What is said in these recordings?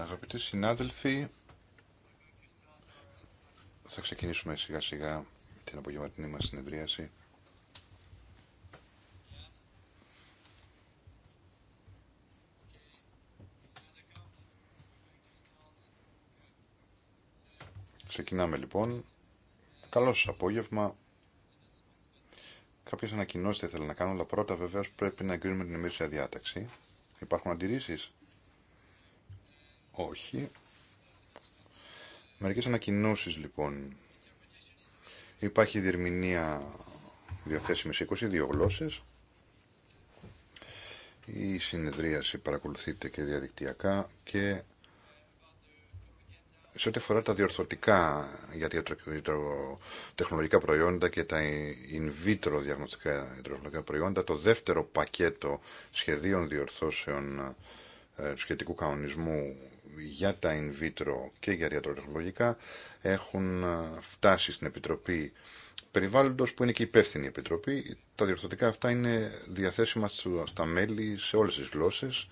Αγαπητοί συνάδελφοι, θα ξεκινήσουμε σιγά σιγά την απογευματινή μας συνεδρίαση. Ξεκινάμε λοιπόν. Καλώς σας απόγευμα. Κάποιες ανακοινώσεις θα ήθελα να κάνω, αλλά πρώτα βεβαίως πρέπει να εγκρίνουμε την ημερήσια διάταξη. Υπάρχουν αντιρρήσεις. Όχι. Μερικές ανακοινώσεις λοιπόν. Υπάρχει διερμηνία διαθέσιμη σε 22 γλώσσες. Η συνεδρίαση παρακολουθείται και διαδικτυακά και σε ό,τι αφορά τα διορθωτικά για τα τεχνολογικά προϊόντα και τα in vitro διαγνωστικά τεχνολογικά προϊόντα, το δεύτερο πακέτο σχεδίων διορθώσεων ε, σχετικού κανονισμού για τα in vitro και για διατροτεχνολογικά έχουν ε, φτάσει στην Επιτροπή Περιβάλλοντος που είναι και υπεύθυνη η Επιτροπή. Τα διορθωτικά αυτά είναι διαθέσιμα στα μέλη σε όλες τις γλώσσες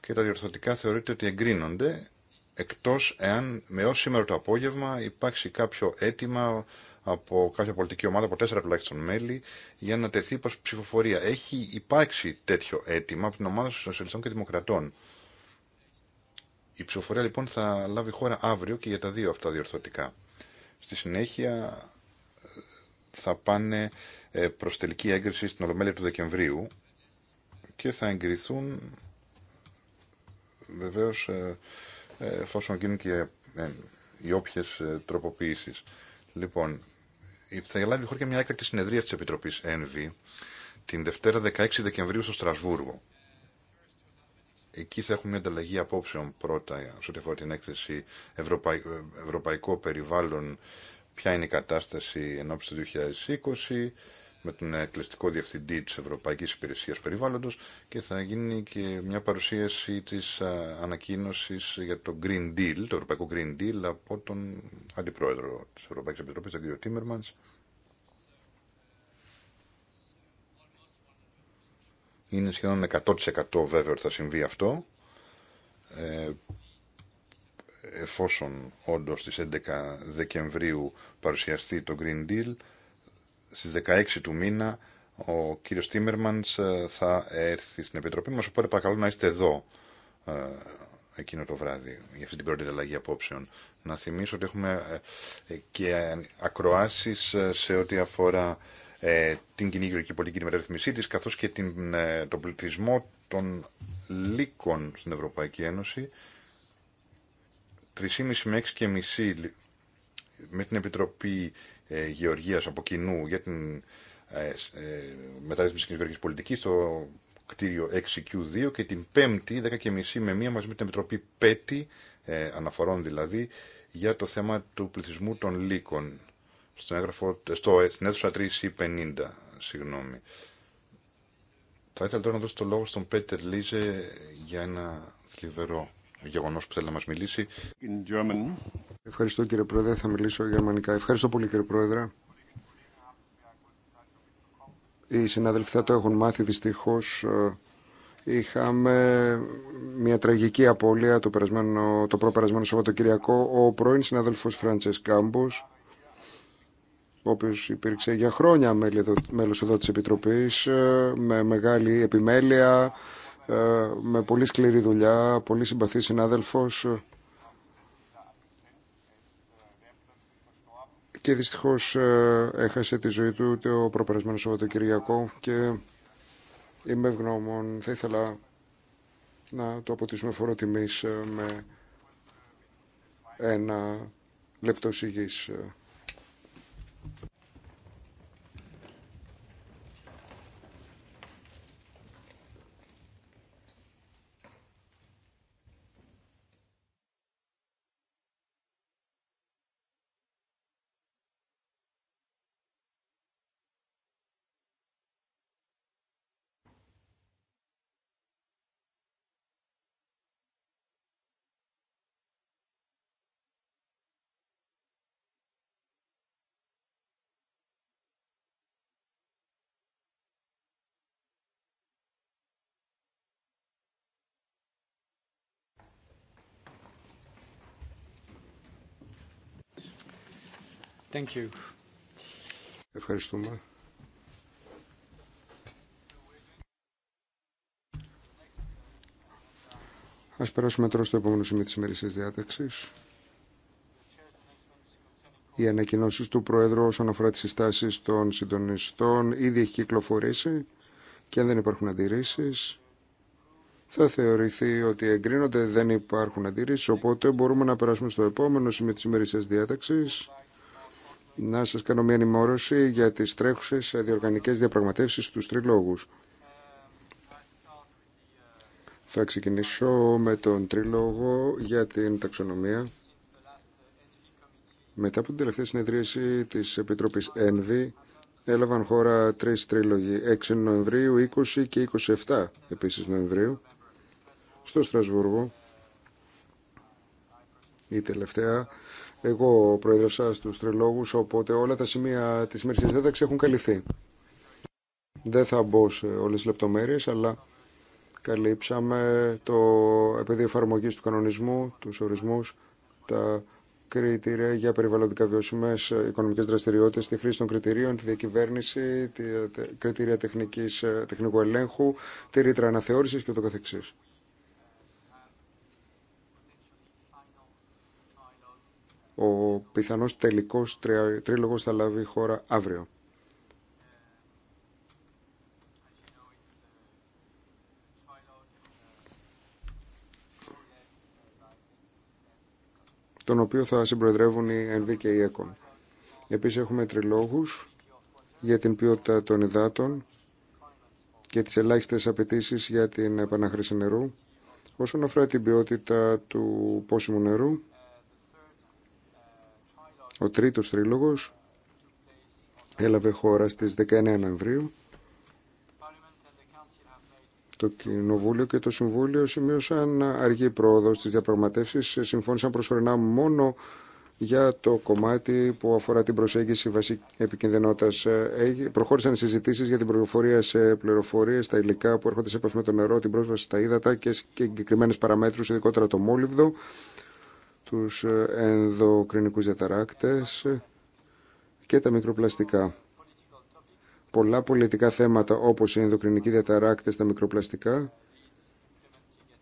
και τα διορθωτικά θεωρείται ότι εγκρίνονται εκτός εάν με ως σήμερα το απόγευμα υπάρξει κάποιο αίτημα από κάποια πολιτική ομάδα, από τέσσερα τουλάχιστον μέλη, για να τεθεί προς ψηφοφορία. Έχει υπάρξει τέτοιο αίτημα από την ομάδα των Σοσιαλιστών και Δημοκρατών. Η ψηφοφορία λοιπόν θα λάβει χώρα αύριο και για τα δύο αυτά διορθωτικά. Στη συνέχεια θα πάνε ε, προ τελική έγκριση στην Ολομέλεια του Δεκεμβρίου και θα εγκριθούν βεβαίως ε, ε, εφόσον γίνουν και οι όποιε τροποποιήσεις. Λοιπόν, θα λάβει χώρα και μια έκτακτη συνεδρία της Επιτροπής ΕΝΒΗ την Δευτέρα 16 Δεκεμβρίου στο Στρασβούργο. Εκεί θα έχουμε μια ανταλλαγή απόψεων πρώτα σε ό,τι αφορά την έκθεση Ευρωπαϊκό Περιβάλλον ποια είναι η κατάσταση ενώπιση του 2020 με τον εκκληστικό διευθυντή της Ευρωπαϊκής Υπηρεσίας Περιβάλλοντος και θα γίνει και μια παρουσίαση της ανακοίνωσης για το Green Deal, το Ευρωπαϊκό Green Deal από τον Αντιπρόεδρο της Ευρωπαϊκής Επιτροπής, τον κ. Τίμερμανς. είναι σχεδόν 100% βέβαιο ότι θα συμβεί αυτό ε, εφόσον όντως στις 11 Δεκεμβρίου παρουσιαστεί το Green Deal στις 16 του μήνα ο κύριος Τίμερμανς ε, θα έρθει στην Επιτροπή μας οπότε παρακαλώ να είστε εδώ ε, εκείνο το βράδυ για αυτή την πρώτη αλλαγή απόψεων. Να θυμίσω ότι έχουμε ε, και ακροάσεις σε ό,τι αφορά ε, την κοινή γεωργική πολιτική μεταρρύθμισή τη, καθώ και την, ε, τον πληθυσμό των λύκων στην Ευρωπαϊκή Ένωση. 3,5 με 6,5 με την Επιτροπή ε, Γεωργίας από κοινού για την ε, ε, μεταρρύθμιση της γεωργικής πολιτικής στο κτίριο 6Q2 και την 5η 10.30 με μία μαζί με την Επιτροπή ΠΕΤΗ, ε, αναφορών δηλαδή, για το θέμα του πληθυσμού των λύκων στο έγγραφο, στο, στην αίθουσα 3C50, συγγνώμη. Θα ήθελα τώρα να δώσω το λόγο στον Πέτερ Λίζε για ένα θλιβερό γεγονό που θέλει να μα μιλήσει. Ευχαριστώ κύριε Πρόεδρε, θα μιλήσω γερμανικά. Ευχαριστώ πολύ κύριε Πρόεδρε. Οι συναδελφοί θα το έχουν μάθει δυστυχώ. Είχαμε μια τραγική απώλεια το, περασμένο, το προπερασμένο Σαββατοκυριακό. Ο πρώην συναδελφός Φραντσες Κάμπος ο οποίο υπήρξε για χρόνια μέλο εδώ τη Επιτροπής, ε, με μεγάλη επιμέλεια, ε, με πολύ σκληρή δουλειά, πολύ συμπαθή συνάδελφο. και δυστυχώς ε, έχασε τη ζωή του το προπερασμένο Σαββατοκυριακό και είμαι ευγνώμων. Θα ήθελα να το αποτίσουμε φορό με ένα λεπτό Thank you. Ευχαριστούμε. Ας περάσουμε τώρα στο επόμενο σημείο της ημερησίας διάταξης. Οι ανακοινώσει του Προέδρου όσον αφορά τις συστάσεις των συντονιστών ήδη έχει κυκλοφορήσει και αν δεν υπάρχουν αντιρρήσει. θα θεωρηθεί ότι εγκρίνονται, δεν υπάρχουν αντιρρήσει. οπότε μπορούμε να περάσουμε στο επόμενο σημείο της ημερησίας διάταξης να σα κάνω μια ενημέρωση για τις τρέχουσες διοργανικέ διαπραγματεύσεις στους τριλόγους. Θα ξεκινήσω με τον τρίλογο για την ταξονομία. Μετά από την τελευταία συνεδρίαση τη Επιτροπής ΕΝΒΗ έλαβαν χώρα τρει τρίλογοι 6 Νοεμβρίου, 20 και 27 επίσης Νοεμβρίου στο Στρασβούργο. Η τελευταία εγώ προέδρευσα στους τρελόγους, οπότε όλα τα σημεία της δεν θα έχουν καλυφθεί. Δεν θα μπω σε όλες τις λεπτομέρειες, αλλά καλύψαμε το επίδιο εφαρμογή του κανονισμού, τους ορισμούς, τα κριτήρια για περιβαλλοντικά βιώσιμες οικονομικές δραστηριότητες, τη χρήση των κριτηρίων, τη διακυβέρνηση, τη κριτήρια τεχνικής, τεχνικού ελέγχου, τη ρήτρα αναθεώρησης και το καθεξής. Ο πιθανός τελικός τρίλογος θα λάβει η χώρα αύριο. τον οποίο θα συμπροεδρεύουν οι ΕΝΒ και οι ΕΚΟΝ. Επίσης έχουμε τριλόγους για την ποιότητα των υδάτων και τις ελάχιστες απαιτήσει για την επαναχρήση νερού. Όσον αφορά την ποιότητα του πόσιμου νερού, ο τρίτος τρίλογος έλαβε χώρα στις 19 Νοεμβρίου. Το Κοινοβούλιο και το Συμβούλιο σημείωσαν αργή πρόοδο στις διαπραγματεύσεις. Συμφώνησαν προσωρινά μόνο για το κομμάτι που αφορά την προσέγγιση βασική επικινδυνότητας. Προχώρησαν συζητήσεις για την πληροφορία σε πληροφορίε, τα υλικά που έρχονται σε επαφή με το νερό, την πρόσβαση στα ύδατα και συγκεκριμένε παραμέτρου ειδικότερα το μόλιβδο τους ε, ενδοκρινικούς διαταράκτες και τα μικροπλαστικά. Πολλά πολιτικά θέματα όπως οι ενδοκρινικοί διαταράκτες, τα μικροπλαστικά,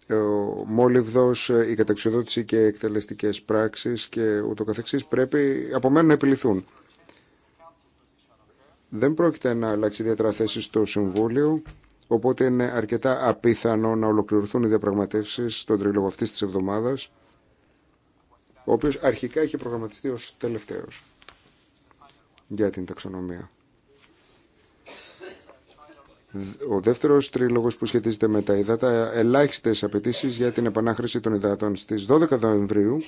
ε, ο μόλιβδος, ε, η καταξιοδότηση και εκτελεστικές πράξεις και ούτω καθεξής πρέπει από μένα να επιληθούν. Δεν πρόκειται να αλλάξει ιδιαίτερα θέση στο Συμβούλιο, οπότε είναι αρκετά απίθανο να ολοκληρωθούν οι διαπραγματεύσεις στον τρίλογο αυτής της εβδομάδας ο οποίος αρχικά είχε προγραμματιστεί ως τελευταίος για την ταξονομία. Ο δεύτερος τρίλογος που σχετίζεται με τα υδάτα, ελάχιστες απαιτήσει για την επανάχρηση των υδάτων. στις 12 Νοεμβρίου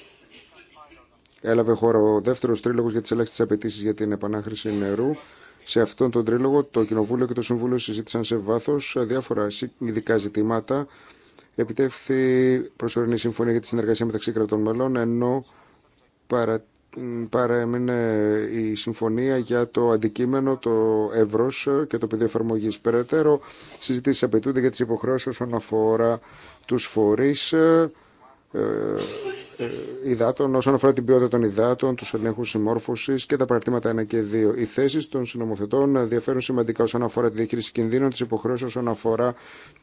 έλαβε χώρα ο δεύτερο τρίλογος για τι ελάχιστες απαιτήσει για την επανάχρηση νερού. Σε αυτόν τον τρίλογο το Κοινοβούλιο και το Συμβούλιο συζήτησαν σε βάθο διάφορα ειδικά ζητήματα επιτεύχθη προσωρινή συμφωνία για τη συνεργασία μεταξύ κρατών μελών, ενώ παρα, η συμφωνία για το αντικείμενο, το ευρώ και το πεδίο εφαρμογή. Περαιτέρω, συζητήσει απαιτούνται για τι υποχρεώσει όσον αφορά του φορεί ε, ε, υδάτων όσον αφορά την ποιότητα των υδάτων, του ελέγχου συμμόρφωση και τα παρατήματα 1 και 2. Οι θέσει των συνομοθετών διαφέρουν σημαντικά όσον αφορά τη διαχείριση κινδύνων, τι υποχρεώσει όσον αφορά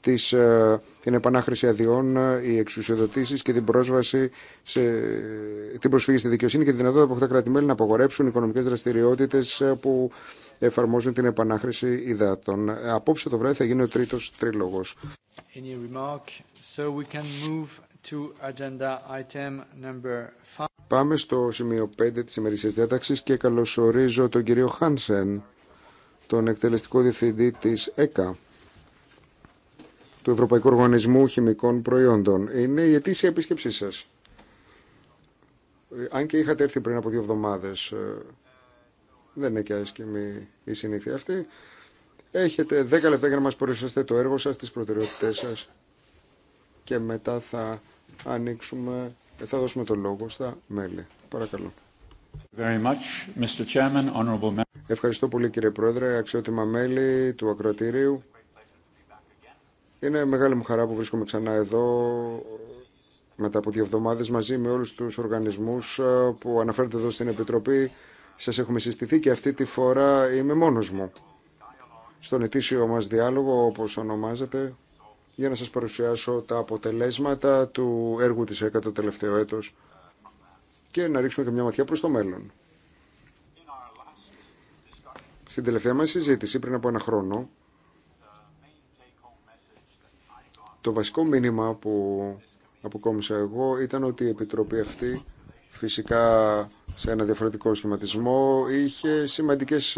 τις, ε, την επανάχρηση αδειών, οι εξουσιοδοτήσει και την πρόσβαση σε, την προσφύγη στη δικαιοσύνη και τη δυνατότητα που έχουν τα κράτη-μέλη να απογορέψουν οικονομικέ δραστηριότητε που εφαρμόζουν την επανάχρηση υδάτων. Απόψε το βράδυ θα γίνει ο τρίτο τρίλογο. Πάμε στο σημείο 5 της ημερησίας διάταξης και καλωσορίζω τον κύριο Χάνσεν, τον εκτελεστικό διευθυντή της ΕΚΑ, του Ευρωπαϊκού Οργανισμού Χημικών Προϊόντων. Είναι η ετήσια επίσκεψή σας. Ε, αν και είχατε έρθει πριν από δύο εβδομάδες, ε, δεν είναι και άσχημη η συνήθεια αυτή. Έχετε 10 λεπτά για να μας παρουσιάσετε το έργο σας, τις προτεραιότητές σας και μετά θα ανοίξουμε, θα δώσουμε το λόγο στα μέλη. Παρακαλώ. Very much, Mr. Chairman, Ευχαριστώ πολύ κύριε Πρόεδρε, αξιότιμα μέλη του Ακροατήριου. Είναι μεγάλη μου χαρά που βρίσκομαι ξανά εδώ μετά από δύο εβδομάδες μαζί με όλους τους οργανισμούς ε, που αναφέρονται εδώ στην Επιτροπή. Σας έχουμε συστηθεί και αυτή τη φορά είμαι μόνος μου. Στον ετήσιο μας διάλογο, όπως ονομάζεται, για να σας παρουσιάσω τα αποτελέσματα του έργου της ΕΚΑ το τελευταίο έτος και να ρίξουμε και μια ματιά προς το μέλλον. Στην τελευταία μας συζήτηση πριν από ένα χρόνο, το βασικό μήνυμα που αποκόμισα εγώ ήταν ότι η Επιτροπή αυτή φυσικά σε ένα διαφορετικό σχηματισμό είχε σημαντικές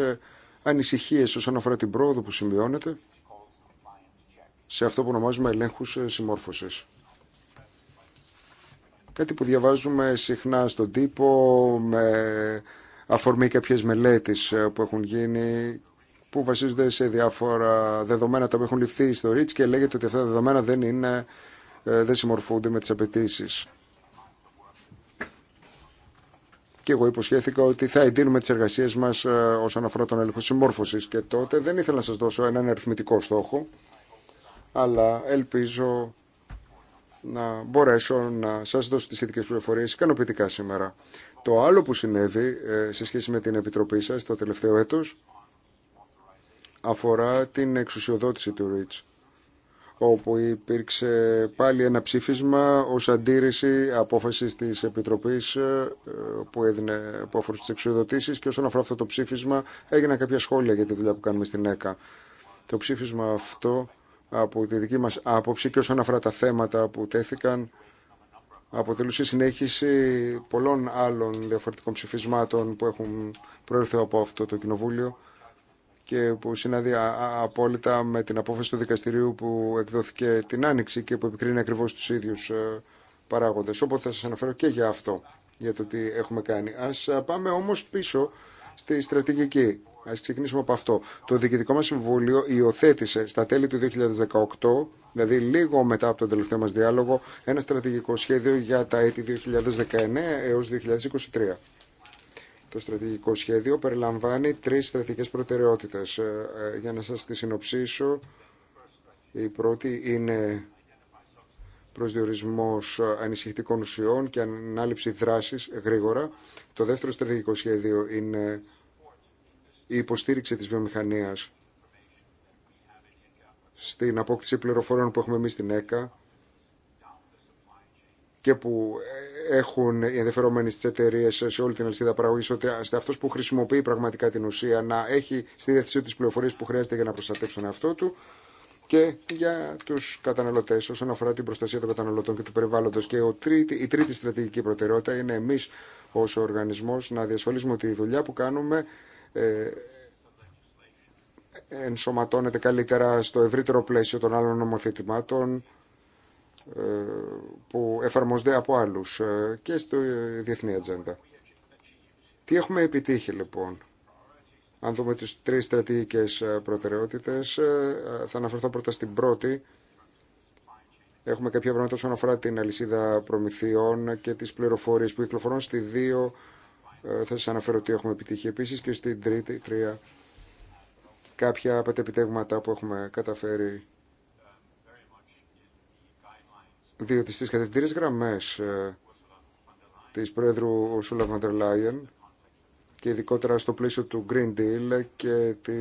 ανησυχίες όσον αφορά την πρόοδο που σημειώνεται σε αυτό που ονομάζουμε ελέγχου ε, συμμόρφωση. Κάτι που διαβάζουμε συχνά στον τύπο με αφορμή κάποιε μελέτες ε, που έχουν γίνει που βασίζονται σε διάφορα δεδομένα τα οποία έχουν ληφθεί στο ΡΙΤΣ και λέγεται ότι αυτά τα δεδομένα δεν, είναι, ε, δεν συμμορφούνται με τις απαιτήσει. Και εγώ υποσχέθηκα ότι θα εντείνουμε τις εργασίες μας όσον αφορά τον έλεγχο συμμόρφωσης και τότε δεν ήθελα να σας δώσω έναν αριθμητικό στόχο αλλά ελπίζω να μπορέσω να σας δώσω τις σχετικές πληροφορίες ικανοποιητικά σήμερα. Το άλλο που συνέβη ε, σε σχέση με την Επιτροπή σας το τελευταίο έτος αφορά την εξουσιοδότηση του ΡΙΤΣ όπου υπήρξε πάλι ένα ψήφισμα ως αντίρρηση απόφασης της Επιτροπής ε, που έδινε απόφαση στις εξουσιοδοτήσεις και όσον αφορά αυτό το ψήφισμα έγιναν κάποια σχόλια για τη δουλειά που κάνουμε στην ΕΚΑ. Το ψήφισμα αυτό από τη δική μας άποψη και όσον αφορά τα θέματα που τέθηκαν αποτελούσε συνέχιση πολλών άλλων διαφορετικών ψηφισμάτων που έχουν προέρθει από αυτό το Κοινοβούλιο και που συνάδει απόλυτα με την απόφαση του δικαστηρίου που εκδόθηκε την Άνοιξη και που επικρίνει ακριβώς τους ίδιους ε, παράγοντες. Οπότε θα σας αναφέρω και για αυτό, για το τι έχουμε κάνει. Ας ε, πάμε όμως πίσω στη στρατηγική. Ας ξεκινήσουμε από αυτό. Το Διοικητικό μας Συμβούλιο υιοθέτησε στα τέλη του 2018, δηλαδή λίγο μετά από τον τελευταίο μας διάλογο, ένα στρατηγικό σχέδιο για τα έτη 2019 έως 2023. Το στρατηγικό σχέδιο περιλαμβάνει τρεις στρατηγικές προτεραιότητες. Ε, ε, για να σας τη συνοψίσω, η πρώτη είναι προσδιορισμός ανησυχητικών ουσιών και ανάληψη δράσης γρήγορα. Το δεύτερο στρατηγικό σχέδιο είναι η υποστήριξη της βιομηχανίας στην απόκτηση πληροφοριών που έχουμε εμείς στην ΕΚΑ και που έχουν οι ενδιαφερόμενοι στις εταιρείε σε όλη την αλυσίδα παραγωγή, ότι σε αυτό που χρησιμοποιεί πραγματικά την ουσία να έχει στη διάθεσή του τις που χρειάζεται για να προστατεύσει αυτό εαυτό του και για του καταναλωτέ όσον αφορά την προστασία των καταναλωτών και του περιβάλλοντο. Και ο τρίτη, η τρίτη στρατηγική προτεραιότητα είναι εμεί ω οργανισμό να διασφαλίσουμε ότι η δουλειά που κάνουμε ε, ενσωματώνεται καλύτερα στο ευρύτερο πλαίσιο των άλλων νομοθετημάτων ε, που εφαρμοζούνται από άλλους ε, και στη διεθνή ατζέντα. Τι έχουμε επιτύχει λοιπόν. Αν δούμε τις τρεις στρατηγικές προτεραιότητες, θα αναφερθώ πρώτα στην πρώτη. Έχουμε κάποια πράγματα όσον αφορά την αλυσίδα προμηθειών και τις πληροφορίες που κυκλοφορούν στη δύο ε, θα σας αναφέρω ότι έχουμε επιτύχει επίση και στην τρίτη τρία κάποια από που έχουμε καταφέρει διότι στις κατευθυντήριες γραμμές ε, τη Πρόεδρου Ursula von der και ειδικότερα στο πλαίσιο του Green Deal και τη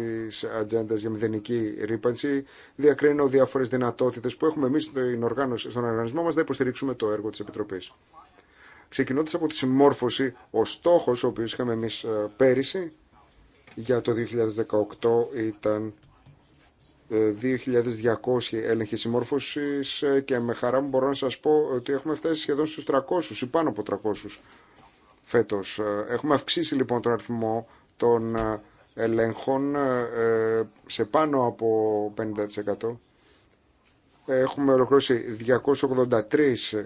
ατζέντα για μηδενική ρήπανση, διακρίνω διάφορε δυνατότητες που έχουμε εμεί στον οργανισμό μας να υποστηρίξουμε το έργο τη επιτροπή. Ξεκινώντας από τη συμμόρφωση, ο στόχος ο οποίος είχαμε εμείς ε, πέρυσι για το 2018 ήταν 2.200 ε, έλεγχοι συμμόρφωσης ε, και με χαρά μου μπορώ να σας πω ότι έχουμε φτάσει σχεδόν στους 300 ή πάνω από 300 φέτος. Έχουμε αυξήσει λοιπόν τον αριθμό των ελέγχων σε πάνω από 50%. Έχουμε ολοκληρώσει 283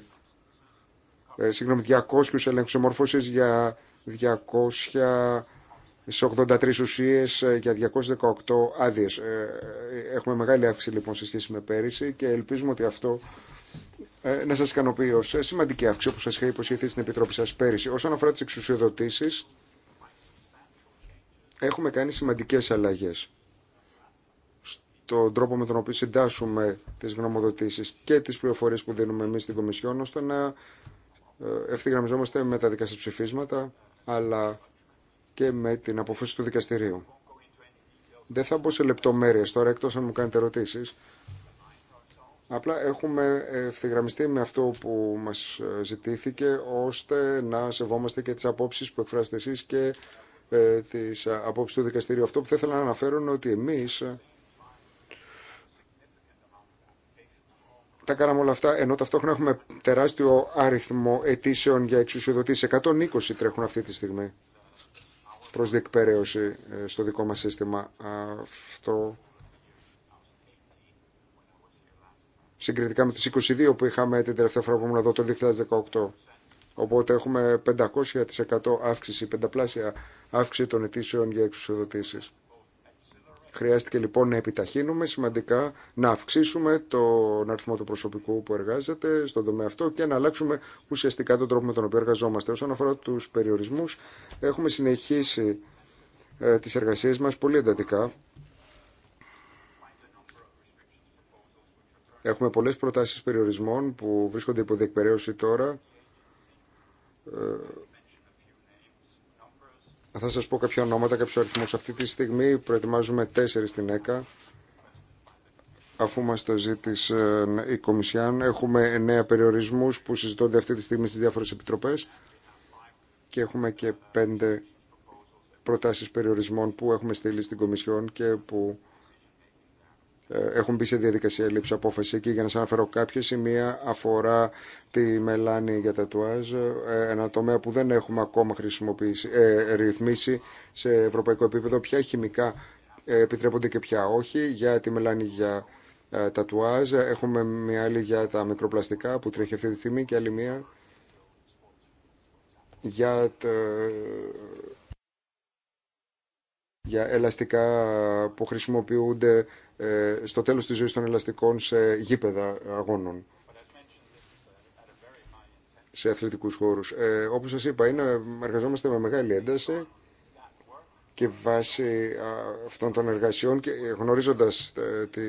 ε, συγγνώμη, 200 ελέγχους εμόρφωσης για 283 ουσίες ε, για 218 άδειες. Ε, ε, έχουμε μεγάλη αύξηση λοιπόν σε σχέση με πέρυσι και ελπίζουμε ότι αυτό να σας ικανοποιεί ως σημαντική αύξηση όπως σας είχα υποσχεθεί στην Επιτροπή σας πέρυσι. Όσον αφορά τις εξουσιοδοτήσεις, έχουμε κάνει σημαντικές αλλαγές στον τρόπο με τον οποίο συντάσσουμε τις γνωμοδοτήσεις και τις πληροφορίες που δίνουμε εμείς στην Κομισιόν ώστε να ε, ευθυγραμμιζόμαστε με τα δικά ψηφίσματα, αλλά και με την αποφάση του δικαστηρίου. Δεν θα μπω σε λεπτομέρειες τώρα, εκτός αν μου κάνετε ερωτήσεις. Απλά έχουμε ευθυγραμμιστεί με αυτό που μας ζητήθηκε, ώστε να σεβόμαστε και τις απόψεις που εκφράσετε εσείς και ε, τις απόψεις του δικαστηρίου. Αυτό που θα ήθελα να αναφέρω είναι ότι εμείς τα κάναμε όλα αυτά, ενώ ταυτόχρονα έχουμε τεράστιο αριθμό αιτήσεων για εξουσιοδοτήσεις. 120 τρέχουν αυτή τη στιγμή προς διεκπαιρέωση ε, στο δικό μας σύστημα. Αυτό συγκριτικά με τους 22 που είχαμε την τελευταία φορά που ήμουν εδώ το 2018. Οπότε έχουμε 500% αύξηση, πενταπλάσια αύξηση των αιτήσεων για εξουσιοδοτήσεις. Χρειάστηκε λοιπόν να επιταχύνουμε σημαντικά, να αυξήσουμε τον αριθμό του προσωπικού που εργάζεται στον τομέα αυτό και να αλλάξουμε ουσιαστικά τον τρόπο με τον οποίο εργαζόμαστε. Όσον αφορά του περιορισμού, έχουμε συνεχίσει ε, τι εργασίε μα πολύ εντατικά. Έχουμε πολλέ προτάσει περιορισμών που βρίσκονται υπό διεκπαιρέωση τώρα ε, θα σας πω κάποια ονόματα, κάποιους αριθμούς. Αυτή τη στιγμή προετοιμάζουμε τέσσερις στην ΕΚΑ. Αφού μας το ζήτησε ε, η Κομισιάν, έχουμε εννέα περιορισμούς που συζητώνται αυτή τη στιγμή στις διάφορες επιτροπές και έχουμε και πέντε προτάσεις περιορισμών που έχουμε στείλει στην Κομισιόν και που ε, έχουν μπει σε διαδικασία λήψη απόφαση και για να σας αναφέρω κάποια σημεία αφορά τη μελάνη για τα τουάζ, ε, ένα τομέα που δεν έχουμε ακόμα χρησιμοποιήσει, ε, ρυθμίσει σε ευρωπαϊκό επίπεδο, ποια χημικά επιτρέπονται και ποια όχι, για τη μελάνη για ε, τα έχουμε μια άλλη για τα μικροπλαστικά που τρέχει αυτή τη στιγμή και άλλη μια για τα για ελαστικά που χρησιμοποιούνται ε, στο τέλος της ζωής των ελαστικών σε γήπεδα αγώνων σε αθλητικούς χώρους. Ε, όπως σας είπα, είναι, εργαζόμαστε με μεγάλη ένταση και βάσει αυτών των εργασιών και γνωρίζοντας ε, τι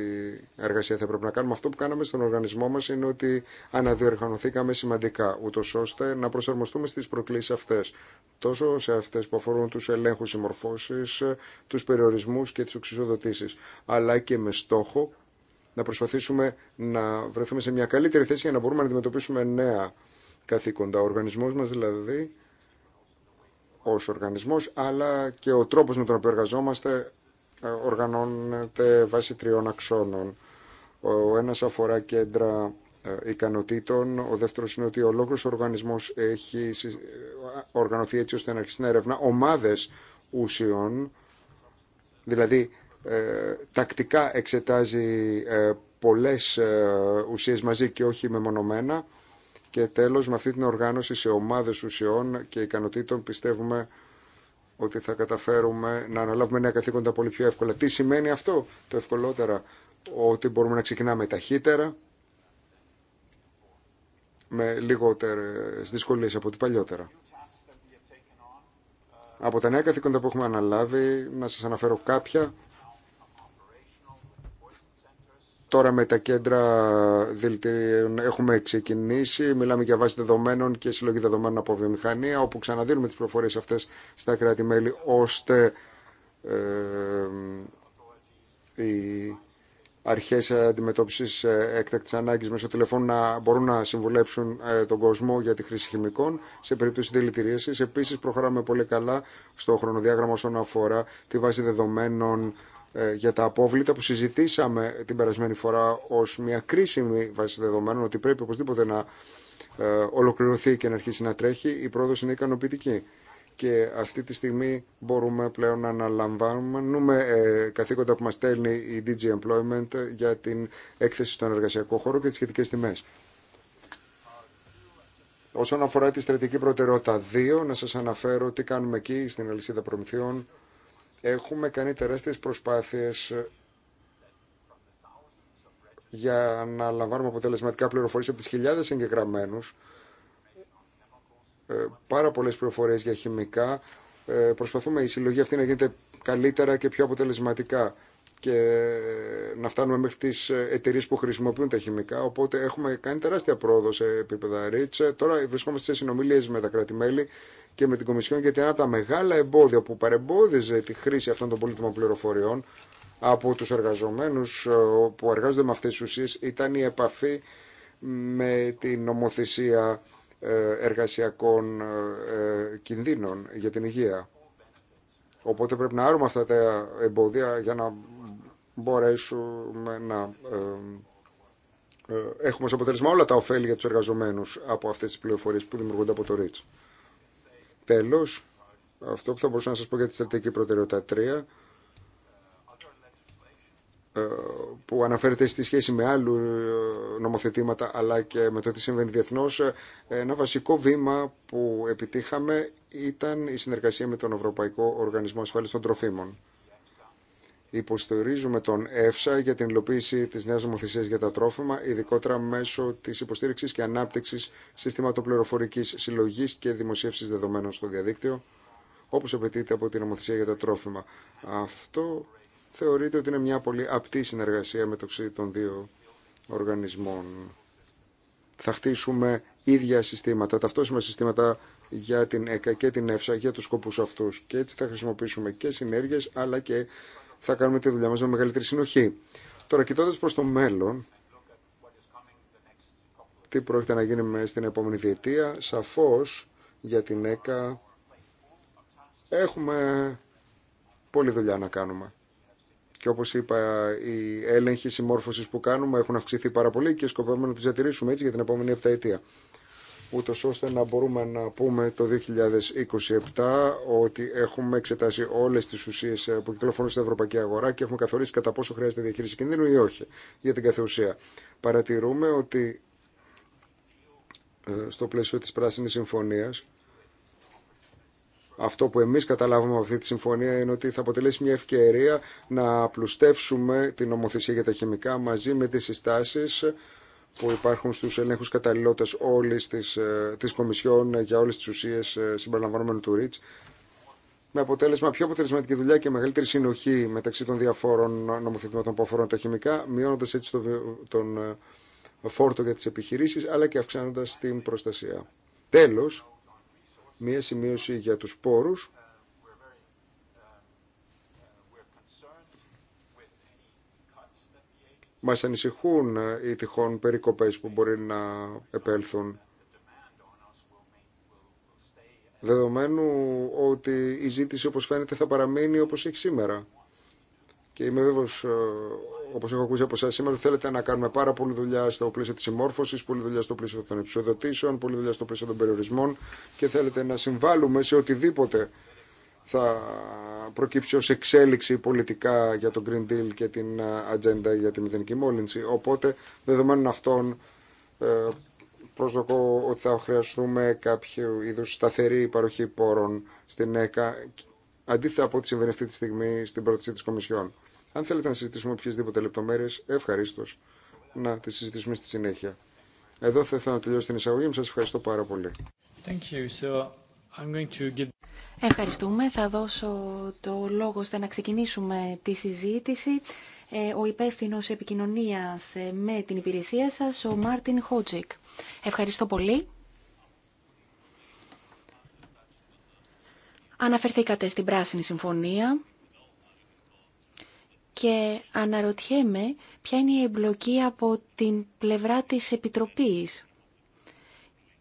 εργασία θα πρέπει να κάνουμε, αυτό που κάναμε στον οργανισμό μας είναι ότι αναδιοργανωθήκαμε σημαντικά, ούτω ώστε να προσαρμοστούμε στις προκλήσεις αυτές, τόσο σε αυτές που αφορούν τους ελέγχους συμμορφώσεις, ε, τους περιορισμούς και τις οξυσοδοτήσεις, αλλά και με στόχο να προσπαθήσουμε να βρεθούμε σε μια καλύτερη θέση για να μπορούμε να αντιμετωπίσουμε νέα καθήκοντα. Ο οργανισμός μας δηλαδή ως οργανισμός, αλλά και ο τρόπος με τον οποίο εργαζόμαστε ε, οργανώνεται βάσει τριών αξώνων. Ο ένας αφορά κέντρα ε, ικανοτήτων, ο δεύτερος είναι ότι ολόκληρος ο οργανισμός έχει ε, οργανωθεί έτσι ώστε να αρχίσει να ερευνά ομάδες ουσιών, δηλαδή τακτικά εξετάζει πολλές ουσίες μαζί και όχι μεμονωμένα και τέλος, με αυτή την οργάνωση σε ομάδες ουσιών και ικανοτήτων πιστεύουμε ότι θα καταφέρουμε να αναλάβουμε νέα καθήκοντα πολύ πιο εύκολα. Τι σημαίνει αυτό το ευκολότερα, ότι μπορούμε να ξεκινάμε ταχύτερα, με λιγότερες δυσκολίες από ό,τι παλιότερα. Από τα νέα καθήκοντα που έχουμε αναλάβει, να σας αναφέρω κάποια, Τώρα με τα κέντρα δηλητηρίων έχουμε ξεκινήσει. Μιλάμε για βάση δεδομένων και συλλογή δεδομένων από βιομηχανία, όπου ξαναδίνουμε τις προφορές αυτές στα κράτη-μέλη, ώστε ε, οι αρχές αντιμετώπισης ε, έκτακτης ανάγκης μέσω τηλεφώνου να μπορούν να συμβουλέψουν ε, τον κόσμο για τη χρήση χημικών σε περίπτωση δηλητηρίασης. Επίσης προχωράμε πολύ καλά στο χρονοδιάγραμμα όσον αφορά τη βάση δεδομένων ε, για τα απόβλητα που συζητήσαμε την περασμένη φορά ως μια κρίσιμη βάση δεδομένων ότι πρέπει οπωσδήποτε να ε, ολοκληρωθεί και να αρχίσει να τρέχει, η πρόοδος είναι ικανοποιητική. Και αυτή τη στιγμή μπορούμε πλέον να αναλαμβάνουμε ε, καθήκοντα που μας στέλνει η DG Employment για την έκθεση στον εργασιακό χώρο και τις σχετικές τιμές. Όσον αφορά τη στρατηγική προτεραιότητα 2, να σας αναφέρω τι κάνουμε εκεί στην αλυσίδα προμηθειών Έχουμε κάνει τεράστιες προσπάθειες ε, για να λαμβάνουμε αποτελεσματικά πληροφορίες από τις χιλιάδες εγγεγραμμένους. Ε, πάρα πολλές πληροφορίες για χημικά. Ε, προσπαθούμε η συλλογή αυτή να γίνεται καλύτερα και πιο αποτελεσματικά και να φτάνουμε μέχρι τις εταιρείε που χρησιμοποιούν τα χημικά. Οπότε έχουμε κάνει τεράστια πρόοδο σε επίπεδα REACH. Τώρα βρισκόμαστε σε συνομιλίε με τα κράτη-μέλη και με την Κομισιόν γιατί ένα από τα μεγάλα εμπόδια που παρεμπόδιζε τη χρήση αυτών των πολύτιμων πληροφοριών από τους εργαζομένους ε, που εργάζονται με αυτές τις ουσίες ήταν η επαφή με την νομοθεσία ε, εργασιακών ε, κινδύνων για την υγεία. Οπότε πρέπει να άρουμε αυτά τα εμπόδια για να μπορέσουμε να ε, ε, έχουμε σε αποτέλεσμα όλα τα ωφέλη για τους εργαζομένους από αυτές τις πληροφορίες που δημιουργούνται από το REACH. Τέλος, αυτό που θα μπορούσα να σας πω για τη στρατηγική προτεραιότητα 3, που αναφέρεται στη σχέση με άλλου ε, νομοθετήματα αλλά και με το τι συμβαίνει διεθνώ, ε, ένα βασικό βήμα που επιτύχαμε ήταν η συνεργασία με τον Ευρωπαϊκό Οργανισμό Ασφάλεια των Τροφίμων. Υποστηρίζουμε τον ΕΦΣΑ για την υλοποίηση τη νέα νομοθεσία για τα τρόφιμα, ειδικότερα μέσω τη υποστήριξη και ανάπτυξης συστηματοπληροφορικής συλλογή και δημοσίευση δεδομένων στο διαδίκτυο, όπω απαιτείται από την νομοθεσία για τα τρόφιμα. Αυτό θεωρείται ότι είναι μια πολύ απτή συνεργασία μεταξύ των δύο οργανισμών. Θα χτίσουμε ίδια συστήματα, ταυτόσιμα συστήματα για την ΕΚΑ και την ΕΦΣΑ για τους σκοπούς αυτούς και έτσι θα χρησιμοποιήσουμε και συνέργειες αλλά και θα κάνουμε τη δουλειά μας με μεγαλύτερη συνοχή. Τώρα κοιτώντα προς το μέλλον, τι πρόκειται να γίνει στην επόμενη διετία, σαφώς για την ΕΚΑ έχουμε πολλή δουλειά να κάνουμε. Και όπως είπα, οι έλεγχοι συμμόρφωσης που κάνουμε έχουν αυξηθεί πάρα πολύ και σκοπεύουμε να τους διατηρήσουμε έτσι για την επόμενη επταετία. Ούτω ώστε να μπορούμε να πούμε το 2027 ότι έχουμε εξετάσει όλες τις ουσίε ε, που κυκλοφορούν στην ευρωπαϊκή αγορά και έχουμε καθορίσει κατά πόσο χρειάζεται διαχείριση κινδύνου ή όχι για την καθεουσία. Παρατηρούμε ότι ε, στο πλαίσιο τη Πράσινη Συμφωνία αυτό που εμείς καταλάβουμε από αυτή τη συμφωνία είναι ότι θα αποτελέσει μια ευκαιρία να απλουστεύσουμε την νομοθεσία για τα χημικά μαζί με τις συστάσεις που υπάρχουν στους ελέγχους καταλληλότητας όλης της, ε, της Κομισιόν για όλες τις ουσίες ε, συμπεριλαμβανομένου του ΡΙΤΣ με αποτέλεσμα πιο αποτελεσματική δουλειά και μεγαλύτερη συνοχή μεταξύ των διαφόρων νομοθετημάτων που αφορούν τα χημικά, μειώνοντας έτσι τον ε, φόρτο για τις επιχειρήσεις, αλλά και αυξάνοντας την προστασία. Τέλος, μία σημείωση για τους πόρους. Μας ανησυχούν ε, οι τυχόν περικοπές που μπορεί να επέλθουν δεδομένου ότι η ζήτηση όπως φαίνεται θα παραμείνει όπως έχει σήμερα. Και είμαι βέβαιο, ε, όπω έχω ακούσει από εσά σήμερα, θέλετε να κάνουμε πάρα πολλή δουλειά στο πλαίσιο τη συμμόρφωση, πολλή δουλειά στο πλαίσιο των εξοδοτήσεων, πολλή δουλειά στο πλαίσιο των περιορισμών και θέλετε να συμβάλλουμε σε οτιδήποτε θα προκύψει ω εξέλιξη πολιτικά για τον Green Deal και την ε, ατζέντα για τη μηδενική μόλυνση. Οπότε, δεδομένων αυτών, ε, προσδοκώ ότι θα χρειαστούμε κάποιο είδου σταθερή παροχή πόρων στην ΕΚΑ, αντίθετα από ό,τι συμβαίνει αυτή τη στιγμή στην πρόταση της Κομισιόν. Αν θέλετε να συζητήσουμε οποιασδήποτε λεπτομέρειε, ευχαρίστω να τι συζητήσουμε στη συνέχεια. Εδώ θα ήθελα να τελειώσω την εισαγωγή μου. Σα ευχαριστώ πάρα πολύ. Ευχαριστούμε. Θα δώσω το λόγο ώστε να ξεκινήσουμε τη συζήτηση. Ε, ο υπεύθυνο επικοινωνία ε, με την υπηρεσία σα, ο Μάρτιν Χότζικ. Ευχαριστώ πολύ. Αναφερθήκατε στην Πράσινη Συμφωνία και αναρωτιέμαι ποια είναι η εμπλοκή από την πλευρά της Επιτροπής.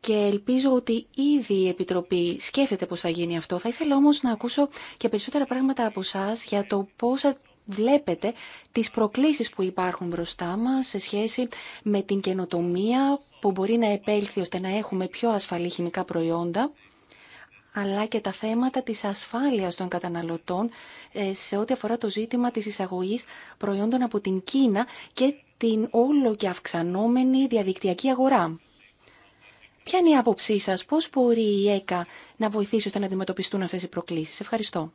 Και ελπίζω ότι ήδη η Επιτροπή σκέφτεται πώς θα γίνει αυτό. Θα ήθελα όμως να ακούσω και περισσότερα πράγματα από εσά για το πώς βλέπετε τις προκλήσεις που υπάρχουν μπροστά μας σε σχέση με την καινοτομία που μπορεί να επέλθει ώστε να έχουμε πιο ασφαλή χημικά προϊόντα αλλά και τα θέματα της ασφάλειας των καταναλωτών ε, σε ό,τι αφορά το ζήτημα της εισαγωγής προϊόντων από την Κίνα και την όλο και αυξανόμενη διαδικτυακή αγορά. Ποια είναι η άποψή σας, πώς μπορεί η ΕΚΑ να βοηθήσει ώστε να αντιμετωπιστούν αυτές οι προκλήσεις. Ευχαριστώ.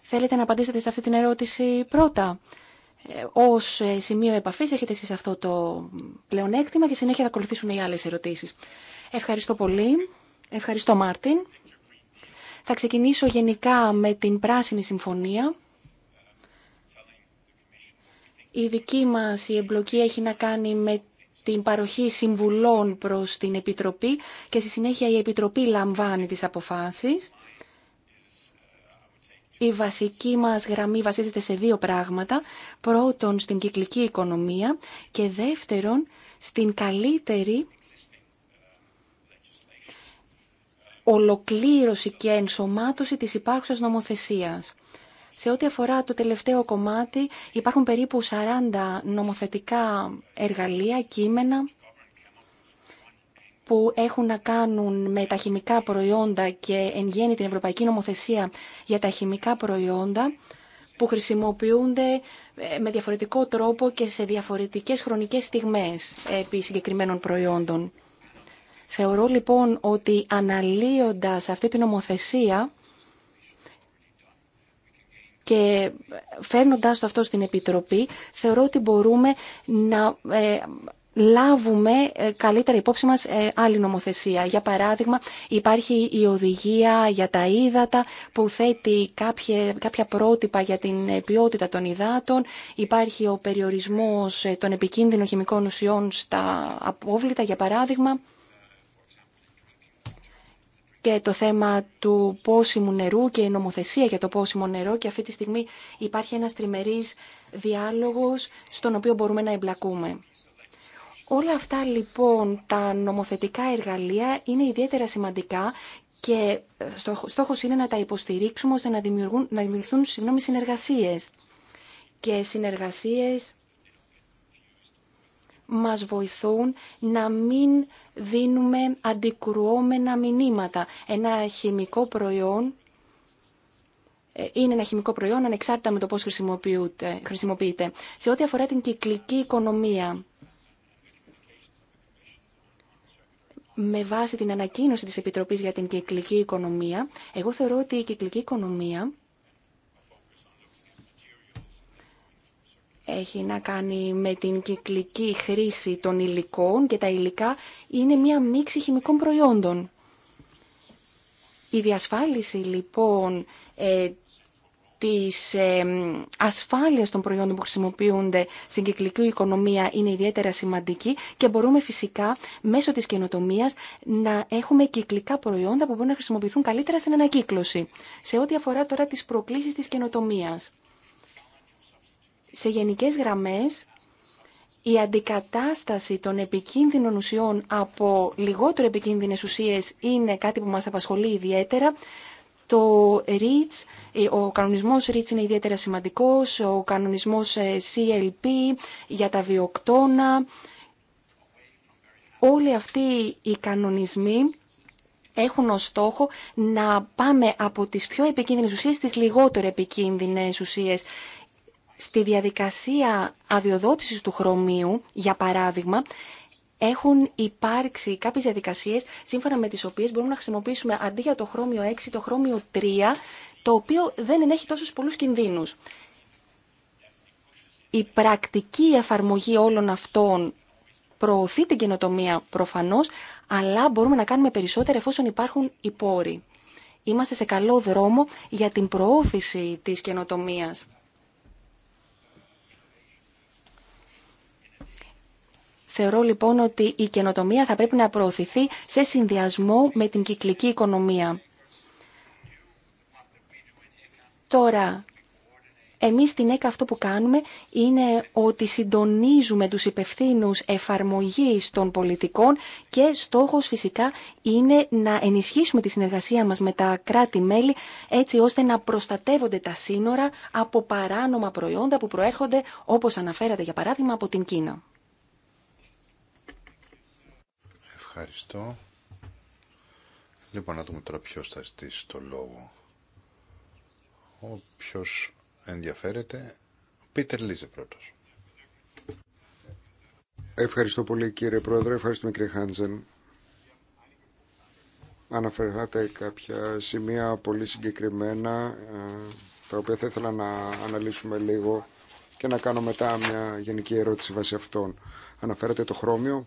Θέλετε να απαντήσετε σε αυτή την ερώτηση πρώτα. Ε, ως ε, σημείο επαφής έχετε εσείς αυτό το πλεονέκτημα και συνέχεια θα ακολουθήσουν οι άλλες ερωτήσεις. Ευχαριστώ πολύ. Ευχαριστώ Μάρτιν. Θα ξεκινήσω γενικά με την Πράσινη Συμφωνία. Η δική μας η εμπλοκή έχει να κάνει με την παροχή συμβουλών προς την Επιτροπή και στη συνέχεια η Επιτροπή λαμβάνει τις αποφάσεις. Η βασική μας γραμμή βασίζεται σε δύο πράγματα. Πρώτον, στην κυκλική οικονομία και δεύτερον, στην καλύτερη ολοκλήρωση και ενσωμάτωση της υπάρχουσας νομοθεσίας. Σε ό,τι αφορά το τελευταίο κομμάτι, υπάρχουν περίπου 40 νομοθετικά εργαλεία, κείμενα, που έχουν να κάνουν με τα χημικά προϊόντα και εν γέννη την Ευρωπαϊκή Νομοθεσία για τα χημικά προϊόντα που χρησιμοποιούνται ε, με διαφορετικό τρόπο και σε διαφορετικές χρονικές στιγμές επί συγκεκριμένων προϊόντων. Θεωρώ λοιπόν ότι αναλύοντας αυτή την νομοθεσία και φέρνοντάς το αυτό στην Επιτροπή, θεωρώ ότι μπορούμε να ε, λάβουμε ε, καλύτερα υπόψη μας ε, άλλη νομοθεσία. Για παράδειγμα, υπάρχει η οδηγία για τα ύδατα που θέτει κάποια, κάποια πρότυπα για την ε, ποιότητα των υδάτων. Υπάρχει ο περιορισμός των επικίνδυνων χημικών ουσιών στα απόβλητα, για παράδειγμα. Και το θέμα του πόσιμου νερού και η νομοθεσία για το πόσιμο νερό. Και αυτή τη στιγμή υπάρχει ένας τριμερής διάλογος στον οποίο μπορούμε να εμπλακούμε. Όλα αυτά λοιπόν τα νομοθετικά εργαλεία είναι ιδιαίτερα σημαντικά και στόχος είναι να τα υποστηρίξουμε ώστε να, δημιουργούν, να δημιουργηθούν συγγνώμη, συνεργασίες. Και συνεργασίες μας βοηθούν να μην δίνουμε αντικρουόμενα μηνύματα. Ένα χημικό προϊόν ε, είναι ένα χημικό προϊόν ανεξάρτητα με το πώς χρησιμοποιείται. Σε ό,τι αφορά την κυκλική οικονομία, με βάση την ανακοίνωση της Επιτροπής για την κυκλική οικονομία, εγώ θεωρώ ότι η κυκλική οικονομία έχει να κάνει με την κυκλική χρήση των υλικών και τα υλικά είναι μία μίξη χημικών προϊόντων. Η διασφάλιση λοιπόν ε, της ασφάλειας των προϊόντων που χρησιμοποιούνται στην κυκλική οικονομία είναι ιδιαίτερα σημαντική και μπορούμε φυσικά μέσω της καινοτομία να έχουμε κυκλικά προϊόντα που μπορούν να χρησιμοποιηθούν καλύτερα στην ανακύκλωση. Σε ό,τι αφορά τώρα τις προκλήσεις της καινοτομία. Σε γενικές γραμμές, η αντικατάσταση των επικίνδυνων ουσιών από λιγότερο επικίνδυνες ουσίες είναι κάτι που μας απασχολεί ιδιαίτερα. Το REACH, ε, ο κανονισμός REACH είναι ιδιαίτερα σημαντικός, ο κανονισμός ε, CLP για τα βιοκτώνα. Όλοι αυτοί οι κανονισμοί έχουν ως στόχο να πάμε από τις πιο επικίνδυνες ουσίες στις λιγότερο επικίνδυνες ουσίες. Στη διαδικασία αδειοδότησης του χρωμίου, για παράδειγμα, έχουν υπάρξει κάποιες διαδικασίες σύμφωνα με τις οποίες μπορούμε να χρησιμοποιήσουμε αντί για το χρώμιο 6 το χρώμιο 3 το οποίο δεν ενέχει τόσους πολλούς κινδύνους. Η πρακτική εφαρμογή όλων αυτών προωθεί την καινοτομία προφανώς, αλλά μπορούμε να κάνουμε περισσότερα εφόσον υπάρχουν οι πόροι. Είμαστε σε καλό δρόμο για την προώθηση της καινοτομίας. Θεωρώ λοιπόν ότι η καινοτομία θα πρέπει να προωθηθεί σε συνδυασμό με την κυκλική οικονομία. Τώρα, εμείς στην ΕΚΑ αυτό που κάνουμε είναι ότι συντονίζουμε τους υπευθύνους εφαρμογής των πολιτικών και στόχος φυσικά είναι να ενισχύσουμε τη συνεργασία μας με τα κράτη-μέλη έτσι ώστε να προστατεύονται τα σύνορα από παράνομα προϊόντα που προέρχονται όπως αναφέρατε για παράδειγμα από την Κίνα. Ευχαριστώ. Λοιπόν, να δούμε τώρα ποιος θα ζητήσει το λόγο. Οποιο ενδιαφέρεται, ο Πίτερ Λίζε πρώτος. Ευχαριστώ πολύ κύριε Πρόεδρε, ευχαριστούμε κύριε Χάντζεν. Αναφερθάτε κάποια σημεία πολύ συγκεκριμένα, ε, τα οποία θα ήθελα να αναλύσουμε λίγο και να κάνω μετά μια γενική ερώτηση βάσει αυτών. Αναφέρατε το χρώμιο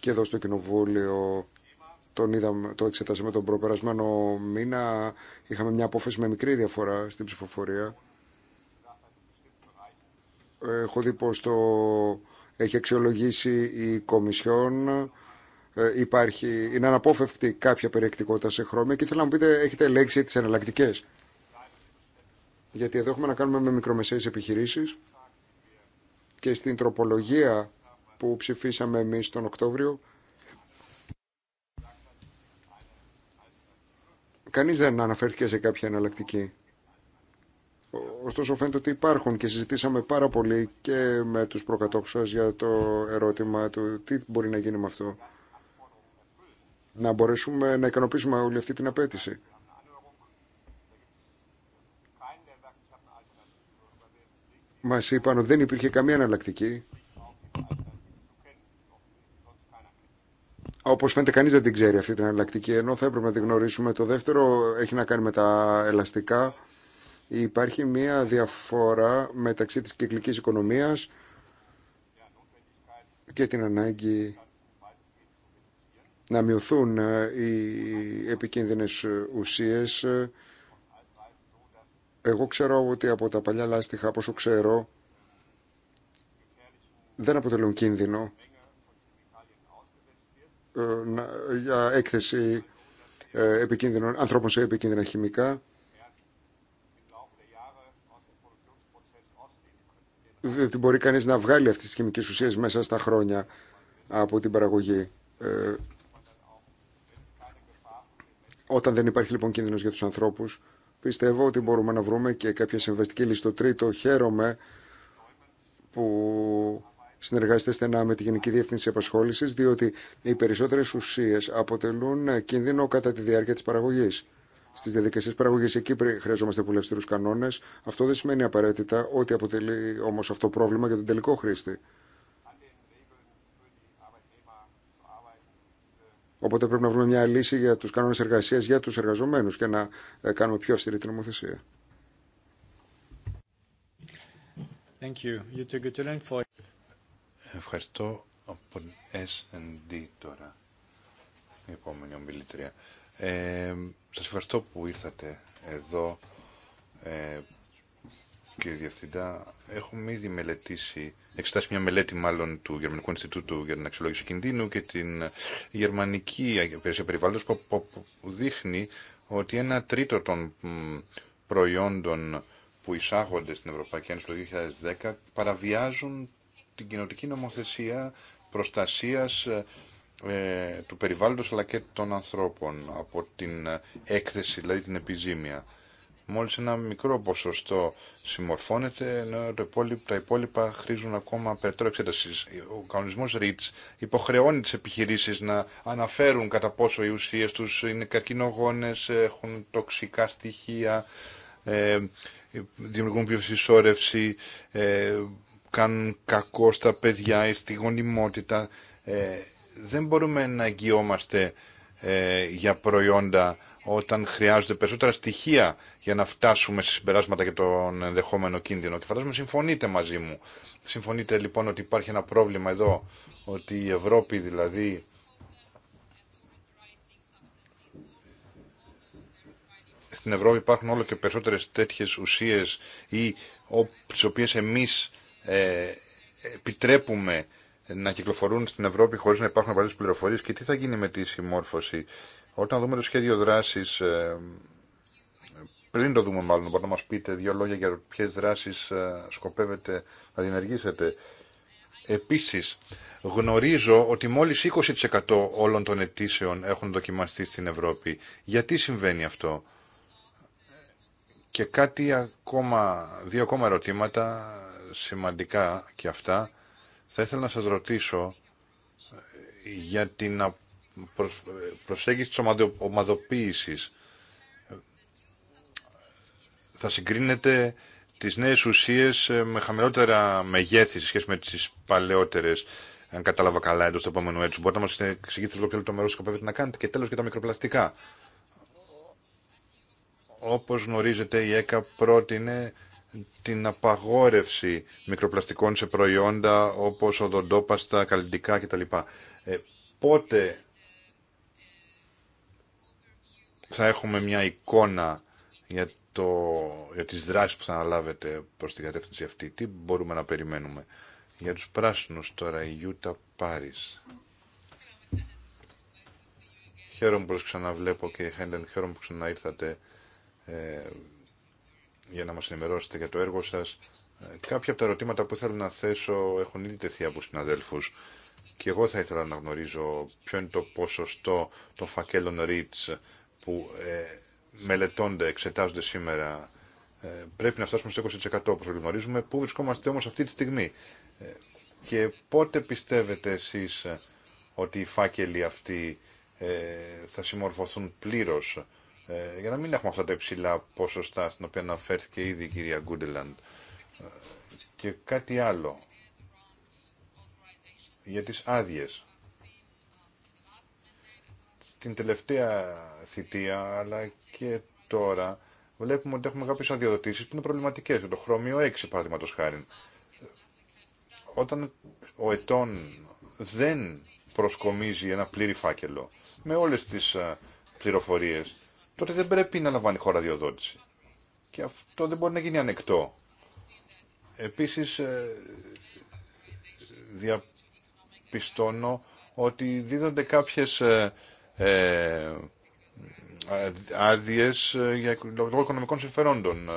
και εδώ στο Κοινοβούλιο τον είδαμε, το εξετάσαμε τον προπερασμένο μήνα. Είχαμε μια απόφαση με μικρή διαφορά στην ψηφοφορία. Έχω δει πως το έχει αξιολογήσει η Κομισιόν. Ε, υπάρχει, είναι αναπόφευκτη κάποια περιεκτικότητα σε χρώμια και θέλω να μου πείτε, έχετε ελέγξει τις εναλλακτικέ. Γιατί εδώ έχουμε να κάνουμε με μικρομεσαίες επιχειρήσεις και στην τροπολογία που ψηφίσαμε εμείς τον Οκτώβριο. Κανείς δεν αναφέρθηκε σε κάποια εναλλακτική. Ωστόσο φαίνεται ότι υπάρχουν και συζητήσαμε πάρα πολύ και με τους προκατόχους για το ερώτημα του τι μπορεί να γίνει με αυτό. Να μπορέσουμε να ικανοποιήσουμε όλη αυτή την απέτηση. Μας είπαν ότι δεν υπήρχε καμία εναλλακτική Όπω φαίνεται, κανεί δεν την ξέρει αυτή την εναλλακτική, ενώ θα έπρεπε να την γνωρίσουμε. Το δεύτερο έχει να κάνει με τα ελαστικά. Υπάρχει μια διαφορά μεταξύ της κυκλικής οικονομίας και την ανάγκη να μειωθούν ε, οι επικίνδυνες ουσίες. Εγώ ξέρω ότι από τα παλιά λάστιχα, όπως ξέρω, δεν αποτελούν κίνδυνο ε, για έκθεση ε, επικίνδυνων, ανθρώπων σε επικίνδυνα χημικά. Διότι μπορεί κανείς να βγάλει αυτές τις χημικές ουσίες μέσα στα χρόνια από την παραγωγή. Ε. Όταν δεν υπάρχει λοιπόν κίνδυνος για τους ανθρώπους, πιστεύω ότι μπορούμε να βρούμε και κάποια συμβαστική λύση. Το τρίτο χαίρομαι που συνεργάζεται στενά με τη Γενική Διεύθυνση Απασχόληση, διότι οι περισσότερε ουσίε αποτελούν κίνδυνο κατά τη διάρκεια τη παραγωγή. Στι διαδικασίε παραγωγή εκεί χρειαζόμαστε πολύ αυστηρού κανόνε. Αυτό δεν σημαίνει απαραίτητα ότι αποτελεί όμω αυτό πρόβλημα για τον τελικό χρήστη. Οπότε πρέπει να βρούμε μια λύση για του κανόνε εργασία για του εργαζομένου και να ε, κάνουμε πιο αυστηρή την νομοθεσία. Thank you. You Ευχαριστώ από την S&D τώρα, η επόμενη ομιλητρία. Ε, σας ευχαριστώ που ήρθατε εδώ, ε, κύριε Διευθυντά. Έχουμε ήδη μελετήσει, εξετάσει μια μελέτη μάλλον του Γερμανικού Ινστιτούτου για την Αξιολόγηση Κινδύνου και την Γερμανική Υπηρεσία Περιβάλλοντος που, που, που δείχνει ότι ένα τρίτο των προϊόντων που εισάγονται στην Ευρωπαϊκή Ένωση το 2010 παραβιάζουν την κοινωτική νομοθεσία προστασίας ε, του περιβάλλοντος αλλά και των ανθρώπων από την έκθεση, δηλαδή την επιζήμια. Μόλις ένα μικρό ποσοστό συμμορφώνεται, ενώ τα υπόλοιπα χρήζουν ακόμα περαιτέρω εξέταση. Ο κανονισμός REACH υποχρεώνει τις επιχειρήσεις να αναφέρουν κατά πόσο οι ουσίες τους είναι καρκινογόνες, έχουν τοξικά στοιχεία, ε, δημιουργούν βιοσυσσόρευση, ε, κάνουν κακό στα παιδιά ή στη γονιμότητα. Ε, δεν μπορούμε να αγγιόμαστε ε, για προϊόντα όταν χρειάζονται περισσότερα στοιχεία για να φτάσουμε σε συμπεράσματα για τον ενδεχόμενο κίνδυνο. Και φαντάζομαι συμφωνείτε μαζί μου. Συμφωνείτε λοιπόν ότι υπάρχει ένα πρόβλημα εδώ, ότι η Ευρώπη δηλαδή στην Ευρώπη υπάρχουν όλο και περισσότερες τέτοιες ουσίες ή τις οποίες εμείς ε, επιτρέπουμε να κυκλοφορούν στην Ευρώπη χωρίς να υπάρχουν απαραίτητε πληροφορίες και τι θα γίνει με τη συμμόρφωση. Όταν δούμε το σχέδιο δράσης, ε, πριν το δούμε μάλλον, μπορείτε να μας πείτε δύο λόγια για ποιες δράσεις ε, σκοπεύετε να διενεργήσετε. Επίσης, γνωρίζω ότι μόλις 20% όλων των αιτήσεων έχουν δοκιμαστεί στην Ευρώπη. Γιατί συμβαίνει αυτό. Και κάτι ακόμα, δύο ακόμα ερωτήματα σημαντικά και αυτά. Θα ήθελα να σας ρωτήσω ε, για την προσέγγιση της ομαδοποίησης. Ε, θα συγκρίνετε τις νέες ουσίες ε, με χαμηλότερα μεγέθη σε σχέση με τις παλαιότερες, αν κατάλαβα καλά, εντός του επόμενου έτους. Μπορείτε να μας εξηγήσετε λίγο πιο λεπτομερό σκοπεύετε να κάνετε και τέλος για τα μικροπλαστικά. Όπως γνωρίζετε η ΕΚΑ πρότεινε την απαγόρευση μικροπλαστικών σε προϊόντα όπως οδοντόπαστα, καλλιντικά κτλ. Ε, πότε θα έχουμε μια εικόνα για, το, για τις δράσεις που θα αναλάβετε προς την κατεύθυνση αυτή. Τι μπορούμε να περιμένουμε. Για τους πράσινους τώρα, η Ιούτα Πάρις. Χαίρομαι που ξαναβλέπω και Χέντεν, χαίρομαι που ξαναήρθατε. Ε, για να μας ενημερώσετε για το έργο σας. Κάποια από τα ερωτήματα που ήθελα να θέσω έχουν ήδη τεθεί από συναδέλφους και εγώ θα ήθελα να γνωρίζω ποιο είναι το ποσοστό των φακέλων REACH που ε, μελετώνται, εξετάζονται σήμερα. Ε, πρέπει να φτάσουμε στο 20% όπως γνωρίζουμε. Πού βρισκόμαστε όμως αυτή τη στιγμή ε, και πότε πιστεύετε εσείς ε, ότι οι φάκελοι αυτοί θα συμμορφωθούν πλήρως ε, για να μην έχουμε αυτά τα υψηλά ποσοστά στην οποία αναφέρθηκε ήδη η κυρία Γκούντελαντ. Ε, και κάτι άλλο για τις άδειες. Στην τελευταία θητεία αλλά και τώρα βλέπουμε ότι έχουμε κάποιες αδειοδοτήσεις που είναι προβληματικές. Το χρώμιο 6 παραδείγματο χάρη. Όταν ο ετών δεν προσκομίζει ένα πλήρη φάκελο με όλες τις ε, πληροφορίες τότε δεν πρέπει να λαμβάνει η χώρα διοδότηση. Και αυτό δεν μπορεί να γίνει ανεκτό. Επίσης, ε, διαπιστώνω ότι δίδονται κάποιες ε, ε άδειε ε, για λόγω οικονομικών συμφερόντων.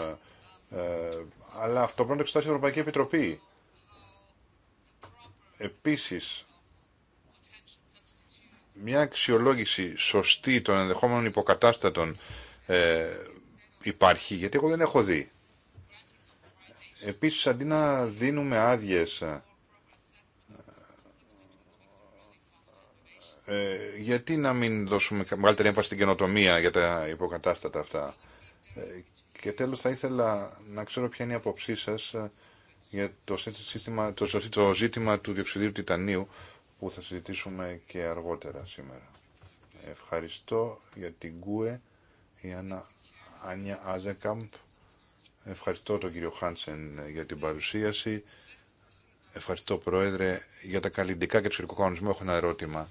αλλά αυτό πρέπει να το εξετάσει η Ευρωπαϊκή Επιτροπή. Επίσης, μια αξιολόγηση σωστή των ενδεχόμενων υποκατάστατων ε, υπάρχει, γιατί εγώ δεν έχω δει. Επίσης, αντί να δίνουμε άδειες ε, ε γιατί να μην δώσουμε μεγαλύτερη έμφαση στην καινοτομία για τα υποκατάστατα αυτά. Ε, και τέλος θα ήθελα να ξέρω ποια είναι η απόψή σας ε, για το, σύστημα, το, το ζήτημα του διοξιδίου τιτανίου που θα συζητήσουμε και αργότερα σήμερα. Ευχαριστώ για την ΚΟΕ, η Άνια Άζεκαμπ. Ευχαριστώ τον κύριο Χάνσεν για την παρουσίαση. Ευχαριστώ, Πρόεδρε. Για τα καλλιντικά και το σχετικό κανονισμό έχω ένα ερώτημα.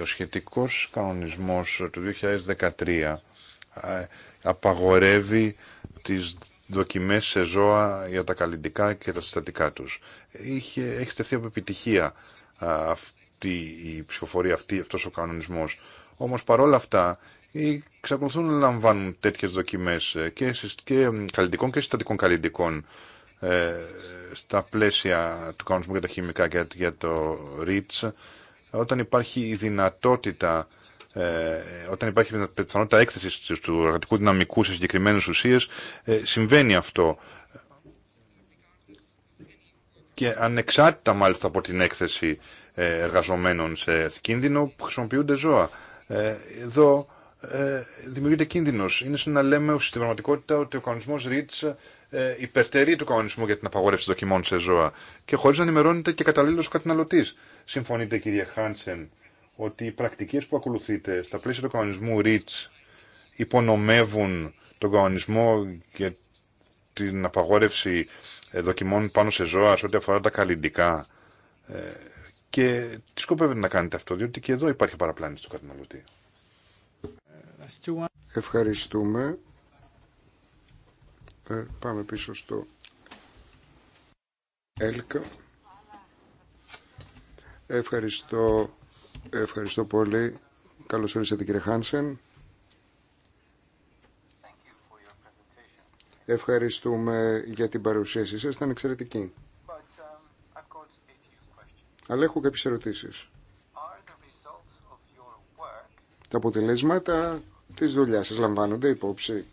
Ο σχετικό κανονισμός του 2013 ε, απαγορεύει τις δοκιμές σε ζώα για τα καλλιντικά και τα συστατικά τους. Είχε, έχει στεφθεί από επιτυχία αυτή η ψηφοφορία, αυτή, αυτός ο κανονισμός. Όμως παρόλα αυτά ξεκολουθούν να λαμβάνουν τέτοιες δοκιμές ε, και, και καλλιτικών και συστατικών καλλιντικών ε, στα πλαίσια του κανονισμού για τα χημικά και για το REACH όταν υπάρχει η δυνατότητα ε, όταν υπάρχει πιθανότητα έκθεση του εργατικού δυναμικού σε συγκεκριμένε ουσίε, ε, συμβαίνει αυτό και ανεξάρτητα μάλιστα από την έκθεση ε, εργαζομένων σε κίνδυνο που χρησιμοποιούνται ζώα. Ε, εδώ ε, δημιουργείται κίνδυνος. Είναι σαν να λέμε στην πραγματικότητα ότι ο κανονισμός REACH υπερτερεί το κανονισμό για την απαγόρευση δοκιμών σε ζώα και χωρίς να ενημερώνεται και καταλήλως ο καταναλωτής. Συμφωνείτε κύριε Χάνσεν ότι οι πρακτικές που ακολουθείτε στα πλαίσια του κανονισμού REACH υπονομεύουν τον κανονισμό για την απαγόρευση δοκιμών πάνω σε ζώα σε ό,τι αφορά τα καλλιντικά. Ε, και τι σκοπεύετε να κάνετε αυτό, διότι και εδώ υπάρχει παραπλάνηση του καταναλωτή. Ευχαριστούμε. Ε, πάμε πίσω στο ΕΛΚΑ. Ευχαριστώ, ευχαριστώ πολύ. Καλώς ορίσατε κύριε Χάνσεν. Ευχαριστούμε για την παρουσίασή σας, ήταν εξαιρετική. Αλλά έχω κάποιες ερωτήσεις. Τα αποτελέσματα της δουλειάς σας λαμβάνονται υπόψη.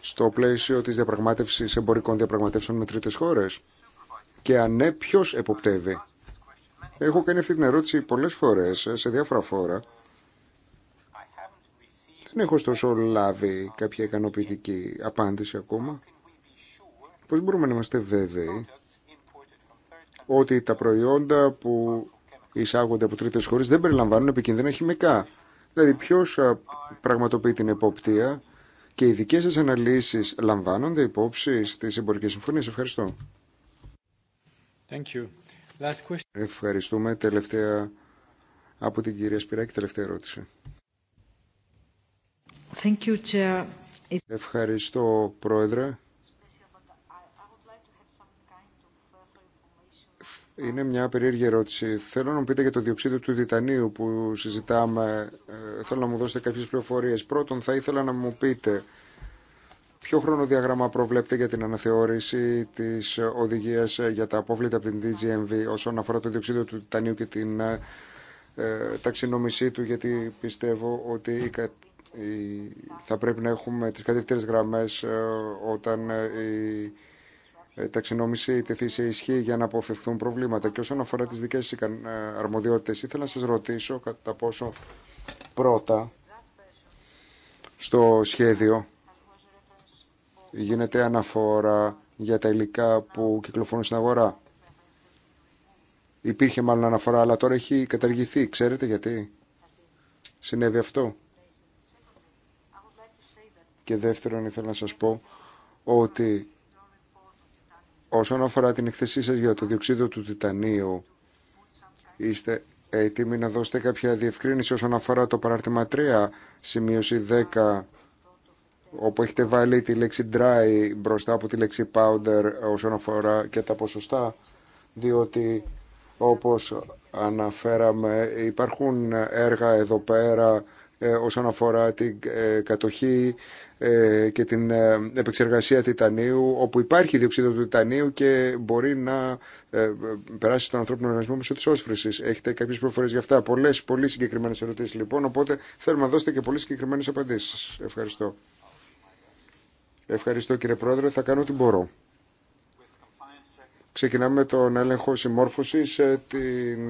Στο πλαίσιο της διαπραγμάτευσης εμπορικών διαπραγματεύσεων με τρίτες χώρες. Και αν ναι, ποιος εποπτεύει. Έχω κάνει αυτή την ερώτηση πολλές φορές σε διάφορα φόρα δεν έχω ωστόσο λάβει κάποια ικανοποιητική απάντηση ακόμα. Πώς μπορούμε να είμαστε βέβαιοι ότι τα προϊόντα που εισάγονται από τρίτες χώρες δεν περιλαμβάνουν επικίνδυνα χημικά. Δηλαδή ποιος πραγματοποιεί την εποπτεία και οι δικές σας αναλύσεις λαμβάνονται υπόψη στις εμπορικές συμφωνίες. Ευχαριστώ. Thank you. Ευχαριστούμε. Τελευταία από την κυρία Σπυράκη, τελευταία ερώτηση. Ευχαριστώ, Πρόεδρε. Είναι μια περίεργη ερώτηση. Θέλω να μου πείτε για το διοξείδιο του τιτανίου που συζητάμε. Ε, θέλω να μου δώσετε κάποιες πληροφορίες. Πρώτον, θα ήθελα να μου πείτε ποιο χρονοδιαγράμμα προβλέπετε για την αναθεώρηση της οδηγίας ε, για τα απόβλητα από την DGMV όσον αφορά το διοξείδιο του Διτανίου και την ε, ταξινόμησή του γιατί πιστεύω ότι θα πρέπει να έχουμε τις κατευθυντές γραμμές ε, όταν ε, η ε, ταξινόμηση τεθεί σε ισχύ για να αποφευχθούν προβλήματα. Και όσον αφορά τις δικές σας αρμοδιότητες, ήθελα να σας ρωτήσω κατά πόσο πρώτα στο σχέδιο γίνεται αναφορά για τα υλικά που κυκλοφορούν στην αγορά. Υπήρχε μάλλον αναφορά, αλλά τώρα έχει καταργηθεί. Ξέρετε γιατί συνέβη αυτό. Και δεύτερον, ήθελα να σας πω ότι όσον αφορά την εκθεσή σας για το διοξείδιο του τιτανίου, είστε έτοιμοι να δώσετε κάποια διευκρίνηση όσον αφορά το παράρτημα 3, σημείωση 10, όπου έχετε βάλει τη λέξη dry μπροστά από τη λέξη powder όσον αφορά και τα ποσοστά, διότι όπως αναφέραμε υπάρχουν έργα εδώ πέρα ε, όσον αφορά την ε, κατοχή ε, και την επεξεργασία τιτανίου, όπου υπάρχει διοξείδιο του τιτανίου και μπορεί να περάσει στον ανθρώπινο οργανισμό μέσω τη όσφρηση. Έχετε κάποιε προφορέ γι' αυτά. Πολλέ, πολύ συγκεκριμένε ερωτήσει λοιπόν. Οπότε θέλουμε να δώσετε και πολύ συγκεκριμένε απαντήσει. Ευχαριστώ. Ευχαριστώ κύριε Πρόεδρε. Θα κάνω ό,τι μπορώ. Ξεκινάμε τον έλεγχο συμμόρφωσης, την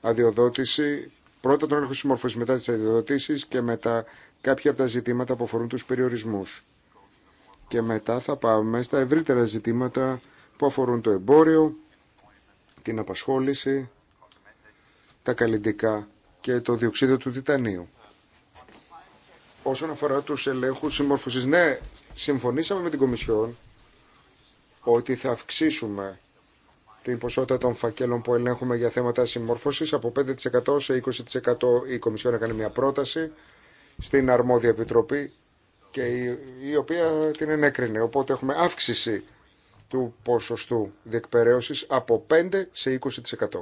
αδειοδότηση Πρώτα τον έλεγχο τη μετά τι αδειοδοτήσει και μετά κάποια από τα ζητήματα που αφορούν του περιορισμού. Και μετά θα πάμε στα ευρύτερα ζητήματα που αφορούν το εμπόριο, την απασχόληση, τα καλλιντικά και το διοξείδιο του τιτανίου. Όσον αφορά τους ελέγχους συμμόρφωσης, ναι, συμφωνήσαμε με την Κομισιόν ότι θα αυξήσουμε την ποσότητα των φακέλων που ελέγχουμε για θέματα συμμόρφωσης από 5% σε 20%. Η Κομισιόν έκανε μια πρόταση στην αρμόδια επιτροπή και η, η οποία την ενέκρινε. Οπότε έχουμε αύξηση του ποσοστού διεκπαιρέωσης από 5% σε 20%.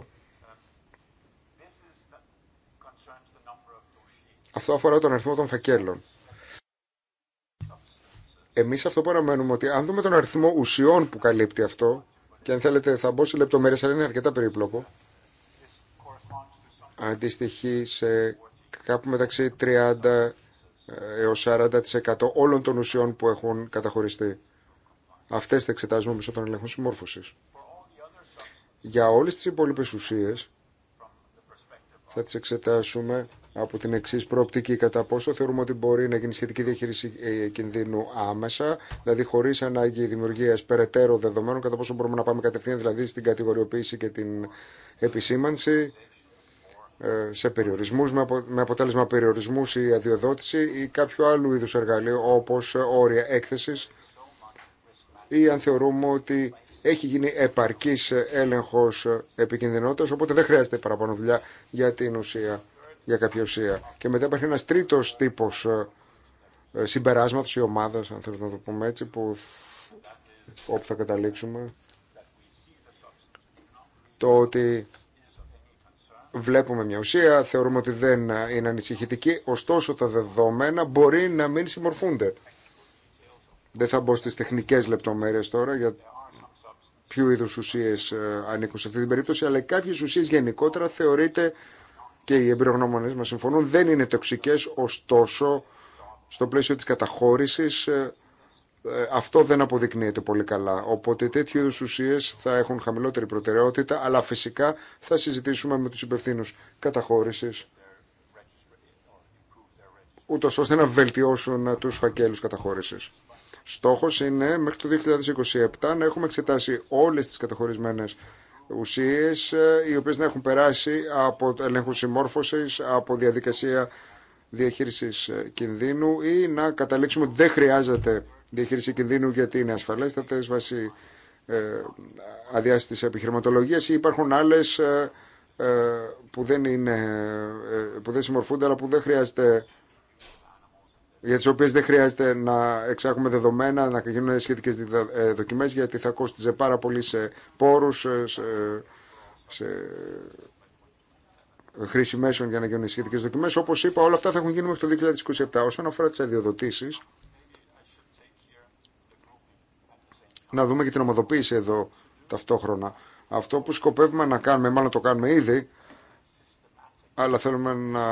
Αυτό αφορά τον αριθμό των φακέλων. Εμείς αυτό παραμένουμε ότι αν δούμε τον αριθμό ουσιών που καλύπτει αυτό, και αν θέλετε θα μπω σε λεπτομέρειες, αλλά είναι αρκετά περίπλοκο. Αντιστοιχεί σε κάπου μεταξύ 30 ε, έως 40% όλων των ουσιών που έχουν καταχωριστεί. Αυτές θα εξετάζουμε μέσω των ελέγχων συμμόρφωσης. Για όλες τις υπόλοιπες ουσίες θα τις εξετάσουμε από την εξή προοπτική κατά πόσο θεωρούμε ότι μπορεί να γίνει σχετική διαχείριση ε, κινδύνου άμεσα, δηλαδή χωρί ανάγκη δημιουργία περαιτέρω δεδομένων, κατά πόσο μπορούμε να πάμε κατευθείαν δηλαδή στην κατηγοριοποίηση και την επισήμανση ε, σε περιορισμούς, με αποτέλεσμα περιορισμού ή αδειοδότηση ή κάποιο άλλο είδου εργαλείο όπω όρια έκθεση, ή αν θεωρούμε ότι έχει γίνει επαρκής έλεγχος επικινδυνότητας οπότε δεν χρειάζεται παραπάνω δουλειά για την ουσία για κάποια ουσία. Και μετά υπάρχει ένας τρίτος τύπος ε, ε, συμπεράσματο ή ομάδα, αν θέλετε να το πούμε έτσι, που, όπου θα καταλήξουμε. Το ότι βλέπουμε μια ουσία, θεωρούμε ότι δεν είναι ανησυχητική, ωστόσο τα δεδομένα μπορεί να μην συμμορφούνται. Δεν θα μπω στις τεχνικές λεπτομέρειες τώρα για ποιο είδους ουσίες ε, ανήκουν σε αυτή την περίπτωση, αλλά κάποιες ουσίες γενικότερα θεωρείται και οι εμπειρογνώμονες μας συμφωνούν, δεν είναι τοξικές, ωστόσο στο πλαίσιο της καταχώρησης ε, ε, αυτό δεν αποδεικνύεται πολύ καλά. Οπότε τέτοιου είδους ουσίες θα έχουν χαμηλότερη προτεραιότητα, αλλά φυσικά θα συζητήσουμε με τους υπευθύνους καταχώρησης, ούτω ώστε να βελτιώσουν τους φακέλους καταχώρηση. Στόχο είναι μέχρι το 2027 να έχουμε εξετάσει όλε τι καταχωρισμένε ουσίες ε, οι οποίε να έχουν περάσει από ελέγχου συμμόρφωσης, από διαδικασία διαχείριση ε, κινδύνου ή να καταλήξουμε ότι δεν χρειάζεται διαχείριση κινδύνου γιατί είναι ασφαλέστατε βάσει ε, αδειάστη ή υπάρχουν άλλε ε, που, δεν είναι, που δεν συμμορφούνται αλλά που δεν χρειάζεται για τι οποίε δεν χρειάζεται να εξάγουμε δεδομένα, να γίνουν σχετικέ ε, δοκιμές, γιατί θα κόστιζε πάρα πολύ σε πόρους, σε, σε χρήση μέσων για να γίνουν σχετικέ δοκιμέ. Όπω είπα, όλα αυτά θα έχουν γίνει μέχρι το 2027. Όσον αφορά τι αδειοδοτήσει, να δούμε και την ομοδοποίηση εδώ ταυτόχρονα. Αυτό που σκοπεύουμε να κάνουμε, μάλλον το κάνουμε ήδη, αλλά θέλουμε να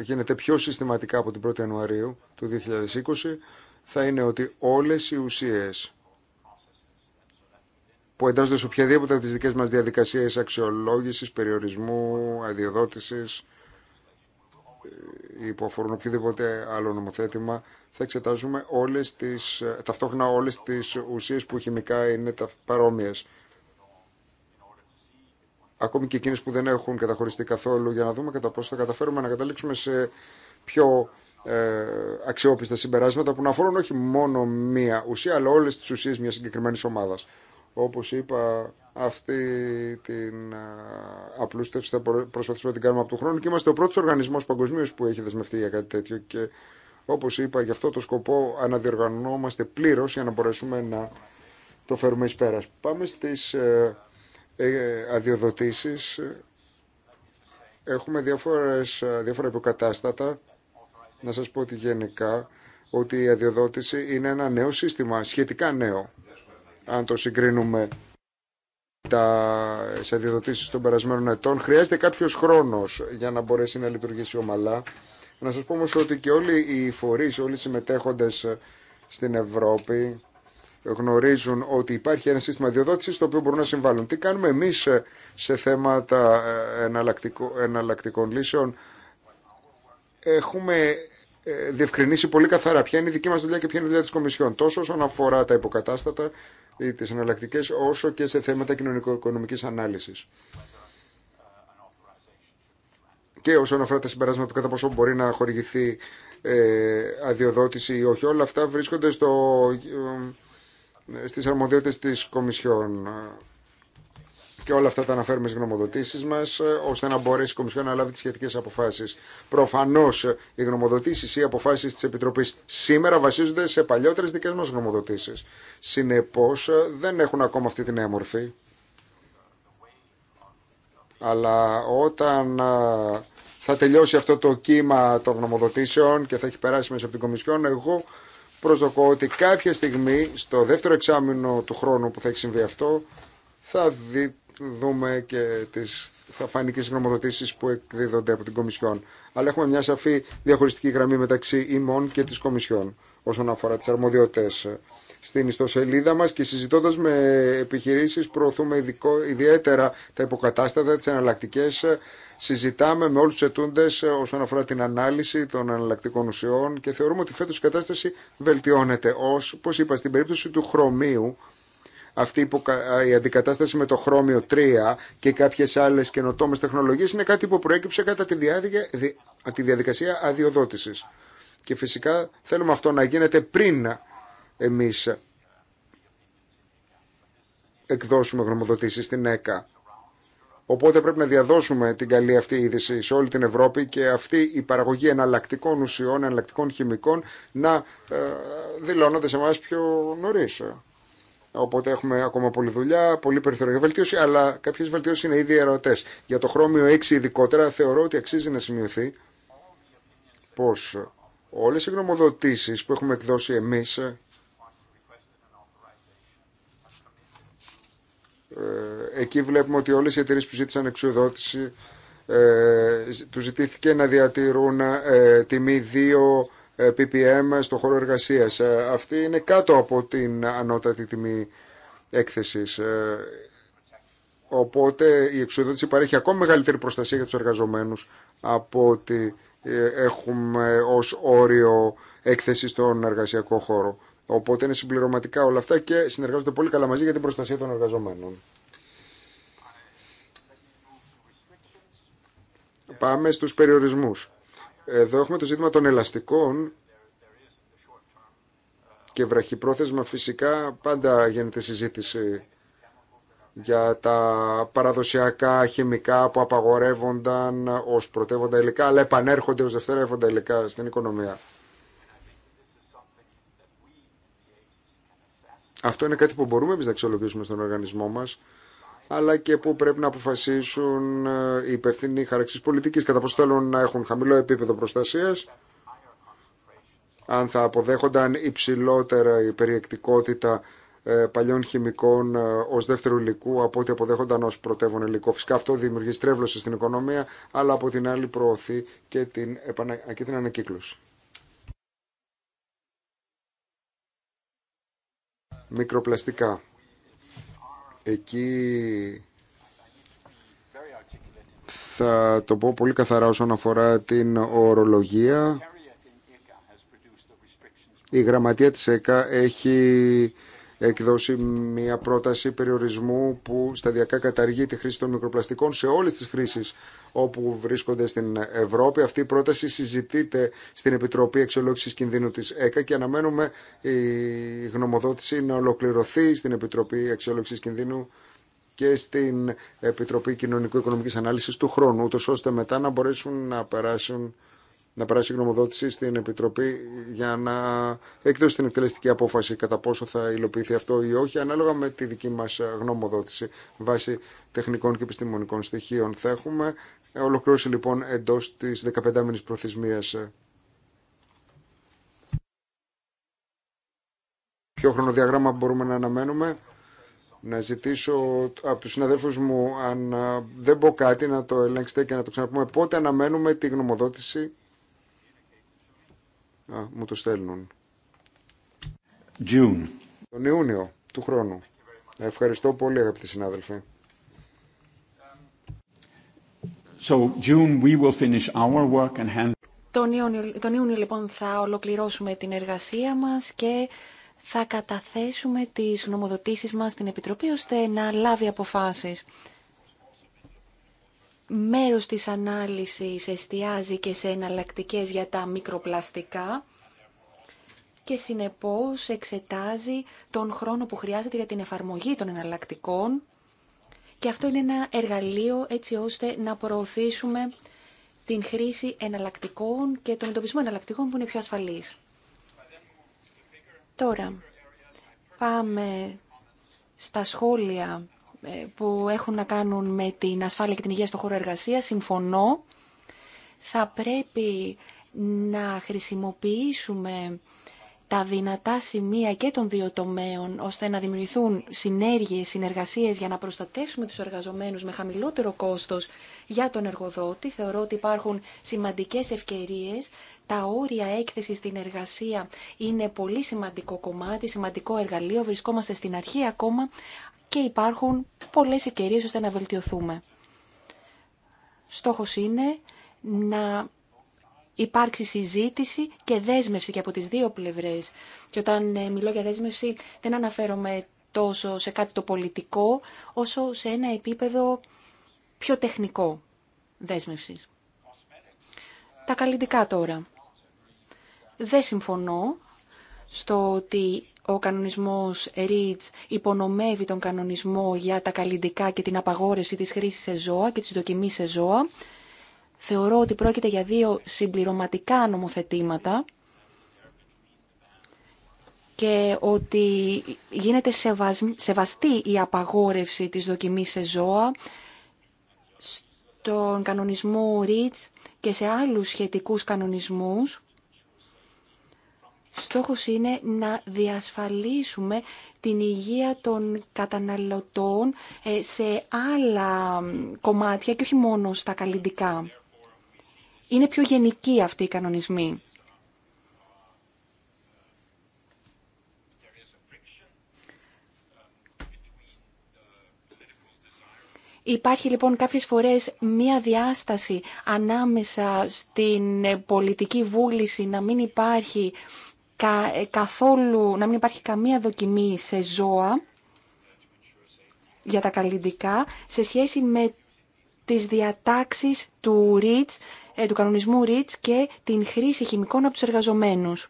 γίνεται πιο συστηματικά από την 1η Ιανουαρίου του 2020, θα είναι ότι όλες οι ουσίες που εντάσσονται σε οποιαδήποτε από τις δικές μας διαδικασίες αξιολόγησης, περιορισμού, αδειοδότησης ε, ή που αφορούν οποιοδήποτε άλλο νομοθέτημα, θα εξετάζουμε όλες τις, ε, ταυτόχρονα όλες τις ουσίες που χημικά είναι παρόμοιες ακόμη και εκείνες που δεν έχουν καταχωριστεί καθόλου, για να δούμε κατά πόσο θα καταφέρουμε να καταλήξουμε σε πιο ε, αξιόπιστα συμπεράσματα που να αφορούν όχι μόνο μία ουσία, αλλά όλες τις ουσίες μιας συγκεκριμένης ομάδας. Όπως είπα, αυτή την ε, απλούστευση θα προσπαθήσουμε να την κάνουμε από τον χρόνο και είμαστε ο πρώτος οργανισμός παγκοσμίω που έχει δεσμευτεί για κάτι τέτοιο και όπως είπα, γι' αυτό το σκοπό αναδιοργανώμαστε πλήρως για να μπορέσουμε να το φέρουμε εις πέρας. Πάμε στις ε, ε, αδειοδοτήσεις έχουμε διάφορες, ε, διάφορα υποκατάστατα. Να σας πω ότι γενικά ότι η αδειοδότηση είναι ένα νέο σύστημα, σχετικά νέο, αν το συγκρίνουμε τα αδειοδοτήσεις των περασμένων ετών. Χρειάζεται κάποιος χρόνος για να μπορέσει να λειτουργήσει ομαλά. Να σας πω όμως ότι και όλοι οι φορείς, όλοι οι συμμετέχοντες ε, στην Ευρώπη γνωρίζουν ότι υπάρχει ένα σύστημα διοδότηση το οποίο μπορούν να συμβάλλουν. Τι κάνουμε εμεί ε, σε θέματα ε, εναλλακτικών λύσεων. Έχουμε ε, διευκρινίσει πολύ καθαρά ποια είναι η δική μα δουλειά και ποια είναι η δουλειά τη Κομισιόν, τόσο όσον αφορά τα υποκατάστατα ή τι εναλλακτικέ, όσο και σε θέματα κοινωνικο-οικονομική ανάλυση. Και όσον αφορά τα συμπεράσματα του κατά πόσο μπορεί να χορηγηθεί ε, αδειοδότηση ή όχι, όλα αυτά βρίσκονται στο Στι αρμοδιότητες της Κομισιόν. Και όλα αυτά τα αναφέρουμε στι γνωμοδοτήσεις μας, ε, ώστε να μπορέσει η Κομισιόν να λάβει τις σχετικές αποφάσεις. Προφανώς, οι γνωμοδοτήσεις ή οι αποφάσεις της Επιτροπής σήμερα βασίζονται σε παλιότερε δικέ μα γνωμοδοτήσει. Συνεπώ, ε, δεν έχουν ακόμα αυτή τη νέα μορφή. Αλλά όταν ε, θα τελειώσει αυτό το κύμα των γνωμοδοτήσεων και θα έχει περάσει μέσα από την Κομισιόν, εγώ προσδοκώ ότι κάποια στιγμή στο δεύτερο εξάμεινο του χρόνου που θα έχει συμβεί αυτό θα δούμε και τις, θα φανεί και που εκδίδονται από την Κομισιόν. Αλλά έχουμε μια σαφή διαχωριστική γραμμή μεταξύ ημών και της Κομισιόν όσον αφορά τις αρμοδιότητες ε, στην ιστοσελίδα μας και συζητώντα με επιχειρήσεις προωθούμε ιδιαίτερα τα υποκατάστατα, τις εναλλακτικέ ε, συζητάμε με όλους τους ετούντες όσον αφορά την ανάλυση των αναλλακτικών ουσιών και θεωρούμε ότι φέτος η κατάσταση βελτιώνεται ως, όπως είπα, στην περίπτωση του χρωμίου αυτή η αντικατάσταση με το χρώμιο 3 και κάποιες άλλες καινοτόμες τεχνολογίες είναι κάτι που προέκυψε κατά τη διαδικασία αδειοδότησης. Και φυσικά θέλουμε αυτό να γίνεται πριν εμείς εκδώσουμε γνωμοδοτήσεις στην ΕΚΑ. Οπότε πρέπει να διαδώσουμε την καλή αυτή είδηση σε όλη την Ευρώπη και αυτή η παραγωγή εναλλακτικών ουσιών, εναλλακτικών χημικών να ε, δηλώνονται σε εμά πιο νωρί. Οπότε έχουμε ακόμα πολλή δουλειά, πολύ περιθώριο βελτίωση, αλλά κάποιε βελτιώσει είναι ήδη ερωτέ. Για το χρώμιο 6 ειδικότερα θεωρώ ότι αξίζει να σημειωθεί πω όλε οι γνωμοδοτήσει που έχουμε εκδώσει εμεί Ε, εκεί βλέπουμε ότι όλες οι εταιρείε που ζήτησαν εξουδότηση ε, του ζητήθηκε να διατηρούν ε, τιμή 2 ppm ε, στο χώρο εργασίας. αυτή είναι κάτω από την ανώτατη τιμή έκθεσης. οπότε η εξουδότηση παρέχει ακόμα μεγαλύτερη προστασία για τους εργαζομένους από ότι έχουμε ως όριο έκθεση στον εργασιακό χώρο. Οπότε είναι συμπληρωματικά όλα αυτά και συνεργάζονται πολύ καλά μαζί για την προστασία των εργαζομένων. Πάμε στους περιορισμούς. Εδώ έχουμε το ζήτημα των ελαστικών και βραχυπρόθεσμα φυσικά πάντα γίνεται συζήτηση για τα παραδοσιακά χημικά που απαγορεύονταν ως πρωτεύοντα υλικά αλλά επανέρχονται ως δευτερεύοντα υλικά στην οικονομία. Αυτό είναι κάτι που μπορούμε εμείς να αξιολογήσουμε στον οργανισμό μας αλλά και που πρέπει να αποφασίσουν ε, οι υπευθυνοί χαρακτήρες πολιτικής κατά πώ θέλουν να έχουν χαμηλό επίπεδο προστασίας αν θα αποδέχονταν υψηλότερα η περιεκτικότητα ε, παλιών χημικών ε, ως δεύτερου υλικού από ό,τι αποδέχονταν ως πρωτεύων υλικό. Φυσικά αυτό δημιουργεί στρέβλωση στην οικονομία, αλλά από την άλλη προωθεί και την, και την ανακύκλωση. μικροπλαστικά. Εκεί θα το πω πολύ καθαρά όσον αφορά την ορολογία. Η γραμματεία της ΕΚΑ έχει εκδώσει μια πρόταση περιορισμού που σταδιακά καταργεί τη χρήση των μικροπλαστικών σε όλες τις χρήσεις όπου βρίσκονται στην Ευρώπη. Αυτή η πρόταση συζητείται στην Επιτροπή Εξολόγησης Κινδύνου της ΕΚΑ και αναμένουμε η γνωμοδότηση να ολοκληρωθεί στην Επιτροπή Εξολόγησης Κινδύνου και στην Επιτροπή Κοινωνικού Οικονομικής Ανάλυσης του χρόνου, ούτως ώστε μετά να μπορέσουν να περάσουν να περάσει γνωμοδότηση στην Επιτροπή για να εκδώσει την εκτελεστική απόφαση κατά πόσο θα υλοποιηθεί αυτό ή όχι, ανάλογα με τη δική μα γνωμοδότηση βάσει τεχνικών και επιστημονικών στοιχείων. Θα έχουμε ολοκλήρωση, λοιπόν εντό τη 15 μήνης προθεσμίας Ποιο χρονοδιαγράμμα μπορούμε να αναμένουμε. Να ζητήσω από τους συναδέλφους μου αν δεν πω κάτι να το ελέγξετε και να το ξαναπούμε πότε αναμένουμε τη γνωμοδότηση Α, μου το στέλνουν. June. Τον Ιούνιο του χρόνου. Ευχαριστώ πολύ αγαπητοί συνάδελφοι. So, June we our and hand... τον, Ιούνιο, Ιούνιο λοιπόν θα ολοκληρώσουμε την εργασία μας και θα καταθέσουμε τις γνωμοδοτήσεις μας στην Επιτροπή ώστε να λάβει αποφάσεις μέρος της ανάλυσης εστιάζει και σε εναλλακτικέ για τα μικροπλαστικά και συνεπώς εξετάζει τον χρόνο που χρειάζεται για την εφαρμογή των εναλλακτικών και αυτό είναι ένα εργαλείο έτσι ώστε να προωθήσουμε την χρήση εναλλακτικών και τον εντοπισμό εναλλακτικών που είναι πιο ασφαλής. Τώρα, πάμε στα σχόλια ε, που έχουν να κάνουν με την ασφάλεια και την υγεία στον χώρο εργασίας, συμφωνώ. Θα πρέπει να χρησιμοποιήσουμε τα δυνατά σημεία και των δύο τομέων, ώστε να δημιουργηθούν συνέργειες, συνεργασίες για να προστατεύσουμε τους εργαζομένους με χαμηλότερο κόστος για τον εργοδότη. Θεωρώ ότι υπάρχουν σημαντικές ευκαιρίες. Τα όρια έκθεση στην εργασία είναι πολύ σημαντικό κομμάτι, σημαντικό εργαλείο. Βρισκόμαστε στην αρχή ακόμα, και υπάρχουν πολλές ευκαιρίες ώστε να βελτιωθούμε. Στόχος είναι να υπάρξει συζήτηση και δέσμευση και από τις δύο πλευρές. Και όταν ε, μιλώ για δέσμευση δεν αναφέρομαι τόσο σε κάτι το πολιτικό, όσο σε ένα επίπεδο πιο τεχνικό δέσμευσης. Τα καλλιτικά τώρα. Δεν συμφωνώ στο ότι ο κανονισμός REACH υπονομεύει τον κανονισμό για τα καλλιντικά και την απαγόρευση της χρήσης σε ζώα και της δοκιμής σε ζώα. Θεωρώ ότι πρόκειται για δύο συμπληρωματικά νομοθετήματα και ότι γίνεται σεβαστή η απαγόρευση της δοκιμής σε ζώα στον κανονισμό REACH και σε άλλους σχετικούς κανονισμούς Στόχος είναι να διασφαλίσουμε την υγεία των καταναλωτών ε, σε άλλα κομμάτια και όχι μόνο στα καλλιντικά. Είναι πιο γενική αυτή οι κανονισμοί. Υπάρχει λοιπόν κάποιες φορές μία διάσταση ανάμεσα στην πολιτική βούληση να μην υπάρχει ε, καθόλου, να μην υπάρχει καμία δοκιμή σε ζώα για τα καλλιντικά σε σχέση με τις διατάξεις του, REACH, ε, του κανονισμού REACH και την χρήση χημικών από τους εργαζομένους.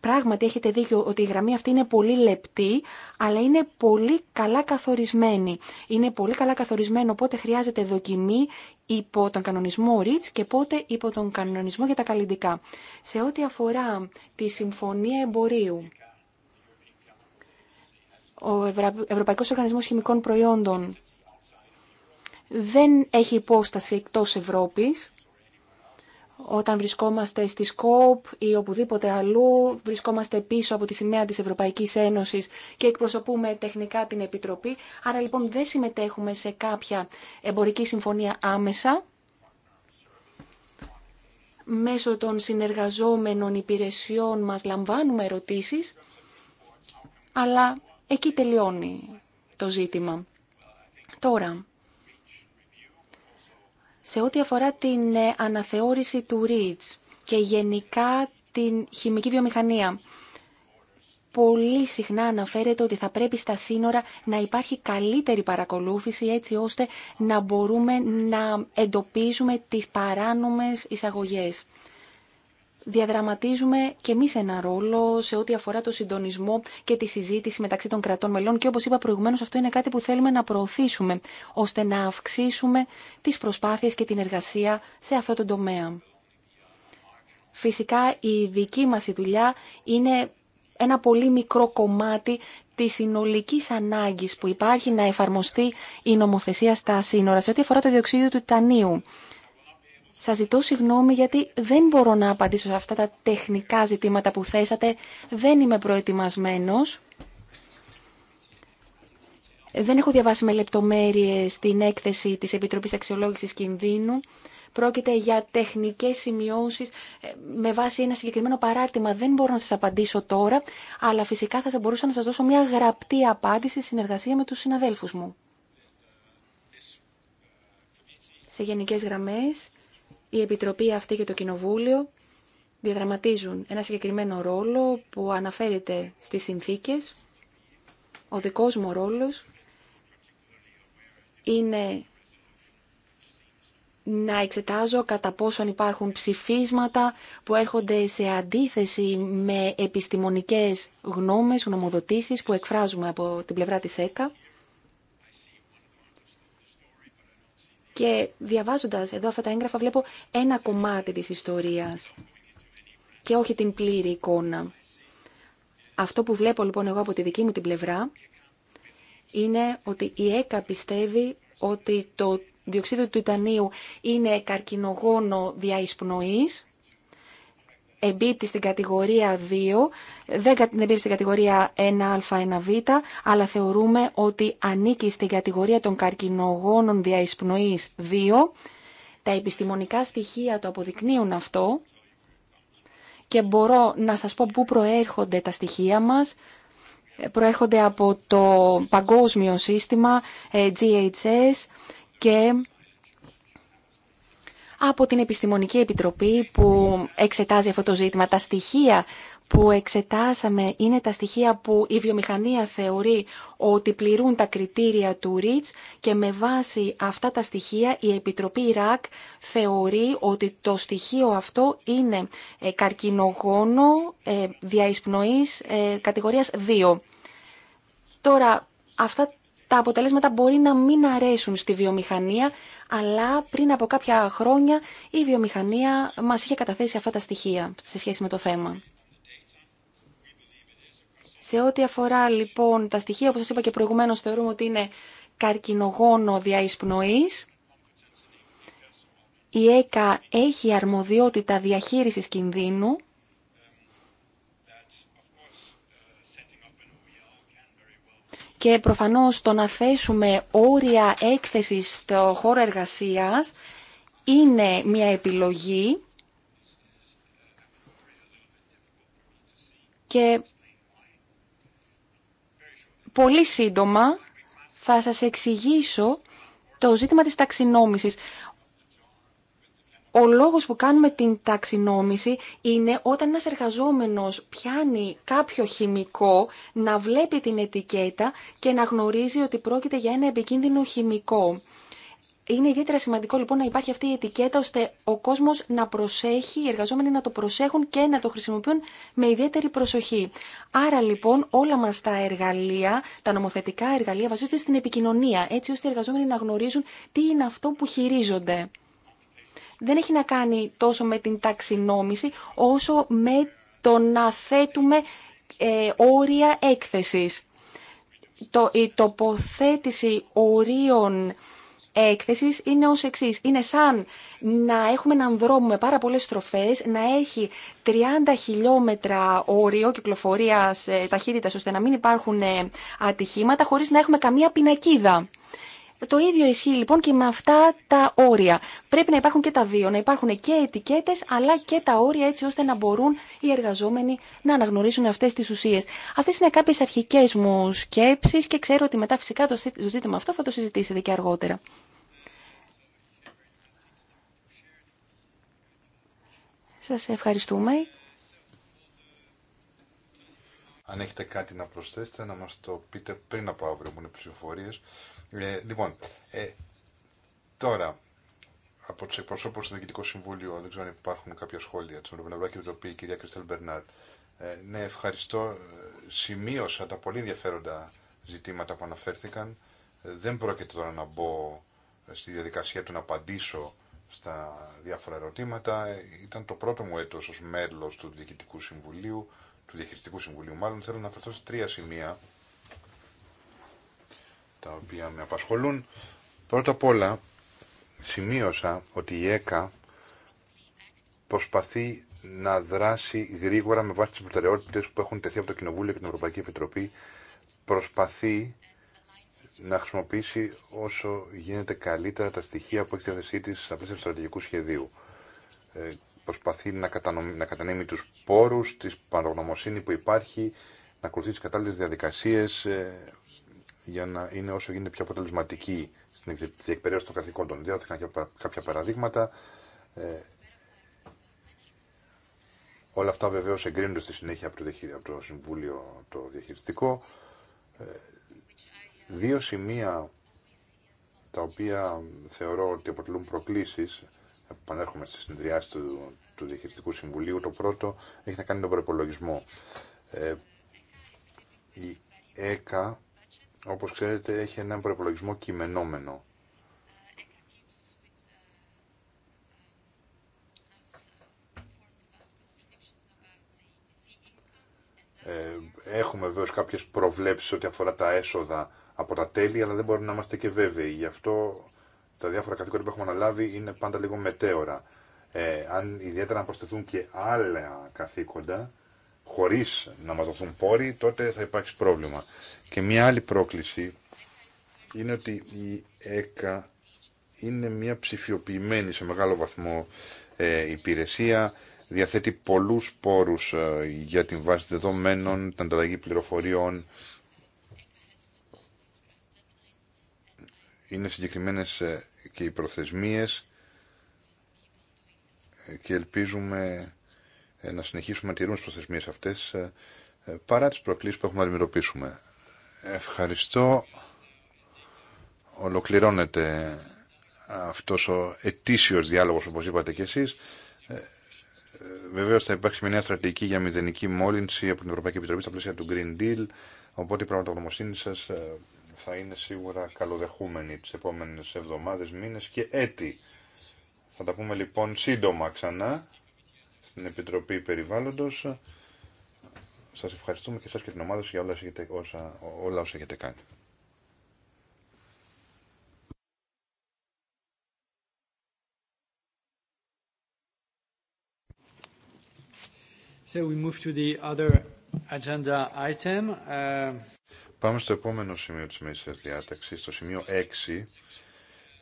Πράγματι έχετε δίκιο ότι η γραμμή αυτή είναι πολύ λεπτή, αλλά είναι πολύ καλά καθορισμένη. Είναι πολύ καλά καθορισμένο πότε χρειάζεται δοκιμή υπό τον κανονισμό REACH και πότε υπό τον κανονισμό για τα καλλιντικά. Σε ό,τι αφορά τη Συμφωνία Εμπορίου, ο Ευρωπαϊκός Οργανισμός Χημικών Προϊόντων δεν έχει υπόσταση εκτός Ευρώπης όταν βρισκόμαστε στη ΣΚΟΠ ή οπουδήποτε αλλού, βρισκόμαστε πίσω από τη σημαία της Ευρωπαϊκής Ένωσης και εκπροσωπούμε τεχνικά την Επιτροπή. Άρα λοιπόν δεν συμμετέχουμε σε κάποια εμπορική συμφωνία άμεσα. Μέσω των συνεργαζόμενων υπηρεσιών μας λαμβάνουμε ερωτήσεις, αλλά εκεί τελειώνει το ζήτημα. Τώρα, σε ό,τι αφορά την ε, αναθεώρηση του REACH και γενικά την χημική βιομηχανία. Πολύ συχνά αναφέρεται ότι θα πρέπει στα σύνορα να υπάρχει καλύτερη παρακολούθηση έτσι ώστε να μπορούμε να εντοπίζουμε τις παράνομες εισαγωγές διαδραματίζουμε και εμεί ένα ρόλο σε ό,τι αφορά το συντονισμό και τη συζήτηση μεταξύ των κρατών μελών και όπως είπα προηγουμένω, αυτό είναι κάτι που θέλουμε να προωθήσουμε ώστε να αυξήσουμε τις προσπάθειες και την εργασία σε αυτό το τομέα. Φυσικά η δική μας η δουλειά είναι ένα πολύ μικρό κομμάτι τη συνολική ανάγκη που υπάρχει να εφαρμοστεί η νομοθεσία στα σύνορα σε ό,τι αφορά το διοξίδιο του Τανίου. Σας ζητώ συγγνώμη γιατί δεν μπορώ να απαντήσω σε αυτά τα τεχνικά ζητήματα που θέσατε. Δεν είμαι προετοιμασμένος. Δεν έχω διαβάσει με λεπτομέρειες την έκθεση της Επιτροπής Αξιολόγησης Κινδύνου. Πρόκειται για τεχνικές σημειώσεις ε, με βάση ένα συγκεκριμένο παράρτημα. Δεν μπορώ να σας απαντήσω τώρα, αλλά φυσικά θα μπορούσα να σας δώσω μια γραπτή απάντηση συνεργασία με τους συναδέλφους μου. Σε γενικές γραμμές, η Επιτροπή αυτή και το Κοινοβούλιο διαδραματίζουν ένα συγκεκριμένο ρόλο που αναφέρεται στις συνθήκες. Ο δικός μου ρόλος είναι να εξετάζω κατά πόσον υπάρχουν ψηφίσματα που έρχονται σε αντίθεση με επιστημονικές γνώμες, γνωμοδοτήσεις που εκφράζουμε από την πλευρά της ΕΚΑ. Και διαβάζοντας εδώ αυτά τα έγγραφα βλέπω ένα κομμάτι της ιστορίας και όχι την πλήρη εικόνα. Αυτό που βλέπω λοιπόν εγώ από τη δική μου την πλευρά είναι ότι η ΕΚΑ πιστεύει ότι το διοξείδιο του τιτανίου είναι καρκινογόνο διαεισπνοής εμπίπτει στην κατηγορία 2, δεν εμπίπτει στην κατηγορία 1α1β, αλλά θεωρούμε ότι ανήκει στην κατηγορία των καρκινογόνων διαεισπνοής 2. Τα επιστημονικά στοιχεία το αποδεικνύουν αυτό και μπορώ να σας πω πού προέρχονται τα στοιχεία μας. Προέρχονται από το παγκόσμιο σύστημα ε, GHS και από την Επιστημονική Επιτροπή που εξετάζει αυτό το ζήτημα. Τα στοιχεία που εξετάσαμε είναι τα στοιχεία που η βιομηχανία θεωρεί ότι πληρούν τα κριτήρια του ΡΙΤΣ και με βάση αυτά τα στοιχεία η Επιτροπή ΡΑΚ θεωρεί ότι το στοιχείο αυτό είναι ε, καρκινογόνο ε, διαεισπνοής ε, κατηγορίας 2. Τώρα, αυτά τα αποτελέσματα μπορεί να μην αρέσουν στη βιομηχανία, αλλά πριν από κάποια χρόνια η βιομηχανία μας είχε καταθέσει αυτά τα στοιχεία σε σχέση με το θέμα. Σε ό,τι αφορά λοιπόν τα στοιχεία, όπως σας είπα και προηγουμένως, θεωρούμε ότι είναι καρκινογόνο διαεισπνοής. Η ΕΚΑ έχει αρμοδιότητα διαχείρισης κινδύνου και προφανώς το να θέσουμε όρια έκθεσης στο χώρο εργασίας είναι μια επιλογή και πολύ σύντομα θα σας εξηγήσω το ζήτημα της ταξινόμησης. Ο λόγο που κάνουμε την ταξινόμηση είναι όταν ένα εργαζόμενο πιάνει κάποιο χημικό να βλέπει την ετικέτα και να γνωρίζει ότι πρόκειται για ένα επικίνδυνο χημικό. Είναι ιδιαίτερα σημαντικό λοιπόν να υπάρχει αυτή η ετικέτα ώστε ο κόσμο να προσέχει, οι εργαζόμενοι να το προσέχουν και να το χρησιμοποιούν με ιδιαίτερη προσοχή. Άρα λοιπόν όλα μα τα εργαλεία, τα νομοθετικά εργαλεία βασίζονται στην επικοινωνία έτσι ώστε οι εργαζόμενοι να γνωρίζουν τι είναι αυτό που χειρίζονται δεν έχει να κάνει τόσο με την ταξινόμηση όσο με το να θέτουμε ε, όρια έκθεσης. Το, η τοποθέτηση ορίων έκθεσης είναι ως εξής. Είναι σαν να έχουμε έναν δρόμο με πάρα πολλές στροφές, να έχει 30 χιλιόμετρα όριο κυκλοφορίας ε, ταχύτητας, ώστε να μην υπάρχουν ε, ατυχήματα, χωρίς να έχουμε καμία πινακίδα. Το ίδιο ισχύει λοιπόν και με αυτά τα όρια. Πρέπει να υπάρχουν και τα δύο, να υπάρχουν και ετικέτε αλλά και τα όρια έτσι ώστε να μπορούν οι εργαζόμενοι να αναγνωρίσουν αυτέ τι ουσίε. Αυτέ είναι κάποιε αρχικέ μου σκέψει και ξέρω ότι μετά φυσικά το ζήτημα αυτό θα το συζητήσετε και αργότερα. Σας ευχαριστούμε αν έχετε κάτι να προσθέσετε, να μας το πείτε πριν από αύριο που είναι ψηφοφορίες. Ε, λοιπόν, ε, τώρα, από του εκπροσώπου του Διοικητικού Συμβούλιο, δεν ξέρω αν υπάρχουν κάποια σχόλια. τους Ρουμπενευρά και το η κυρία Κριστέλ Μπερνάρτ. Ε, ναι, ευχαριστώ. Σημείωσα τα πολύ ενδιαφέροντα ζητήματα που αναφέρθηκαν. Ε, δεν πρόκειται τώρα να μπω στη διαδικασία του να απαντήσω στα διάφορα ερωτήματα. Ε, ήταν το πρώτο μου έτος ως μέλος του Διοικητικού Συμβουλίου του Διαχειριστικού Συμβουλίου. Μάλλον θέλω να αναφερθώ σε τρία σημεία τα οποία με απασχολούν. Πρώτα απ' όλα σημείωσα ότι η ΕΚΑ προσπαθεί να δράσει γρήγορα με βάση τις προτεραιότητες που έχουν τεθεί από το Κοινοβούλιο και την Ευρωπαϊκή Επιτροπή. Προσπαθεί να χρησιμοποιήσει όσο γίνεται καλύτερα τα στοιχεία που έχει στη θέσή τη στα του στρατηγικού σχεδίου. Ε, προσπαθεί να, κατανέμει τους πόρους, τη παρογνωμοσύνη που υπάρχει, να ακολουθεί τις κατάλληλες διαδικασίες ε, για να είναι όσο γίνεται πιο αποτελεσματική στην διεκπαιρέωση των καθηκόντων. Διάδοθηκαν κάποια παραδείγματα. Ε, όλα αυτά βεβαίω εγκρίνονται στη συνέχεια από το, από το Συμβούλιο το Διαχειριστικό. Ε, δύο σημεία τα οποία θεωρώ ότι αποτελούν προκλήσεις επανέρχομαι στις συνεδριάσεις του, του Συμβουλίου. Το πρώτο έχει να κάνει τον προπολογισμό. Ε, η ΕΚΑ, όπως ξέρετε, έχει έναν προπολογισμό κειμενόμενο. Ε, έχουμε βέβαια κάποιες προβλέψεις ό,τι αφορά τα έσοδα από τα τέλη, αλλά δεν μπορούμε να είμαστε και βέβαιοι. Γι' αυτό τα διάφορα καθήκοντα που έχουμε αναλάβει είναι πάντα λίγο μετέωρα. Ε, αν ιδιαίτερα να προσθεθούν και άλλα καθήκοντα, χωρίς να μας δοθούν πόροι, τότε θα υπάρξει πρόβλημα. Και μια άλλη πρόκληση είναι ότι η ΕΚΑ είναι μια ψηφιοποιημένη σε μεγάλο βαθμό ε, υπηρεσία, διαθέτει πολλούς πόρους ε, για την βάση δεδομένων, την ανταλλαγή πληροφοριών, είναι συγκεκριμένες ε, και οι προθεσμίες και ελπίζουμε ε, να συνεχίσουμε να τηρούμε τις προθεσμίες αυτές ε, ε, παρά τις προκλήσεις που έχουμε να δημιουργήσουμε. Ευχαριστώ. Ολοκληρώνεται αυτός ο ετήσιος διάλογος όπως είπατε και εσείς. Βεβαίω θα υπάρξει μια νέα στρατηγική για μηδενική μόλυνση από την Ευρωπαϊκή Επιτροπή στα πλαίσια του Green Deal. Οπότε η πραγματογνωμοσύνη σας θα είναι σίγουρα καλοδεχούμενοι τις επόμενες εβδομάδες, μήνες και έτη. Θα τα πούμε λοιπόν σύντομα ξανά στην Επιτροπή Περιβάλλοντος. Σας ευχαριστούμε και σας και την ομάδα σας για όλα όσα, έχετε, όλα όσα έχετε κάνει. So we move to the other agenda item. Uh, Πάμε στο επόμενο σημείο της μέσης διάταξη, στο σημείο 6,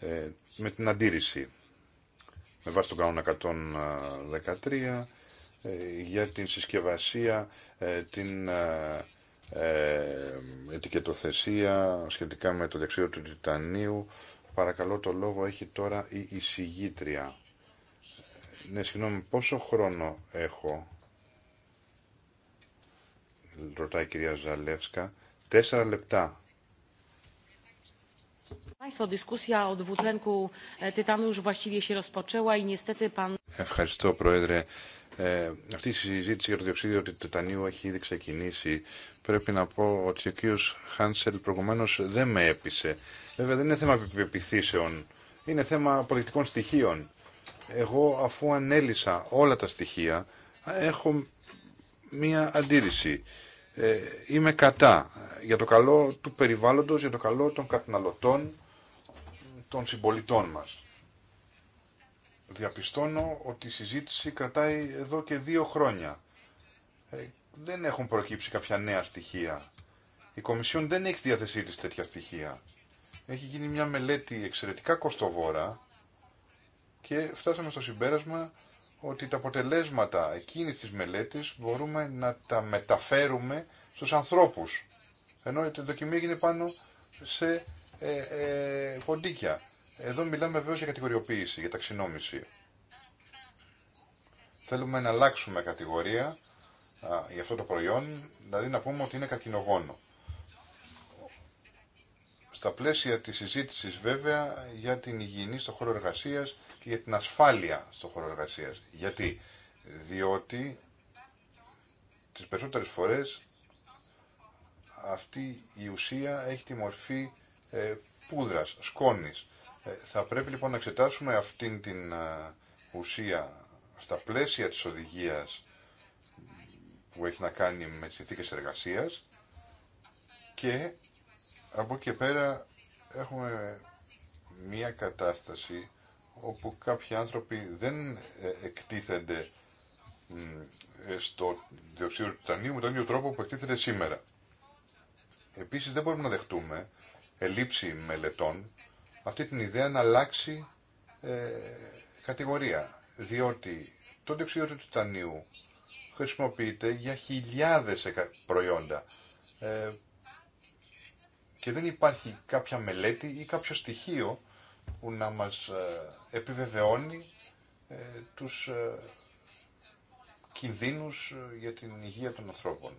ε, με την αντίρρηση. Με βάση τον κανόνα 113, ε, για την συσκευασία, ε, την ε, ετικετοθεσία σχετικά με το δεξίδιο του Τιτανίου. Παρακαλώ το λόγο έχει τώρα η εισηγήτρια. Ναι, συγγνώμη, πόσο χρόνο έχω, ρωτάει η κυρία Ζαλεύσκα. Τέσσερα λεπτά. E, Ευχαριστώ, Πρόεδρε. Ε, αυτή η συζήτηση για το διοξίδιο του τιτανίου έχει ήδη ξεκινήσει. Πρέπει να πω ότι ο κ. Χάνσελ προηγουμένω δεν με έπεισε. Βέβαια, δεν είναι θέμα πεπιθήσεων. Είναι θέμα πολιτικών στοιχείων. Εγώ, αφού ανέλησα όλα τα στοιχεία, έχω μία αντίρρηση ε, είμαι κατά για το καλό του περιβάλλοντος, για το καλό των καταναλωτών, των συμπολιτών μας. Διαπιστώνω ότι η συζήτηση κρατάει εδώ και δύο χρόνια. Ε, δεν έχουν προκύψει κάποια νέα στοιχεία. Η Κομισιόν δεν έχει διαθεσή της τέτοια στοιχεία. Έχει γίνει μια μελέτη εξαιρετικά κοστοβόρα και φτάσαμε στο συμπέρασμα ότι τα αποτελέσματα εκείνης της μελέτης μπορούμε να τα μεταφέρουμε στους ανθρώπους. Ενώ η δοκιμή έγινε πάνω σε ε, ε, ποντίκια. Εδώ μιλάμε βέβαια για κατηγοριοποίηση, για ταξινόμηση. Θέλουμε να αλλάξουμε κατηγορία α, για αυτό το προϊόν, δηλαδή να πούμε ότι είναι καρκινογόνο. Στα πλαίσια της συζήτησης βέβαια για την υγιεινή στο χώρο εργασίας και για την ασφάλεια στο χώρο εργασία. Γιατί, διότι τις περισσότερες φορές αυτή η ουσία έχει τη μορφή ε, πούδρας, σκόνης. Ε, θα πρέπει λοιπόν να εξετάσουμε αυτήν την ε, ουσία στα πλαίσια της οδηγίας που έχει να κάνει με τις συνθήκες εργασίας και από εκεί και πέρα έχουμε μία κατάσταση όπου κάποιοι άνθρωποι δεν ε, εκτίθενται ε, στο διοξείδιο του Τανίου με τον ίδιο τρόπο που εκτίθεται σήμερα. Επίσης δεν μπορούμε να δεχτούμε ελήψη μελετών αυτή την ιδέα να αλλάξει ε, κατηγορία. Διότι το διοξείδιο του τιτανίου χρησιμοποιείται για χιλιάδες προϊόντα και δεν υπάρχει κάποια μελέτη ή κάποιο στοιχείο που να μας ε, επιβεβαιώνει ε, τους ε, κινδύνους για την υγεία των ανθρώπων.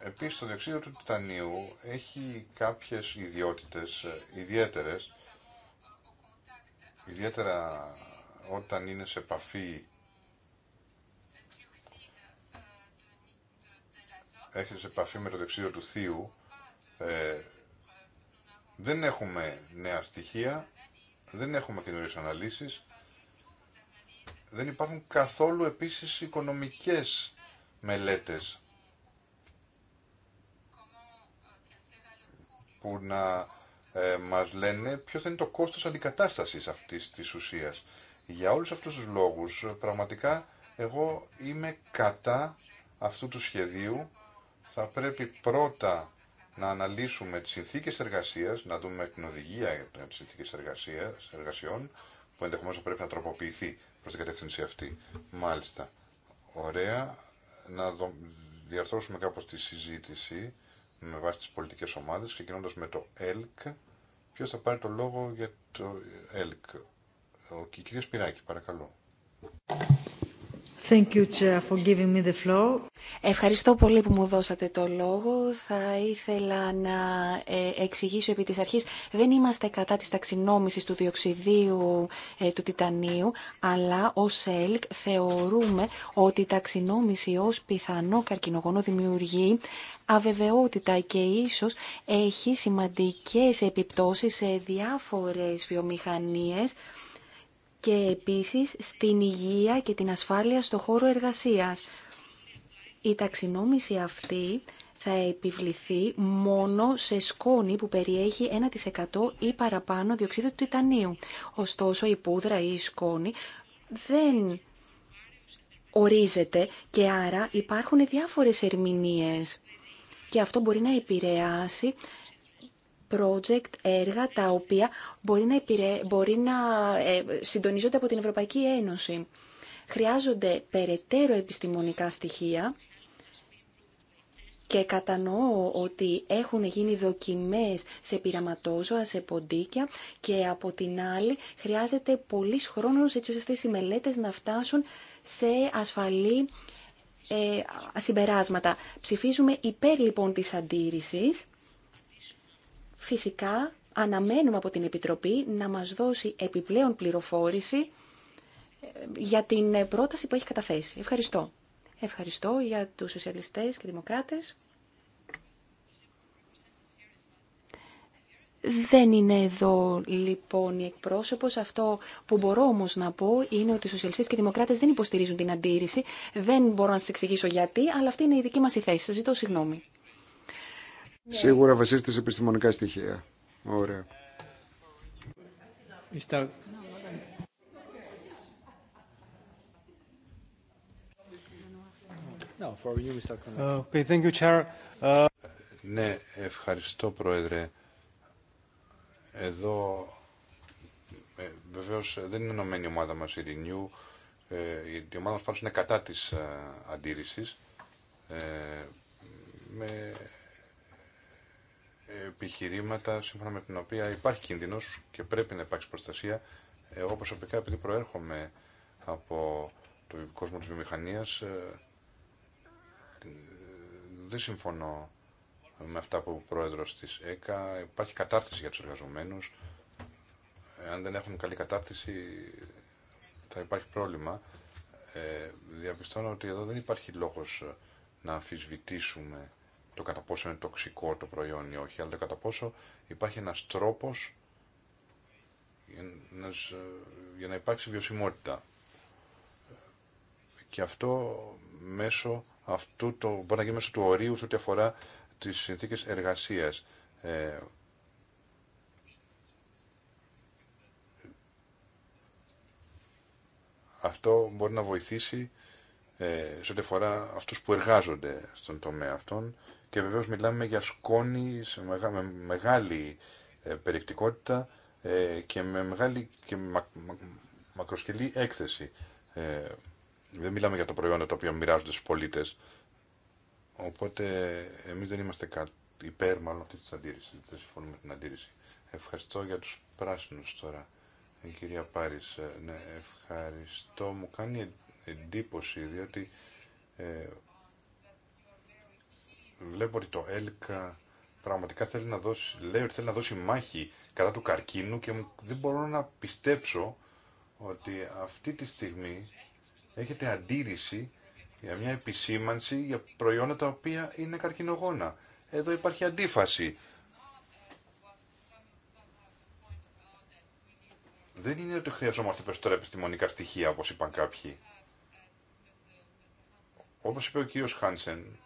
Επίσης, το διοξείδιο του τιτανίου έχει κάποιες ιδιότητες ιδιαίτερες, ιδιαίτερα όταν είναι σε επαφή έχει σε επαφή με το δεξίδιο του θείου, δεν έχουμε νέα στοιχεία, δεν έχουμε καινούριε αναλύσεις, δεν υπάρχουν καθόλου επίσης οικονομικές μελέτες που να ε, μας λένε ποιο θα είναι το κόστος αντικατάστασης αυτής της ουσίας. Για όλους αυτούς τους λόγους, πραγματικά, εγώ είμαι κατά αυτού του σχεδίου. Θα πρέπει πρώτα να αναλύσουμε τις συνθήκες εργασίας, να δούμε την οδηγία για τις συνθήκες εργασίας, εργασιών, που ενδεχομένως πρέπει να τροποποιηθεί προς την κατεύθυνση αυτή. Μάλιστα. Ωραία. Να δο... διαρθρώσουμε κάπως τη συζήτηση με βάση τις πολιτικές ομάδες, ξεκινώντας με το ΕΛΚ. Ποιος θα πάρει το λόγο για το ΕΛΚ. Ο κ. Σπυράκη, παρακαλώ. Ευχαριστώ πολύ που μου δώσατε το λόγο. Θα ήθελα να ε, εξηγήσω επί της αρχής. Δεν είμαστε κατά της ταξινόμησης του διοξιδίου ε, του τιτανίου, αλλά ως ΕΛΚ θεωρούμε ότι η ταξινόμηση ως πιθανό καρκινογόνο δημιουργεί αβεβαιότητα και ίσως έχει σημαντικές επιπτώσεις σε διάφορες βιομηχανίες και επίσης στην υγεία και την ασφάλεια στο χώρο εργασίας. Η ταξινόμηση αυτή θα επιβληθεί μόνο σε σκόνη που περιέχει 1% ή παραπάνω διοξείδιο του τιτανίου. Ωστόσο η πούδρα ή η σκόνη δεν ορίζεται και άρα υπάρχουν διάφορες ερμηνείες και αυτό μπορεί να επηρεάσει project, έργα τα οποία μπορεί να, μπορεί να ε, συντονίζονται από την Ευρωπαϊκή Ένωση. Χρειάζονται περαιτέρω επιστημονικά στοιχεία και κατανοώ ότι έχουν γίνει δοκιμές σε πειραματόζωα, σε ποντίκια και από την άλλη χρειάζεται πολύς χρόνο έτσι ώστε οι μελέτες να φτάσουν σε ασφαλή ε, συμπεράσματα. Ψηφίζουμε υπέρ λοιπόν της αντίρρησης Φυσικά αναμένουμε από την Επιτροπή να μας δώσει επιπλέον πληροφόρηση ε, για την ε, πρόταση που έχει καταθέσει. Ευχαριστώ. Ευχαριστώ για τους σοσιαλιστές και δημοκράτες. Δεν είναι εδώ λοιπόν η εκπρόσωπος. Αυτό που μπορώ όμως να πω είναι ότι οι σοσιαλιστές και οι δημοκράτες δεν υποστηρίζουν την αντίρρηση. Δεν μπορώ να σας εξηγήσω γιατί, αλλά αυτή είναι η δική μας η θέση. Σας ζητώ συγγνώμη. Ναι. Σίγουρα βασίζεται σε επιστημονικά στοιχεία. Ωραία. Ναι, ευχαριστώ Πρόεδρε. Εδώ ε, βεβαίως δεν είναι ενωμένη η ομάδα μα η Renew. Ε, η ομάδα μας πάντως είναι κατά της ε, αντίρρησης. Ε, με επιχειρήματα σύμφωνα με την οποία υπάρχει κίνδυνος και πρέπει να υπάρξει προστασία. Ε, εγώ προσωπικά επειδή προέρχομαι από το κόσμο της βιομηχανίας ε, δεν συμφωνώ με αυτά που ο πρόεδρος της ΕΚΑ. Υπάρχει κατάρτιση για τους εργαζομένους. Ε, αν δεν έχουν καλή κατάρτιση θα υπάρχει πρόβλημα. Ε, διαπιστώνω ότι εδώ δεν υπάρχει λόγος να αμφισβητήσουμε το κατά πόσο είναι τοξικό το προϊόν ή όχι, αλλά το κατά πόσο υπάρχει ένας τρόπος για να υπάρξει βιωσιμότητα. Και αυτό μέσω αυτού το, μπορεί να γίνει μέσω του ορίου σε ό,τι αφορά τις συνθήκες εργασίας. Ε, αυτό μπορεί να βοηθήσει ε, σε ό,τι αφορά αυτούς που εργάζονται στον τομέα αυτών και βεβαίως μιλάμε για σκόνη σε με μεγάλη ε, περιεκτικότητα ε, και με μεγάλη και μακροσκελή έκθεση. Ε, δεν μιλάμε για το προϊόντα το οποίο μοιράζονται στους πολίτες. Οπότε εμείς δεν είμαστε κα, υπέρ μάλλον αυτής της αντίρρησης. Δεν συμφωνούμε με την αντίρρηση. Ευχαριστώ για τους πράσινους τώρα. Η κυρία Πάρης, ε, ναι, ευχαριστώ. Μου κάνει εντύπωση διότι ε, βλέπω ότι το ΕΛΚΑ πραγματικά θέλει να δώσει, λέει ότι θέλει να δώσει μάχη κατά του καρκίνου και δεν μπορώ να πιστέψω ότι αυτή τη στιγμή έχετε αντίρρηση για μια επισήμανση για προϊόντα τα οποία είναι καρκινογόνα. Εδώ υπάρχει αντίφαση. Δεν είναι ότι χρειαζόμαστε περισσότερα επιστημονικά στοιχεία, όπως είπαν κάποιοι. Όπως είπε ο κύριος Χάνσεν,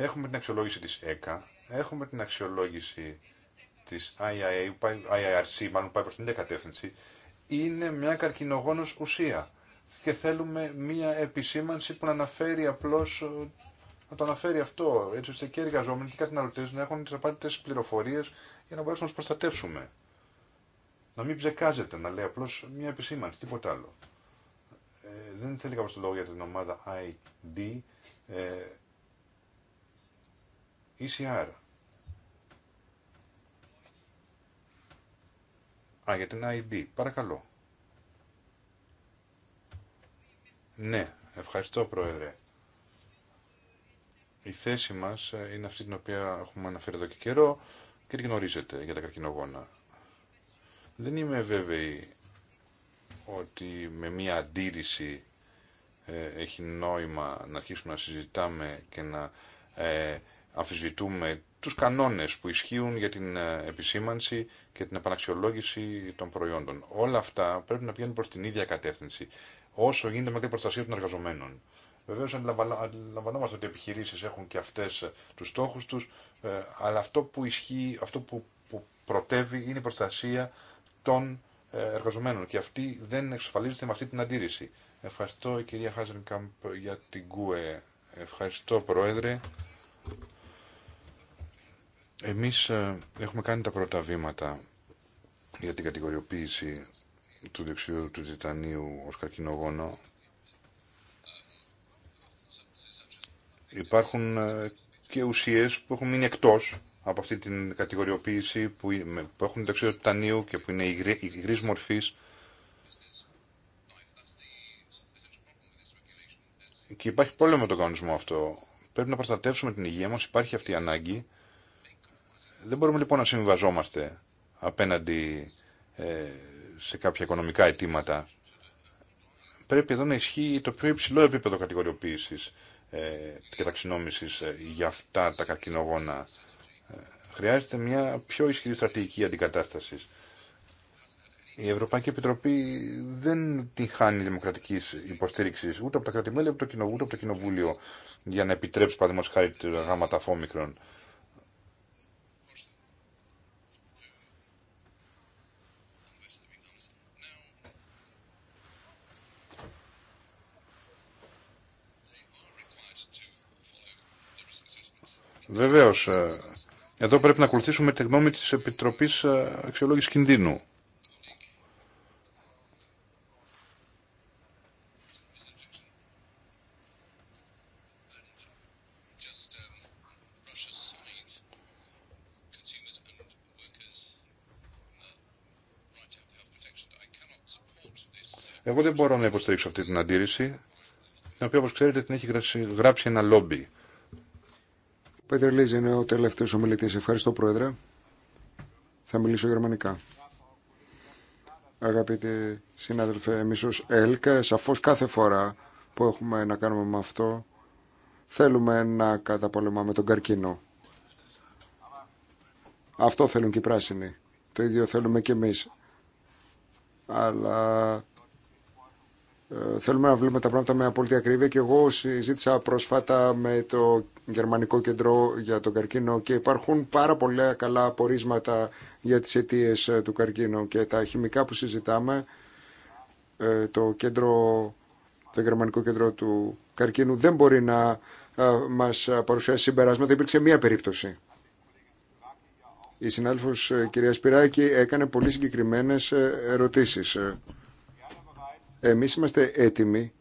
Έχουμε την αξιολόγηση της ΕΚΑ, έχουμε την αξιολόγηση της IIA, IIRC, μάλλον πάει προς την ίδια κατεύθυνση, είναι μια καρκινογόνος ουσία και θέλουμε μια επισήμανση που να αναφέρει απλώς ε, να το αναφέρει αυτό, έτσι ώστε και οι εργαζόμενοι και οι καταναλωτέ να έχουν τι απαραίτητε πληροφορίε για να μπορέσουμε να του προστατεύσουμε. Να μην ψεκάζεται, να λέει απλώ μια επισήμανση, τίποτα άλλο. Ε, δεν θέλει κάποιο λόγο για την ομάδα ID. Ε, ECR. Α, για την ID. Παρακαλώ. Ναι, ευχαριστώ Πρόεδρε. Η θέση μας είναι αυτή την οποία έχουμε αναφέρει εδώ και καιρό και την γνωρίζετε για τα καρκινογόνα. Δεν είμαι βέβαιη ότι με μία αντίρρηση ε, έχει νόημα να αρχίσουμε να συζητάμε και να ε, Αφιζητούμε τους κανόνες που ισχύουν για την ε, επισήμανση και την επαναξιολόγηση των προϊόντων. Όλα αυτά πρέπει να πηγαίνουν προς την ίδια κατεύθυνση, όσο γίνεται με την προστασία των εργαζομένων. Βεβαίως αντιλαμβανόμαστε ότι οι επιχειρήσεις έχουν και αυτές ε, τους στόχους τους, ε, αλλά αυτό που ισχύει, αυτό που, πρωτεύει είναι η προστασία των εργαζομένων και αυτή δεν εξασφαλίζεται με αυτή την αντίρρηση. Ευχαριστώ κυρία Χάζενκαμπ για την ΚΟΕ. Ευχαριστώ Πρόεδρε. Εμείς ε, έχουμε κάνει τα πρώτα βήματα για την κατηγοριοποίηση του διοξιδίου του τιτανίου ως καρκινογόνο. Υπάρχουν ε, και ουσίες που έχουν μείνει εκτός από αυτή την κατηγοριοποίηση που, έχουν διοξείδιο του τιτανίου και που είναι υγρής μορφής. Και υπάρχει πρόβλημα με τον κανονισμό αυτό. Πρέπει να προστατεύσουμε την υγεία μας, υπάρχει αυτή η ανάγκη. Δεν μπορούμε λοιπόν να συμβιβαζόμαστε απέναντι ε, σε κάποια οικονομικά αιτήματα. Πρέπει εδώ να ισχύει το πιο υψηλό επίπεδο κατηγοριοποίησης ε, και ταξινόμησης ε, για αυτά τα καρκινογόνα. Χρειάζεται μια πιο ισχυρή στρατηγική αντικατάστασης. Η Ευρωπαϊκή Επιτροπή δεν τη χάνει δημοκρατική υποστήριξη ούτε από τα κρατημέλη, ούτε από το Κοινοβούλιο, για να επιτρέψει, παραδείγματο χάρη, τα Βεβαίω, ε, εδώ πρέπει να ακολουθήσουμε τη γνώμη της Επιτροπής ε, Αξιολόγησης Κινδύνου. Εγώ δεν μπορώ να υποστηρίξω αυτή την αντίρρηση, την οποία, όπως ξέρετε, την έχει γράψει ένα λόμπι Πέτρε Λίζ είναι ο τελευταίος ομιλητής. Ευχαριστώ Πρόεδρε. Θα μιλήσω γερμανικά. Αγαπητοί συνάδελφοι, εμείς ως ΕΛΚΑ, σαφώς κάθε φορά που έχουμε να κάνουμε με αυτό, θέλουμε να καταπολεμάμε τον καρκίνο. Αυτό θέλουν και οι πράσινοι. Το ίδιο θέλουμε και εμείς. Αλλά ε, θέλουμε να βλέπουμε τα πράγματα με απόλυτη ακρίβεια και εγώ συζήτησα πρόσφατα με το Γερμανικό Κέντρο για τον Καρκίνο και υπάρχουν πάρα πολλά καλά απορίσματα για τις αιτίε ε, του καρκίνου και τα χημικά που συζητάμε ε, το, κέντρο, το Γερμανικό Κέντρο του Καρκίνου δεν μπορεί να μας παρουσιάσει συμπεράσματα. Υπήρξε μία περίπτωση. Η συνάδελφος κυρία Σπυράκη έκανε πολύ συγκεκριμένες ερωτήσεις εμείς είμαστε έτοιμοι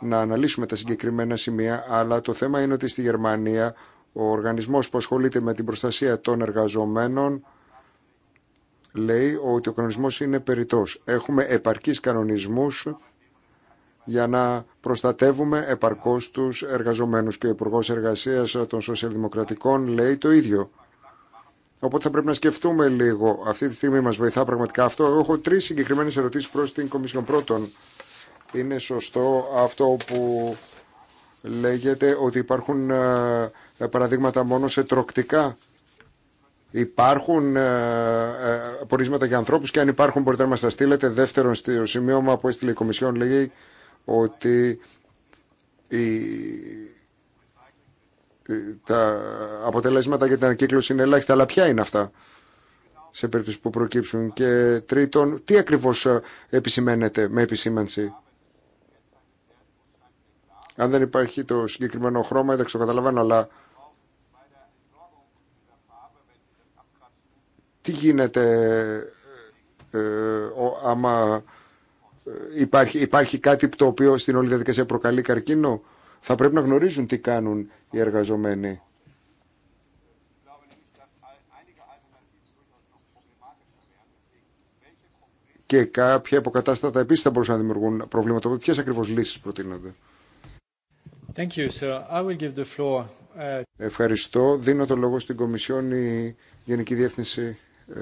να αναλύσουμε τα συγκεκριμένα σημεία, αλλά το θέμα είναι ότι στη Γερμανία ο οργανισμός που ασχολείται με την προστασία των εργαζομένων λέει ότι ο κανονισμός είναι περιττός. Έχουμε επαρκείς κανονισμούς για να προστατεύουμε επαρκώς τους εργαζομένους και ο υπουργό Εργασίας των Σοσιαλδημοκρατικών λέει το ίδιο. Οπότε θα πρέπει να σκεφτούμε λίγο. Αυτή τη στιγμή μα βοηθά πραγματικά αυτό. Εγώ έχω τρει συγκεκριμένε ερωτήσει προ την Κομισιόν. Πρώτον, είναι σωστό αυτό που λέγεται ότι υπάρχουν ε, ε, παραδείγματα μόνο σε τροκτικά. Υπάρχουν ε, πορίσματα για ανθρώπους και αν υπάρχουν μπορείτε να μας τα στείλετε. Δεύτερον, στο σημείωμα που έστειλε η Κομισιόν λέγει ότι η τα αποτελέσματα για την ανακύκλωση είναι ελάχιστα, αλλά ποια είναι αυτά σε περίπτωση που προκύψουν. Και τρίτον, τι ακριβώς ε, επισημαίνεται με επισήμανση. Αν δεν υπάρχει το συγκεκριμένο χρώμα, εντάξει το καταλαβαίνω, αλλά τι γίνεται ε, ο, άμα ε, υπάρχει, υπάρχει κάτι το οποίο στην όλη διαδικασία προκαλεί καρκίνο. Θα πρέπει να γνωρίζουν τι κάνουν οι εργαζομένοι. Και κάποια υποκατάστατα επίση θα μπορούσαν να δημιουργούν προβλήματα. Ποιε ακριβώ λύσει προτείνονται. Thank you, sir. I will give the floor. Uh, Ευχαριστώ. Δίνω το λόγο στην Κομισιόν η Γενική Διεύθυνση ε,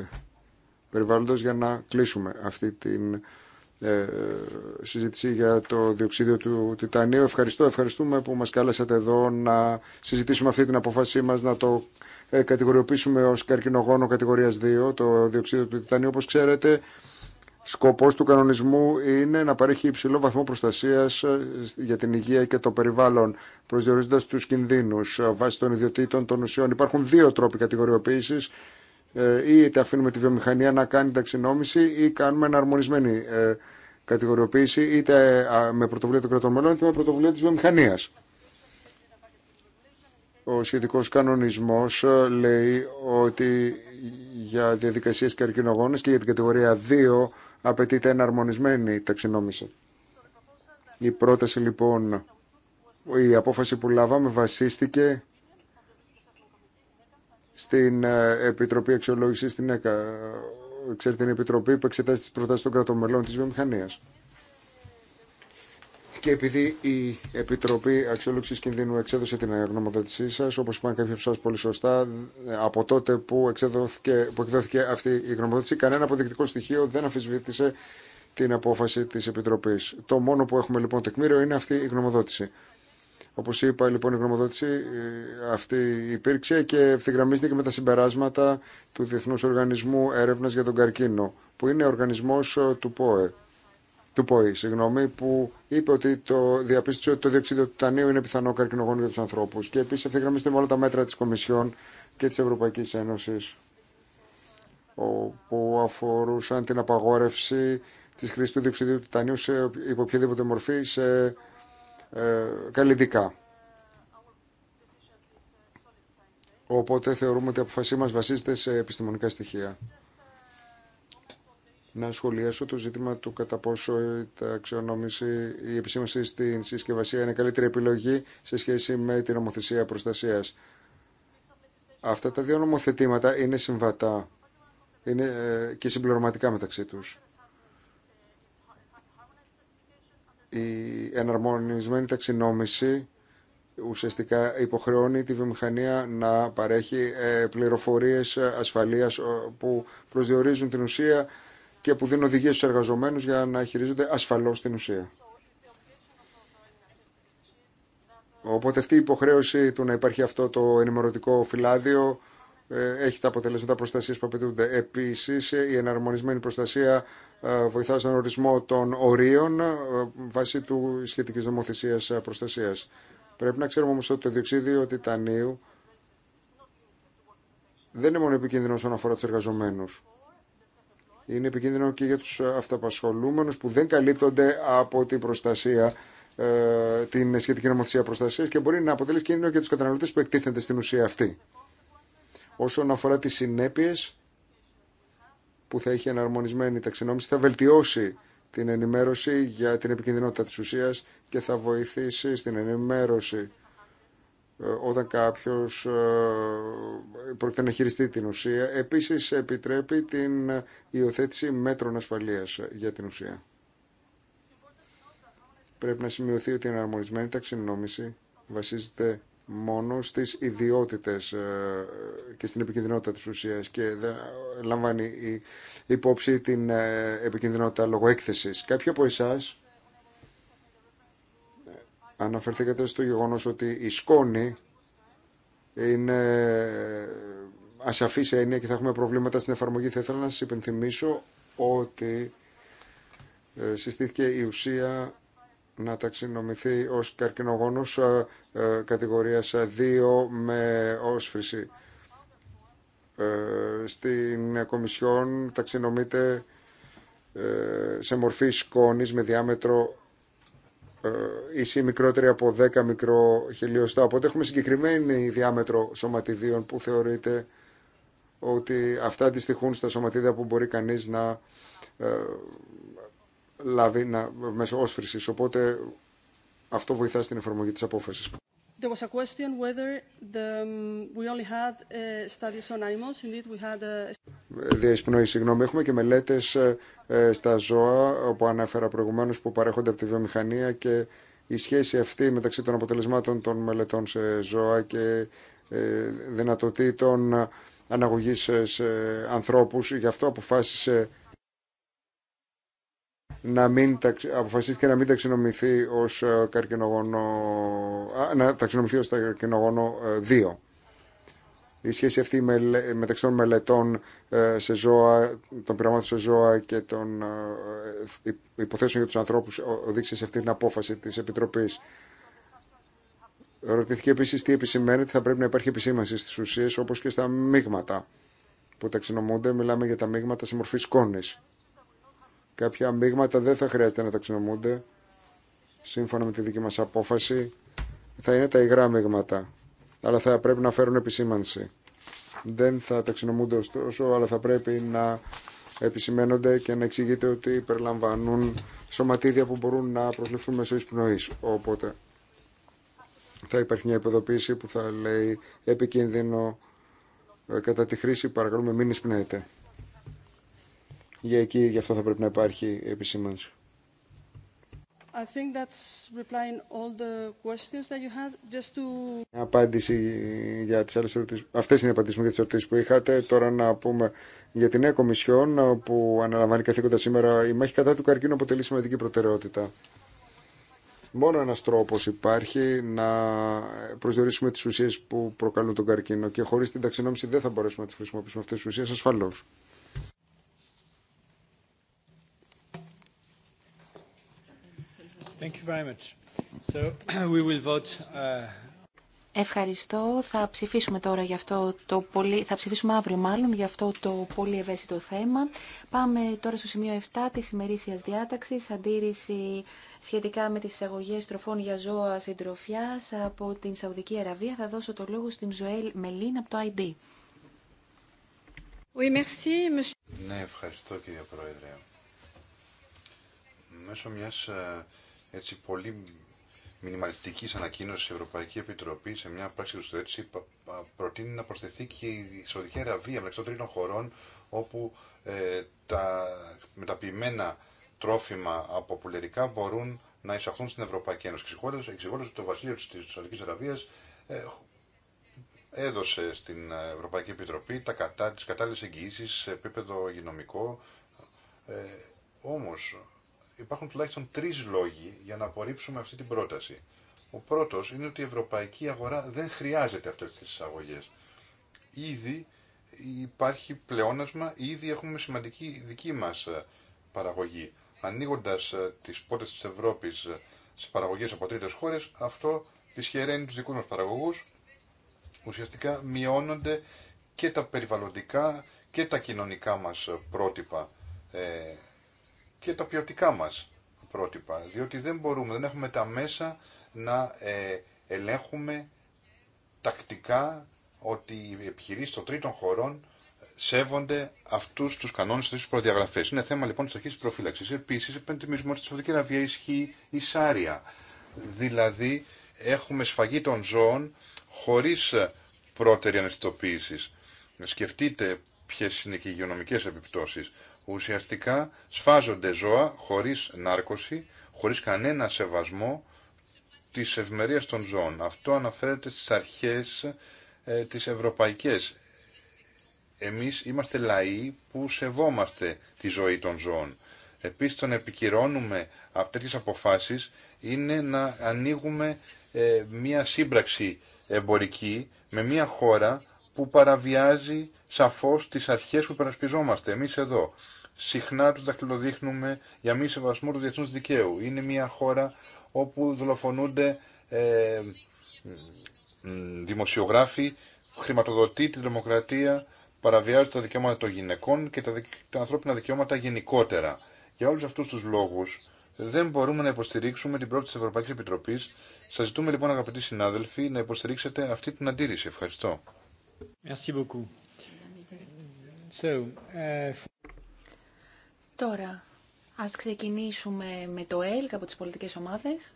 Περιβάλλοντος για να κλείσουμε αυτή την ε, συζήτηση για το διοξίδιο του Τιτανίου. Ευχαριστώ, ευχαριστούμε που μας κάλεσατε εδώ να συζητήσουμε αυτή την αποφασή μας να το ε, κατηγοριοποιήσουμε ως καρκινογόνο κατηγορίας 2, το διοξίδιο του Τιτανίου. Όπως ξέρετε, σκοπός του κανονισμού είναι να παρέχει υψηλό βαθμό προστασίας ε, για την υγεία και το περιβάλλον, προσδιορίζοντας τους κινδύνους βάσει των ιδιωτήτων των ουσιών. Υπάρχουν δύο τρόποι κατηγοριοποίησης ή ε, είτε αφήνουμε τη βιομηχανία να κάνει ταξινόμηση ή κάνουμε εναρμονισμένη ε, κατηγοριοποίηση είτε με πρωτοβουλία των κρατών μελών είτε με πρωτοβουλία της βιομηχανίας. Ο σχετικός κανονισμός ε, λέει ότι για διαδικασίες καρκινογόνες και για την κατηγορία 2 απαιτείται εναρμονισμένη ταξινόμηση. Η πρόταση λοιπόν, η απόφαση που λάβαμε βασίστηκε στην ε, Επιτροπή Αξιολόγηση στην ΕΚΑ. Ξέρετε, Επιτροπή που εξετάζει τι προτάσει των κρατομελών τη βιομηχανία. Και επειδή η Επιτροπή Αξιολόγηση Κινδύνου εξέδωσε την γνωμοδότησή σα, όπω είπαν κάποιοι από εσά πολύ σωστά, από τότε που, που εκδόθηκε αυτή η γνωμοδότηση, κανένα αποδεικτικό στοιχείο δεν αφισβήτησε την απόφαση τη Επιτροπή. Το μόνο που έχουμε λοιπόν τεκμήριο είναι αυτή η γνωμοδότηση. Όπως είπα, λοιπόν, η γνωμοδότηση ε, αυτή υπήρξε και ευθυγραμμίστηκε με τα συμπεράσματα του Διεθνούς Οργανισμού Έρευνας για τον Καρκίνο, που είναι οργανισμός ε, του ΠΟΕ του ΠΟΗ, συγγνώμη, που είπε ότι το διαπίστωσε ότι το διοξείδιο του τανίου είναι πιθανό καρκινογόνο για του ανθρώπου. Και επίση ευθυγραμμίστε με όλα τα μέτρα τη Κομισιόν και τη Ευρωπαϊκή Ένωση που αφορούσαν την απαγόρευση τη χρήση του διοξιδίου του τανίου σε οποιαδήποτε μορφή σε ε, καλλιτικά. Οπότε θεωρούμε ότι η αποφασή μας βασίζεται σε επιστημονικά στοιχεία. Να σχολιάσω το ζήτημα του κατά πόσο η επισήμωση η στην συσκευασία είναι καλύτερη επιλογή σε σχέση με την νομοθεσία προστασίας. Αυτά τα δύο νομοθετήματα είναι συμβατά είναι ε, και συμπληρωματικά μεταξύ τους. Η εναρμονισμένη ταξινόμηση ουσιαστικά υποχρεώνει τη βιομηχανία να παρέχει ε, πληροφορίες ασφαλείας ε, που προσδιορίζουν την ουσία και που δίνουν οδηγίες στους εργαζομένους για να χειρίζονται ασφαλώς την ουσία. Οπότε αυτή η υποχρέωση του να υπάρχει αυτό το ενημερωτικό φυλάδιο ε, έχει τα αποτελέσματα προστασία που απαιτούνται. Επίση, ε, η εναρμονισμένη προστασία ε, βοηθά στον ορισμό των ορίων βάσει του σχετική νομοθεσία προστασία. Πρέπει να ξέρουμε όμω ότι το διοξίδιο τιτανίου δεν είναι μόνο επικίνδυνο όσον αφορά του εργαζόμενου. Είναι επικίνδυνο και για τους αυταπασχολούμενους που δεν καλύπτονται από την προστασία την σχετική νομοθεσία προστασίας και μπορεί να αποτελεί κίνδυνο για τους καταναλωτές που εκτίθενται στην ουσία αυτή όσον αφορά τις συνέπειες που θα έχει εναρμονισμένη ταξινόμηση, θα βελτιώσει την ενημέρωση για την επικίνδυνοτητα της ουσίας και θα βοηθήσει στην ενημέρωση ε, όταν κάποιος ε, πρόκειται να χειριστεί την ουσία. Επίσης επιτρέπει την υιοθέτηση μέτρων ασφαλείας για την ουσία. Πρέπει να σημειωθεί ότι η εναρμονισμένη ταξινόμηση βασίζεται μόνο στις ιδιότητες ε, και στην επικινδυνότητα της ουσίας και δεν ε, λαμβάνει υπόψη την ε, επικινδυνότητα λόγω έκθεσης. Κάποιοι από εσάς αναφερθήκατε στο γεγονός ότι η σκόνη είναι ασαφής έννοια και θα έχουμε προβλήματα στην εφαρμογή. Θα ήθελα να σας υπενθυμίσω ότι συστήθηκε η ουσία να ταξινομηθεί ως καρκινογόνος ε, ε, κατηγορίας 2 με όσφρηση. Ε, στην Κομισιόν ταξινομείται σε μορφή σκόνης με διάμετρο ίση μικρότερη από 10 μικρό χιλιοστά. Οπότε έχουμε συγκεκριμένη διάμετρο σωματιδίων που θεωρείται ότι αυτά αντιστοιχούν στα σωματίδια που μπορεί κανείς να λάβει να, μέσω όσφρηση, Οπότε αυτό βοηθά στην εφαρμογή της απόφασης. There was a question whether the, um, we only had uh, studies on animals. Indeed, we had uh, Διασπνοή, συγγνώμη. Έχουμε και μελέτες ε, ε, στα ζώα που ανέφερα προηγουμένως που παρέχονται από τη βιομηχανία και η σχέση αυτή μεταξύ των αποτελεσμάτων των μελετών σε ζώα και ε, δυνατοτήτων αναγωγής σε ανθρώπους. Γι' αυτό αποφάσισε να μην αποφασίστηκε να μην ταξινομηθεί ως ε, καρκινογόνο, να ταξινομηθεί ως καρκινογόνο 2. Ε, Η σχέση αυτή μεταξύ των μελετών ε, σε ζώα, των πειραμάτων σε ζώα και των υποθέσεων για τους ανθρώπους οδήγησε σε αυτή την απόφαση της Επιτροπής. Ρωτήθηκε επίσης τι επισημαίνει ότι θα πρέπει να υπάρχει επισήμανση στις ουσίες όπως και στα μείγματα που ταξινομούνται. Μιλάμε για τα μείγματα σε μορφή σκόνης. Κάποια μείγματα δεν θα χρειάζεται να ταξινομούνται σύμφωνα με τη δική μας απόφαση. Θα είναι τα υγρά μείγματα, αλλά θα πρέπει να φέρουν επισήμανση. Δεν θα ταξινομούνται ωστόσο, αλλά θα πρέπει να επισημένονται και να εξηγείται ότι περιλαμβάνουν σωματίδια που μπορούν να προσληφθούν μέσω εισπνοής. Οπότε θα υπάρχει μια υποδοποίηση που θα λέει επικίνδυνο ε, κατά τη χρήση παρακαλούμε μην εισπνέετε. Για εκεί, γι' αυτό θα πρέπει να υπάρχει επισήμανση. I think that's replying all the questions that you had. Just to... Απάντηση για τις άλλες ερωτήσεις. Αυτές είναι οι απαντήσεις μου για τις ερωτήσεις που είχατε. Τώρα να πούμε για την νέα κομισιόν που αναλαμβάνει καθήκοντα σήμερα. Η μάχη κατά του καρκίνου αποτελεί σημαντική προτεραιότητα. Μόνο ένας τρόπος υπάρχει να προσδιορίσουμε τις ουσίες που προκαλούν τον καρκίνο και χωρίς την ταξινόμηση δεν θα μπορέσουμε να τις χρησιμοποιήσουμε αυτές τις ουσίες ασφαλώς. Thank you very much. So, we will vote, uh, Ευχαριστώ. Θα ψηφίσουμε τώρα για αυτό το πολύ... Θα ψηφίσουμε αύριο μάλλον για αυτό το πολύ ευαίσθητο θέμα. Πάμε τώρα στο σημείο 7 της ημερήσιας διάταξης. Αντίρρηση σχετικά με τις εισαγωγές τροφών για ζώα συντροφιάς από την Σαουδική Αραβία. Θα δώσω το λόγο στην Ζωέλ Μελίν από το ID. Oui, merci, monsieur. Ναι, ευχαριστώ κύριε Πρόεδρε. Μέσω μιας ε, έτσι πολύ μινιμαλιστική ανακοίνωση τη Ευρωπαϊκή Επιτροπή σε μια πράξη του έτσι προτείνει να προσθεθεί και η Σαουδική Αραβία μεταξύ των τρίτων χωρών όπου ε, τα μεταποιημένα τρόφιμα από πουλερικά μπορούν να εισαχθούν στην Ευρωπαϊκή Ένωση. Εξηγώντα ότι το βασίλειο τη Σαουδική Αραβία ε, έδωσε στην Ευρωπαϊκή Επιτροπή τα κατά, τις κατάλληλες εγγυήσεις σε επίπεδο υγειονομικό. Ε, όμως, υπάρχουν τουλάχιστον τρεις λόγοι για να απορρίψουμε αυτή την πρόταση. Ο πρώτος είναι ότι η ευρωπαϊκή αγορά δεν χρειάζεται αυτές τις εισαγωγές. Ήδη υπάρχει πλεόνασμα, ήδη έχουμε σημαντική δική μας ε, παραγωγή. Ανοίγοντας ε, τις πόρτες της Ευρώπης ε, σε παραγωγές από τρίτες χώρες, αυτό δυσχεραίνει τους δικούς μας παραγωγούς. Ουσιαστικά μειώνονται και τα περιβαλλοντικά και τα κοινωνικά μας πρότυπα και τα ποιοτικά μας πρότυπα, διότι δεν μπορούμε, δεν έχουμε τα μέσα να ε, ελέγχουμε τακτικά ότι οι επιχειρήσεις των τρίτων χωρών σέβονται αυτού του κανόνε και τι προδιαγραφέ. Είναι θέμα λοιπόν τη αρχή τη προφύλαξη. Επίση, επενθυμίζουμε ότι στη Σαουδική Αραβία ισχύει η Σάρια. Δηλαδή, έχουμε σφαγή των ζώων χωρί πρώτερη αναισθητοποίηση. Σκεφτείτε ποιε είναι και οι υγειονομικέ επιπτώσει ουσιαστικά σφάζονται ζώα χωρίς νάρκωση, χωρίς κανένα σεβασμό της ευμερίας των ζώων. Αυτό αναφέρεται στις αρχές ε, τις ευρωπαϊκές. Εμείς είμαστε λαοί που σεβόμαστε τη ζωή των ζώων. Επίσης, τον επικυρώνουμε από τέτοιες αποφάσεις είναι να ανοίγουμε ε, μία σύμπραξη εμπορική με μία χώρα που παραβιάζει Σαφώ τι αρχέ που περασπιζόμαστε Εμεί εδώ. Συχνά του δαχτυλοδείχνουμε για μη σεβασμό του διεθνου δικαίου. Είναι μια χώρα όπου δολοφονούνται ε, δημοσιογράφοι, χρηματοδοτεί τη δημοκρατία, παραβιάζει τα δικαιώματα των γυναικών και τα, τα ανθρώπινα δικαιώματα γενικότερα. Για όλου αυτού του λόγου δεν μπορούμε να υποστηρίξουμε την πρώτη της Ευρωπαϊκής Επιτροπής. Σας ζητούμε λοιπόν αγαπητοί συνάδελφοι να υποστηρίξετε αυτή την αντίρρηση. Ευχαριστώ. Merci Uh, Τώρα, ας ξεκινήσουμε με το ΕΛΚ από τις πολιτικές ομάδες.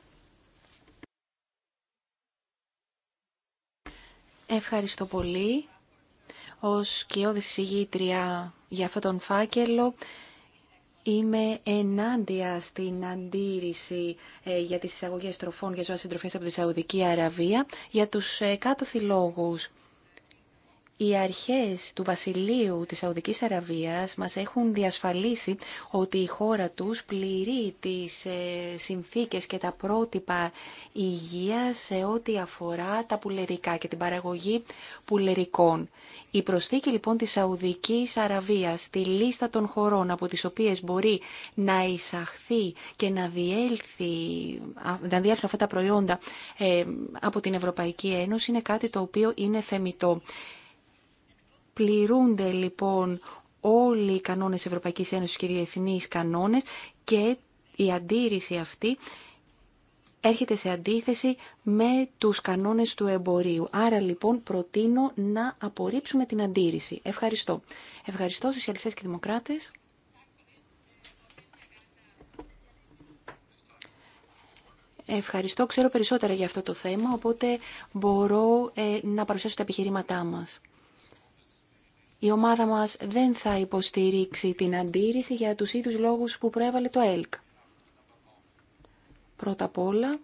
Ευχαριστώ πολύ. Ως κοιόδηση συγγήτρια για αυτόν τον φάκελο, Είμαι ενάντια στην αντίρρηση ε, για τις εισαγωγές τροφών για ζώα συντροφής από τη Σαουδική Αραβία για τους ε, κάτωθι λόγους. Οι αρχές του βασιλείου της Σαουδικής Αραβίας μας έχουν διασφαλίσει ότι η χώρα τους πληρεί τις ε, συνθήκες και τα πρότυπα υγείας σε ό,τι αφορά τα πουλερικά και την παραγωγή πουλερικών. Η προσθήκη λοιπόν της Σαουδικής Αραβίας στη λίστα των χωρών από τις οποίες μπορεί να εισαχθεί και να, διέλθει, να διέλθουν αυτά τα προϊόντα ε, από την Ευρωπαϊκή Ένωση είναι κάτι το οποίο είναι θεμητό. Πληρούνται λοιπόν όλοι οι κανόνες Ευρωπαϊκής Ένωσης και διεθνείς κανόνες και η αντίρρηση αυτή έρχεται σε αντίθεση με τους κανόνες του εμπορίου. Άρα λοιπόν προτείνω να απορρίψουμε την αντίρρηση. Ευχαριστώ. Ευχαριστώ Σοσιαλιστές και Δημοκράτες. Ευχαριστώ. Ξέρω περισσότερα για αυτό το θέμα, οπότε μπορώ ε, να παρουσιάσω τα επιχειρήματά μας η ομάδα μας δεν θα υποστηρίξει την αντίρρηση για τους ίδιους λόγους που προέβαλε το ΕΛΚ. Πρώτα απ' όλα,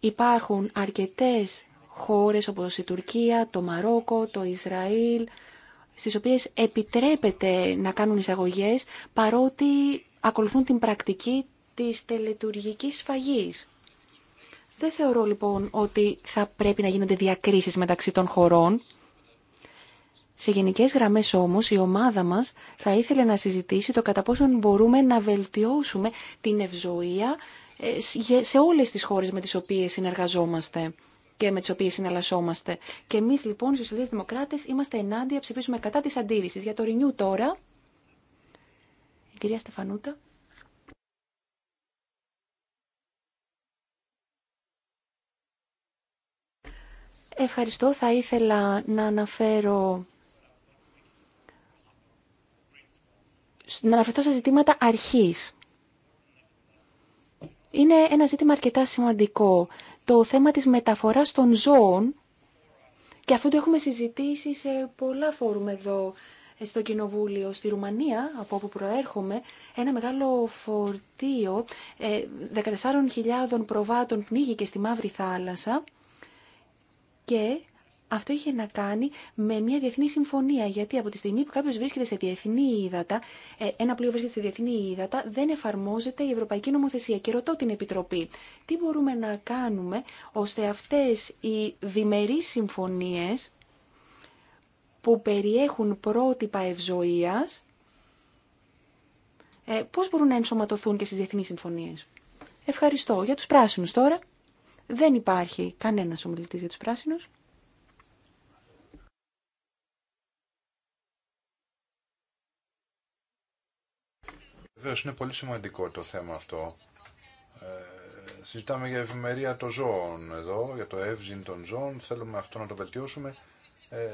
υπάρχουν αρκετές χώρες όπως η Τουρκία, το Μαρόκο, το Ισραήλ, στις οποίες επιτρέπεται να κάνουν εισαγωγές παρότι ακολουθούν την πρακτική της τελετουργικής σφαγής. Δεν θεωρώ λοιπόν ότι θα πρέπει να γίνονται διακρίσεις μεταξύ των χωρών σε γενικές γραμμές όμως η ομάδα μας θα ήθελε να συζητήσει το κατά πόσον μπορούμε να βελτιώσουμε την ευζοία ε, σε όλες τις χώρες με τις οποίες συνεργαζόμαστε και με τις οποίες συναλλασσόμαστε. Και εμείς λοιπόν οι Σοσιαλιστέ Δημοκράτες είμαστε ενάντια, ψηφίσουμε κατά της αντίρρησης. Για το Ρηνιού τώρα, η κυρία Στεφανούτα. Ευχαριστώ. Θα ήθελα να αναφέρω να αναφερθώ στα ζητήματα αρχής. Είναι ένα ζήτημα αρκετά σημαντικό. Το θέμα της μεταφοράς των ζώων, και αυτό το έχουμε συζητήσει σε πολλά φόρουμ εδώ ε, στο Κοινοβούλιο. Στη Ρουμανία, από όπου προέρχομαι, ένα μεγάλο φορτίο 14.000 ε, προβάτων πνίγηκε στη Μαύρη Θάλασσα και αυτό είχε να κάνει με μια διεθνή συμφωνία, γιατί από τη στιγμή που κάποιο βρίσκεται σε διεθνή ύδατα, ε, ένα πλοίο βρίσκεται σε διεθνή ύδατα, δεν εφαρμόζεται η Ευρωπαϊκή Νομοθεσία. Και ρωτώ την Επιτροπή, τι μπορούμε να κάνουμε ώστε αυτέ οι διμερεί συμφωνίε που περιέχουν πρότυπα ευζοία ε, πώ μπορούν να ενσωματωθούν και στι διεθνεί συμφωνίε. Ευχαριστώ. Για του πράσινου τώρα. Δεν υπάρχει κανένας ομιλητή για του πράσινου. Βεβαίως είναι πολύ σημαντικό το θέμα αυτό. Ε, συζητάμε για ευημερία των ζώων εδώ, για το εύζην των ζώων. Θέλουμε αυτό να το βελτιώσουμε. Ε,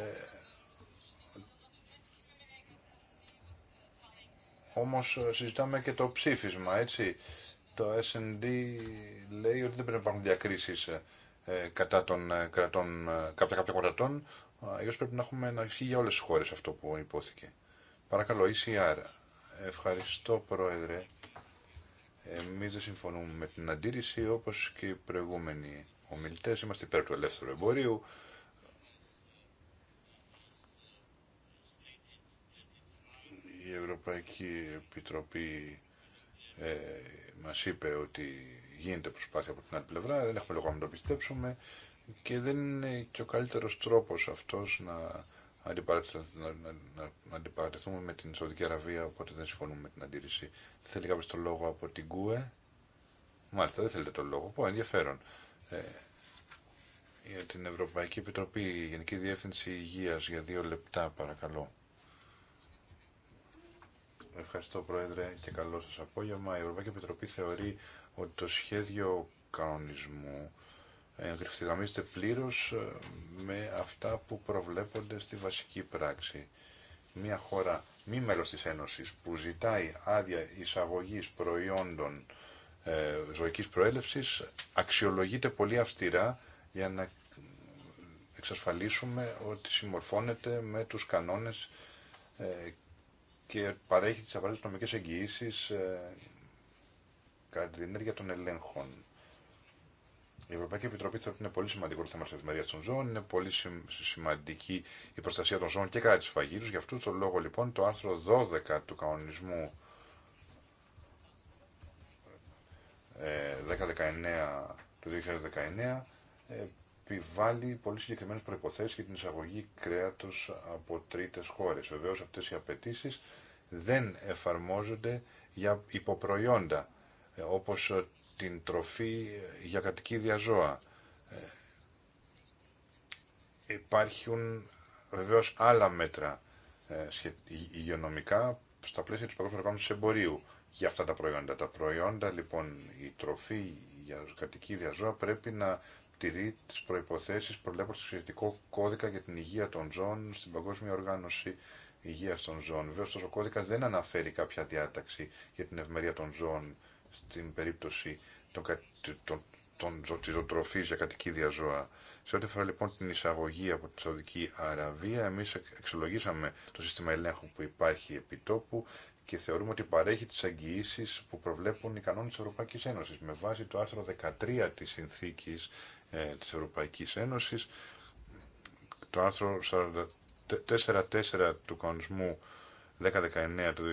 όμως συζητάμε και το ψήφισμα, έτσι. Το S&D λέει ότι δεν πρέπει να υπάρχουν διακρίσεις ε, κατά των ε, κρατών, ε, κάποια, κάποια κρατών. Ε, πρέπει να έχουμε να ισχύει για όλες τις χώρες αυτό που υπόθηκε. Παρακαλώ, ECR. Ευχαριστώ Πρόεδρε. Εμεί δεν συμφωνούμε με την αντίρρηση όπως και οι προηγούμενοι ομιλητές. Είμαστε υπέρ του ελεύθερου εμπορίου. Η Ευρωπαϊκή Επιτροπή ε, μας είπε ότι γίνεται προσπάθεια από την άλλη πλευρά, δεν έχουμε λόγο να το πιστέψουμε και δεν είναι και ο καλύτερος τρόπος αυτός να να αντιπαρατεθούμε με την Σαουδική Αραβία, οπότε δεν συμφωνούμε με την αντίρρηση. Θέλει κάποιο το λόγο από την ΚΟΕ. Μάλιστα, δεν θέλετε το λόγο. Πω, ενδιαφέρον. Ε, για την Ευρωπαϊκή Επιτροπή, η Γενική Διεύθυνση Υγείας, για δύο λεπτά παρακαλώ. Ευχαριστώ Πρόεδρε και καλό σας απόγευμα. Η Ευρωπαϊκή Επιτροπή θεωρεί ότι το σχέδιο κανονισμού εγγραφιστηγαμίζεται πλήρως ε, με αυτά που προβλέπονται στη βασική πράξη. Μια χώρα μη μέλος της Ένωσης που ζητάει άδεια εισαγωγής προϊόντων ε, ζωικής προέλευσης αξιολογείται πολύ αυστηρά για να εξασφαλίσουμε ότι συμμορφώνεται με τους κανόνες ε, και παρέχει τις απαραίτητες νομικές εγγυήσεις ε, κατά την των ελέγχων. Η Ευρωπαϊκή Επιτροπή θεωρεί ότι είναι πολύ σημαντικό το θέμα τη ευημερία των ζώων. Είναι πολύ σημαντική η προστασία των ζώων και κατά τη φαγή του. Γι' αυτό τον λόγο λοιπόν το άρθρο 12 του κανονισμού 1019 ε, του 2019 επιβάλλει πολύ συγκεκριμένε προποθέσει για την εισαγωγή κρέατο από τρίτε χώρε. Βεβαίω αυτέ οι απαιτήσει δεν εφαρμόζονται για υποπροϊόντα ε, όπως την τροφή για κατοικίδια ζώα. Ε, υπάρχουν βεβαίως άλλα μέτρα ε, υγειονομικά στα πλαίσια της Παγκόσμιας Οργάνωσης Εμπορίου για αυτά τα προϊόντα. Τα προϊόντα, λοιπόν, η τροφή για κατοικίδια ζώα πρέπει να τηρεί τις προϋποθέσεις προβλέπω το σχετικό κώδικα για την υγεία των ζώων στην Παγκόσμια Οργάνωση Υγείας των Ζώων. Βέβαια, ο κώδικας δεν αναφέρει κάποια διάταξη για την ευμερία των ζώων στην περίπτωση των, των, των, των για κατοικίδια ζώα. Σε ό,τι αφορά λοιπόν την εισαγωγή από τη Σαουδική Αραβία, εμείς εξολογήσαμε το σύστημα ελέγχου που υπάρχει επί τόπου και θεωρούμε ότι παρέχει τις αγγιήσεις που προβλέπουν οι κανόνες της Ευρωπαϊκής Ένωσης. Με βάση το άρθρο 13 της Συνθήκης ε, της Ευρωπαϊκής Ένωσης, το άρθρο 44 του κανονισμού 1019 του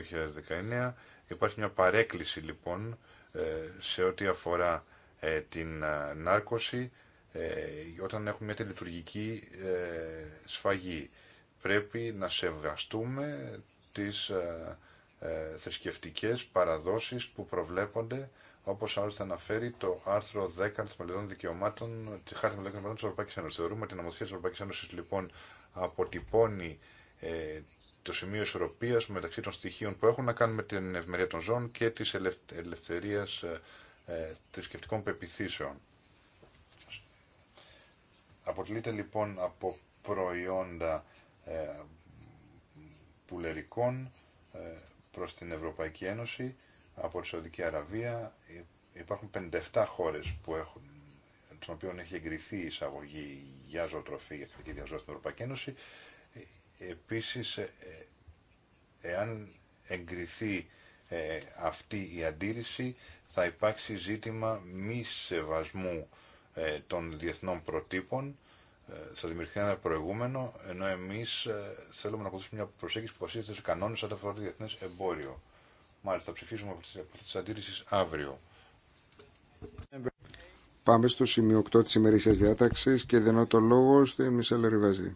2019, Υπάρχει μια παρέκκληση λοιπόν ε, σε ό,τι αφορά ε, την ε, νάρκωση όταν έχουμε μια τελετουργική σφαγή. Πρέπει να σεβαστούμε τις θρησκευτικές παραδόσεις που προβλέπονται όπως άλλωστε αναφέρει το άρθρο 10 των Μελετών Δικαιωμάτων, τη Χάρτη Μελετών Δικαιωμάτων τη Ευρωπαϊκή Ένωση. Θεωρούμε ότι η νομοθεσία τη Ευρωπαϊκή Ένωση λοιπόν αποτυπώνει το σημείο ισορροπία μεταξύ των στοιχείων που έχουν να κάνουν με την ευμερία των ζώων και τη ελευθερία ε, ε, θρησκευτικών πεπιθήσεων. Αποτελείται λοιπόν από προϊόντα ε, πουλερικών ε, προς την Ευρωπαϊκή Ένωση από τη Σαουδική Αραβία. Υπάρχουν 57 χώρες που έχουν των οποίων έχει εγκριθεί η εισαγωγή για ζωοτροφή για κρατική διαζώση στην Ευρωπαϊκή Ένωση. Επίσης, ε, ε, εάν εγκριθεί ε, αυτή η αντίρρηση θα υπάρξει ζήτημα μη σεβασμού των διεθνών προτύπων θα δημιουργηθεί ένα προηγούμενο ενώ εμείς θέλουμε να ακολουθήσουμε μια προσέγγιση που βασίζεται σε κανόνες όταν διεθνές εμπόριο. Μάλιστα, θα ψηφίσουμε από αυτές τις αντίρρησεις αύριο. Πάμε στο σημείο 8 της ημερήσιας διάταξης και δίνω το λόγο στη Μισελ Ριβαζή.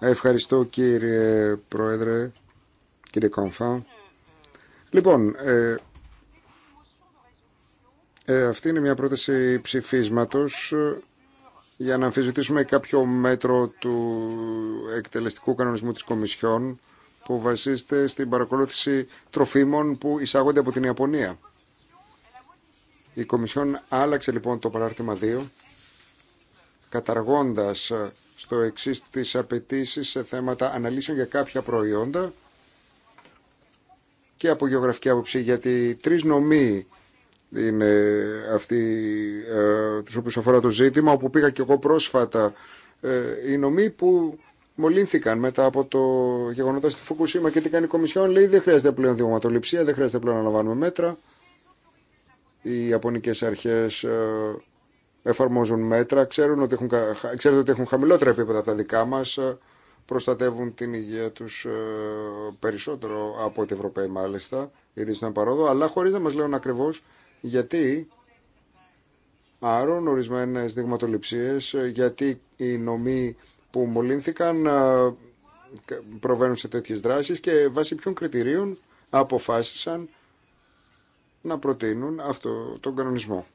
Ευχαριστώ κύριε Πρόεδρε, κύριε Κομφά. Λοιπόν, ε, ε, αυτή είναι μια πρόταση ψηφίσματος ε, για να αμφισβητήσουμε κάποιο μέτρο του εκτελεστικού κανονισμού της Κομισιόν που βασίζεται στην παρακολούθηση τροφίμων που εισάγονται από την Ιαπωνία. Η Κομισιόν άλλαξε λοιπόν το παράρτημα 2 καταργώντας ε, στο εξή τις απαιτήσει σε θέματα αναλύσεων για κάποια προϊόντα και από γεωγραφική άποψη, γιατί τρεις νομοί είναι αυτοί ε, τους οποίους αφορά το ζήτημα, όπου πήγα και εγώ πρόσφατα ε, οι νομοί που μολύνθηκαν μετά από το γεγονότα στη Φουκουσίμα και την κάνει η Κομισιόν, λέει δεν χρειάζεται πλέον δημοματοληψία, δεν χρειάζεται πλέον να λαμβάνουμε μέτρα. Οι Ιαπωνικές αρχές ε, εφαρμόζουν μέτρα, ξέρουν ότι έχουν, ξέρετε ότι έχουν χαμηλότερα επίπεδα από τα δικά μας, ε, προστατεύουν την υγεία τους ε, περισσότερο από ότι Ευρωπαίοι μάλιστα, ήδη στον παρόδο, αλλά χωρίς να μας λέουν ακριβώς γιατί άρουν ορισμένες δειγματοληψίες, ε, γιατί οι νομοί που μολύνθηκαν προβαίνουν σε τέτοιες δράσεις και βάσει ποιων κριτηρίων αποφάσισαν να προτείνουν αυτό τον κανονισμό.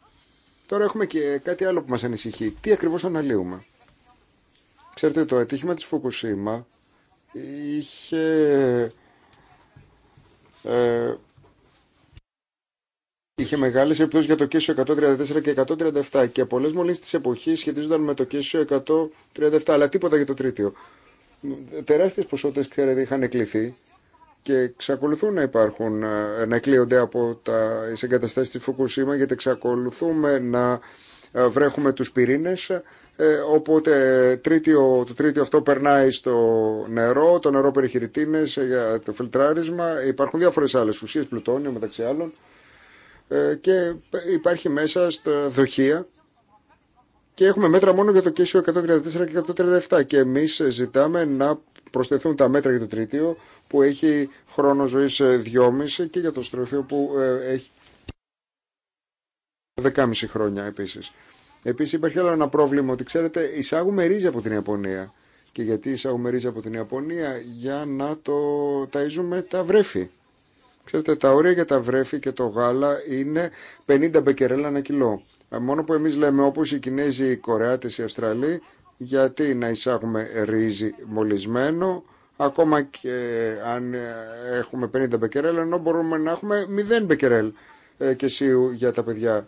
Τώρα έχουμε και κάτι άλλο που μας ανησυχεί. Τι ακριβώς αναλύουμε. Ξέρετε, το ατύχημα της Φουκουσίμα είχε... Ε, είχε μεγάλε επιπτώσει για το Κέσιο 134 και 137 και πολλέ μολύνσει τη εποχή σχετίζονταν με το Κέσιο 137, αλλά τίποτα για το τρίτο. Τεράστιε ποσότητε, ξέρετε, είχαν εκκληθεί και εξακολουθούν να υπάρχουν, ε, να εκλείονται από τα εγκαταστάσεις της Φουκουσίμα γιατί εξακολουθούμε να ε, βρέχουμε τους πυρήνες ε, οπότε τρίτιο, το τρίτιο αυτό περνάει στο νερό, το νερό περιχειρητίνες για το φιλτράρισμα υπάρχουν διάφορες άλλες ουσίες, πλουτόνιο μεταξύ άλλων και υπάρχει μέσα στα δοχεία και έχουμε μέτρα μόνο για το κέσιο 134 και 137 και εμείς ζητάμε να προσθεθούν τα μέτρα για το τρίτιο που έχει χρόνο ζωής 2,5 ε, και για το στροφείο που ε, έχει 10,5 χρόνια επίσης. Επίσης υπάρχει άλλο ένα πρόβλημα ότι ξέρετε εισάγουμε ρύζι από την Ιαπωνία. Και γιατί εισάγουμε ρύζι από την Ιαπωνία για να το ταΐζουμε τα βρέφη. Ξέρετε, τα όρια για τα βρέφη και το γάλα είναι 50 μπεκερέλα ένα κιλό. Ε, μόνο που εμείς λέμε όπως οι Κινέζοι, οι Κορεάτες, οι Αυστραλοί γιατί να εισάγουμε ρύζι μολυσμένο ακόμα και αν έχουμε 50 μπεκερέλ ενώ μπορούμε να έχουμε 0 μπεκερέλ ε, και σίου για τα παιδιά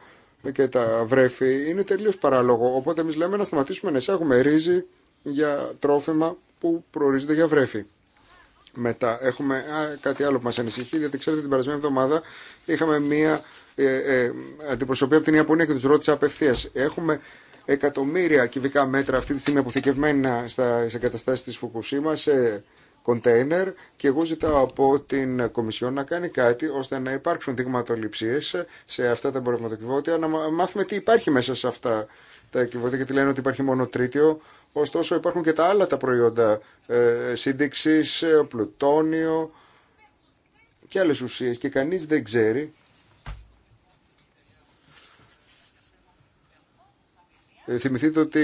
και τα βρέφη είναι τελείως παράλογο οπότε εμείς λέμε να σταματήσουμε να εισάγουμε ρύζι για τρόφιμα που προορίζονται για βρέφη. Μετά έχουμε κάτι άλλο που μας ανησυχεί, γιατί ξέρετε την περασμένη εβδομάδα είχαμε μία ε, ε από την Ιαπωνία και τους ρώτησα απευθείας. Έχουμε εκατομμύρια κυβικά μέτρα αυτή τη στιγμή αποθηκευμένα στα εγκαταστάσει τη Φουκουσίμα σε κοντέινερ και εγώ ζητάω από την Κομισιόν να κάνει κάτι ώστε να υπάρξουν δειγματοληψίε σε αυτά τα εμπορευματοκιβώτια, να μάθουμε τι υπάρχει μέσα σε αυτά τα κυβώτια, γιατί λένε ότι υπάρχει μόνο τρίτιο. Ωστόσο υπάρχουν και τα άλλα τα προϊόντα ε, σύνδεξης, ε, πλουτόνιο και άλλες ουσίες και κανείς δεν ξέρει Ε, θυμηθείτε ότι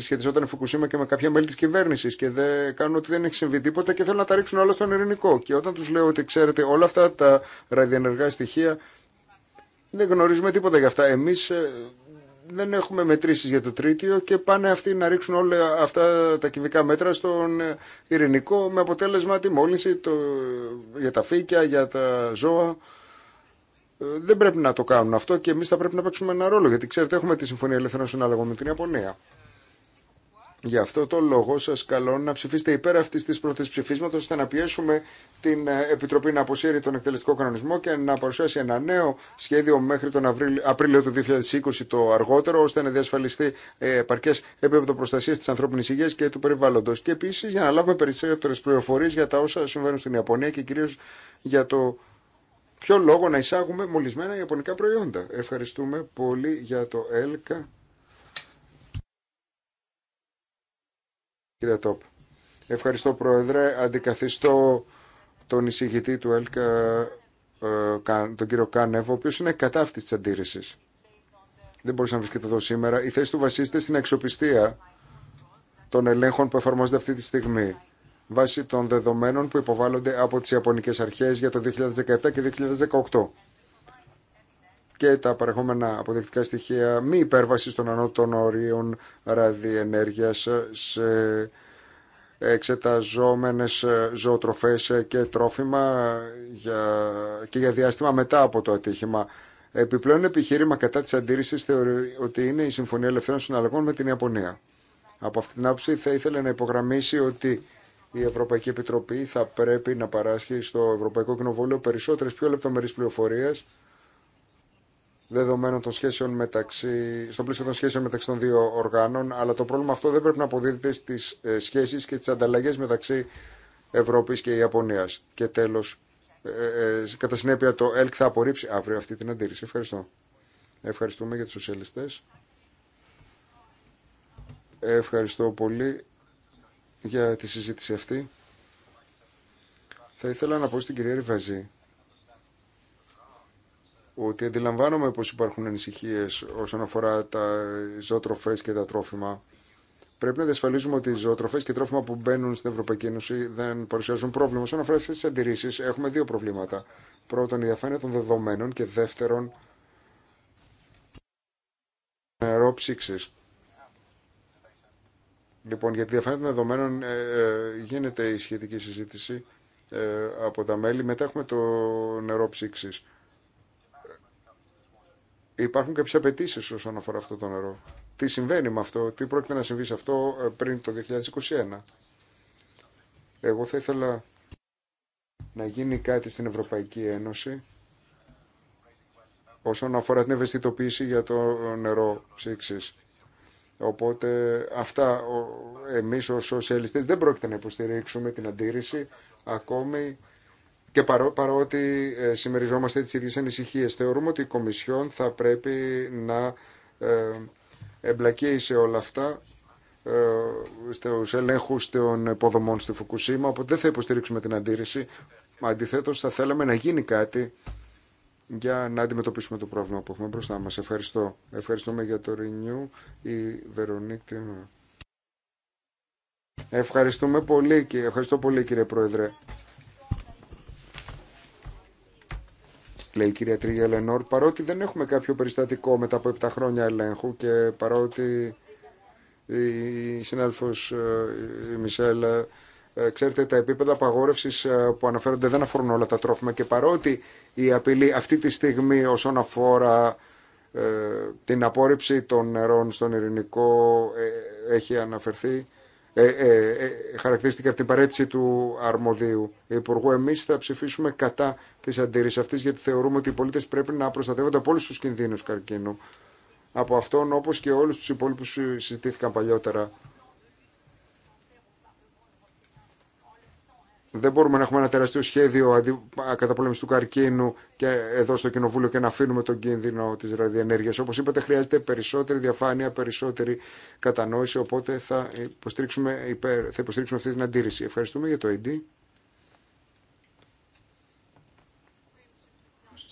σχετιζόταν η Φουκουσίμα και με κάποια μέλη τη κυβέρνηση και δεν κάνουν ότι δεν έχει συμβεί τίποτα και θέλουν να τα ρίξουν όλα στον ειρηνικό. Και όταν του λέω ότι ξέρετε όλα αυτά τα ραδιενεργά στοιχεία δεν γνωρίζουμε τίποτα για αυτά. Εμεί ε, δεν έχουμε μετρήσει για το τρίτιο και πάνε αυτοί να ρίξουν όλα αυτά τα κυβικά μέτρα στον ε, ειρηνικό με αποτέλεσμα τη μόλυνση το, για τα φύκια, για τα ζώα. Ε, δεν πρέπει να το κάνουν αυτό και εμεί θα πρέπει να παίξουμε ένα ρόλο. Γιατί ξέρετε, έχουμε τη Συμφωνία Ελευθερών Συναλλαγών με την Ιαπωνία. Γι' αυτό το λόγο σα καλώ να ψηφίσετε υπέρ αυτή τη πρώτη ψηφίσματο ώστε να πιέσουμε την ε, Επιτροπή να αποσύρει τον εκτελεστικό κανονισμό και να παρουσιάσει ένα νέο σχέδιο μέχρι τον Απρίλιο του 2020 το αργότερο, ώστε να διασφαλιστεί ε, επαρκέ επίπεδο προστασία τη ανθρώπινη υγεία και του περιβάλλοντο. Και επίση για να λάβουμε περισσότερε πληροφορίε για τα όσα συμβαίνουν στην Ιαπωνία και κυρίω για το ποιο λόγο να εισάγουμε μολυσμένα ιαπωνικά προϊόντα. Ευχαριστούμε πολύ για το ΕΛΚΑ. Κύριε Τόπ. Ευχαριστώ Πρόεδρε. Αντικαθιστώ τον εισηγητή του ΕΛΚΑ, ε, τον κύριο Κάνεβο, ο οποίος είναι κατά αυτής της αντίρρησης. Δεν μπορούσε να βρίσκεται εδώ σήμερα. Η θέση του βασίζεται στην αξιοπιστία των ελέγχων που εφαρμόζονται αυτή τη στιγμή βάσει των δεδομένων που υποβάλλονται από τις Ιαπωνικές Αρχές για το 2017 και 2018 και τα παρεχόμενα αποδεικτικά στοιχεία μη υπέρβασης των ανώτων ορίων ραδιενέργειας σε εξεταζόμενες ζωοτροφές και τρόφιμα για, και για διάστημα μετά από το ατύχημα. Επιπλέον επιχείρημα κατά της αντίρρησης θεωρεί ότι είναι η Συμφωνία Ελευθέρων Συναλλαγών με την Ιαπωνία. Από αυτή την άποψη θα ήθελε να υπογραμμίσει ότι η Ευρωπαϊκή Επιτροπή θα πρέπει να παράσχει στο Ευρωπαϊκό Κοινοβούλιο περισσότερες πιο λεπτομερείς πληροφορίες δεδομένων των σχέσεων μεταξύ, στο πλαίσιο των σχέσεων μεταξύ των δύο οργάνων, αλλά το πρόβλημα αυτό δεν πρέπει να αποδίδεται στις ε, σχέσεις και τις ανταλλαγές μεταξύ Ευρώπης και Ιαπωνίας. Και τέλος, ε, ε, κατά συνέπεια το ΕΛΚ θα απορρίψει αύριο αυτή την αντίρρηση. Ευχαριστώ. Ευχαριστούμε για τους σοσιαλιστές. Ευχαριστώ πολύ για τη συζήτηση αυτή. Θα ήθελα να πω στην κυρία Ριβαζή ότι αντιλαμβάνομαι πως υπάρχουν ανησυχίες όσον αφορά τα ζωοτροφές και τα τρόφιμα. Πρέπει να διασφαλίζουμε ότι οι ζωοτροφές και τρόφιμα που μπαίνουν στην Ευρωπαϊκή Ένωση δεν παρουσιάζουν πρόβλημα. Όσον αφορά αυτέ τι αντιρρήσει, έχουμε δύο προβλήματα. Πρώτον, η διαφάνεια των δεδομένων και δεύτερον, νερό ψήξη. Λοιπόν, για τη διαφάνεια των δεδομένων ε, ε, γίνεται η σχετική συζήτηση ε, από τα μέλη. Μετά έχουμε το νερό ψήξη. Υπάρχουν κάποιε απαιτήσει όσον αφορά αυτό το νερό. Τι συμβαίνει με αυτό, τι πρόκειται να συμβεί σε αυτό πριν το 2021. Εγώ θα ήθελα να γίνει κάτι στην Ευρωπαϊκή Ένωση όσον αφορά την ευαισθητοποίηση για το νερό ψήξης. Οπότε αυτά εμείς ως σοσιαλιστές δεν πρόκειται να υποστηρίξουμε την αντίρρηση ακόμη και παρότι ε, συμμεριζόμαστε τις ίδιες ανησυχίες. Θεωρούμε ότι η Κομισιόν θα πρέπει να ε, εμπλακεί σε όλα αυτά ε, στους ελέγχους των υποδομών στη Φουκουσίμα, οπότε δεν θα υποστηρίξουμε την αντίρρηση. Αντιθέτως θα θέλαμε να γίνει κάτι για να αντιμετωπίσουμε το πρόβλημα που έχουμε μπροστά μας. Ευχαριστώ. Ευχαριστούμε για το Renew η Βερονίκ Τρινό. Ευχαριστούμε πολύ, Ευχαριστώ πολύ κύριε Πρόεδρε. Λέει η κυρία Τρίγια Λενόρ, παρότι δεν έχουμε κάποιο περιστατικό μετά από 7 χρόνια ελέγχου και παρότι η συνάδελφος ε, η Μισελ ε, ε, ξέρετε, τα επίπεδα απαγόρευση ε, που αναφέρονται δεν αφορούν όλα τα τρόφιμα και παρότι η απειλή αυτή τη στιγμή όσον αφορά ε, την απόρριψη των νερών στον ειρηνικό έχει αναφερθεί, χαρακτηρίστηκε από την παρέτηση του αρμοδίου υπουργού. Εμεί θα ψηφίσουμε κατά τη αντίρρηση αυτή γιατί θεωρούμε ότι οι πολίτε πρέπει να προστατεύονται από όλου του κινδύνου καρκίνου. Από αυτόν όπω και όλου του υπόλοιπου συζητήθηκαν παλιότερα Δεν μπορούμε να έχουμε ένα τεράστιο σχέδιο καταπολέμηση του καρκίνου και εδώ στο Κοινοβούλιο και να αφήνουμε τον κίνδυνο τη ραδιενέργεια. Όπω είπατε, χρειάζεται περισσότερη διαφάνεια, περισσότερη κατανόηση. Οπότε θα υποστηρίξουμε, υπέρ, θα υποστηρίξουμε αυτή την αντίρρηση. Ευχαριστούμε για το ID.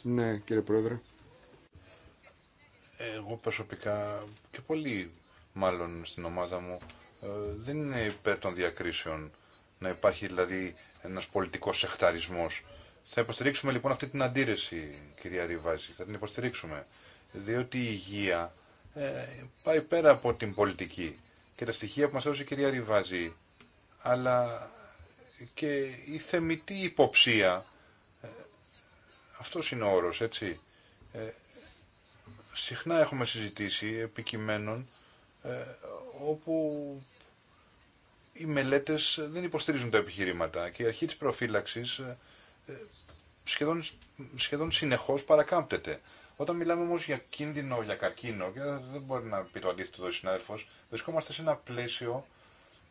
Ναι, κύριε Πρόεδρε. Εγώ προσωπικά και πολύ μάλλον στην ομάδα μου ε, δεν είναι υπέρ των διακρίσεων να υπάρχει δηλαδή ένας πολιτικός σεχταρισμό. Θα υποστηρίξουμε λοιπόν αυτή την αντίρρηση, κυρία Ριβάζη, θα την υποστηρίξουμε, διότι η υγεία ε, πάει πέρα από την πολιτική και τα στοιχεία που μα έδωσε η κυρία Ριβάζη, αλλά και η θεμητή υποψία, ε, αυτός είναι ο όρος, έτσι, ε, συχνά έχουμε συζητήσει επικειμένων ε, όπου οι μελέτες δεν υποστηρίζουν τα επιχειρήματα και η αρχή της προφύλαξης ε, σχεδόν, σχεδόν συνεχώς παρακάμπτεται. Όταν μιλάμε όμως για κίνδυνο, για καρκίνο, και δεν μπορεί να πει το αντίθετο ο συνάδελφος, βρισκόμαστε σε ένα πλαίσιο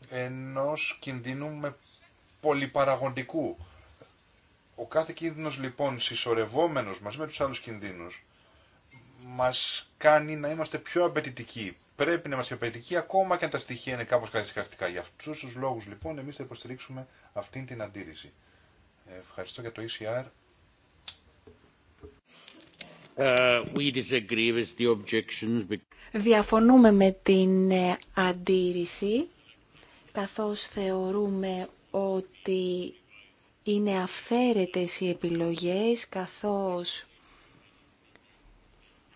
ενός κινδύνου με πολυπαραγοντικού. Ο κάθε κίνδυνος λοιπόν συσσωρευόμενος μαζί με του άλλους κινδύνους μας κάνει να είμαστε πιο απαιτητικοί, πρέπει να είμαστε απαιτητικοί ακόμα και αν τα στοιχεία είναι κάπως καθυσυχαστικά. Για αυτούς τους λόγους λοιπόν εμείς θα υποστηρίξουμε αυτή την αντίρρηση. Ευχαριστώ για το ECR. Ε, we disagree with the objections. Διαφωνούμε με την ε, αντίρρηση καθώς θεωρούμε ότι είναι αυθαίρετες οι επιλογές καθώς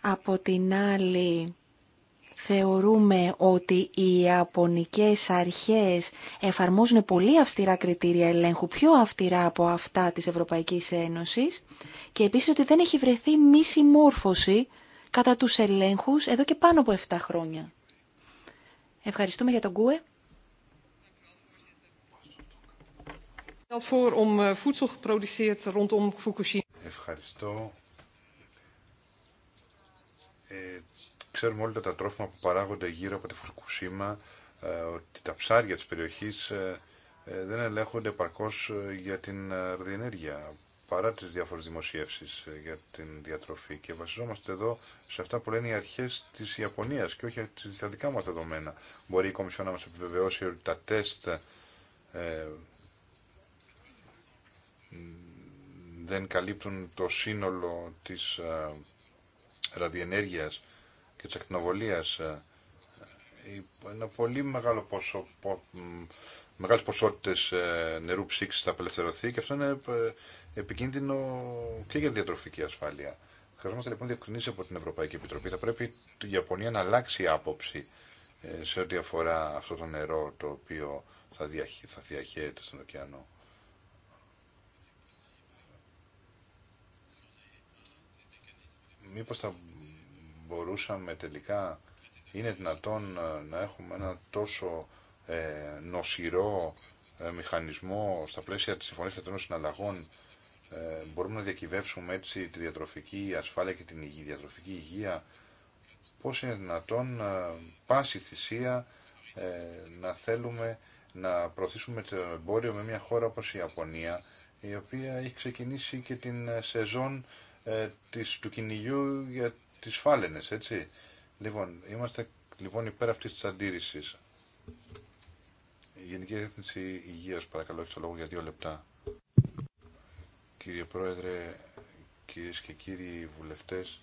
από την άλλη θεωρούμε ότι οι Ιαπωνικές αρχές εφαρμόζουν πολύ αυστηρά κριτήρια ελέγχου, πιο αυστηρά από αυτά της Ευρωπαϊκής Ένωσης και επίσης ότι δεν έχει βρεθεί μη συμμόρφωση κατά τους ελέγχους εδώ και πάνω από 7 χρόνια. Ευχαριστούμε για τον Κούε. Eh, Ευχαριστώ. Ε, Ξέρουμε όλοι τα τρόφιμα που παράγονται γύρω από τη Φουρκουσίμα ε, ότι τα ψάρια της περιοχής ε, ε, δεν ελέγχονται παρκώς για την ραδιενέργεια, παρά τις διάφορες δημοσιεύσεις για την διατροφή. Και βασιζόμαστε εδώ σε αυτά που λένε οι αρχές της Ιαπωνίας και όχι στις δικά μας δεδομένα. Μπορεί η Κομισιόν να μας επιβεβαιώσει ότι τα τεστ δεν καλύπτουν το σύνολο της ε, ραδιενέργειας και της ακτινοβολίας. Ένα ε, ε, πολύ μεγάλο ποσό, μεγάλες ποσότητες ε, νερού ψήξης θα απελευθερωθεί και αυτό είναι επικίνδυνο και για διατροφική ασφάλεια. Χρειαζόμαστε λοιπόν διευκρινήσει από την Ευρωπαϊκή Επιτροπή. Θα πρέπει η Ιαπωνία να αλλάξει άποψη σε ό,τι αφορά αυτό το νερό το οποίο θα, διαχει, θα διαχέεται στον ωκεανό. Μήπως θα μπορούσαμε τελικά, είναι δυνατόν ε, να έχουμε ένα τόσο ε, νοσηρό ε, μηχανισμό στα πλαίσια της Συμφωνίας των Συναλλαγών, ε, μπορούμε να διακυβεύσουμε έτσι τη διατροφική ασφάλεια και την υγεία, διατροφική υγεία, πώς είναι δυνατόν πάση θυσία να θέλουμε να προωθήσουμε το εμπόριο με μια χώρα όπως η Ιαπωνία, η οποία έχει ξεκινήσει και την σεζόν της, του κυνηγιού για τις φάλαινες, έτσι. Λοιπόν, είμαστε λοιπόν υπέρ αυτής της αντίρρησης. Η Γενική Διεύθυνση Υγείας, παρακαλώ, έχεις το λόγο για δύο λεπτά. Κύριε Πρόεδρε, κυρίες και κύριοι βουλευτές,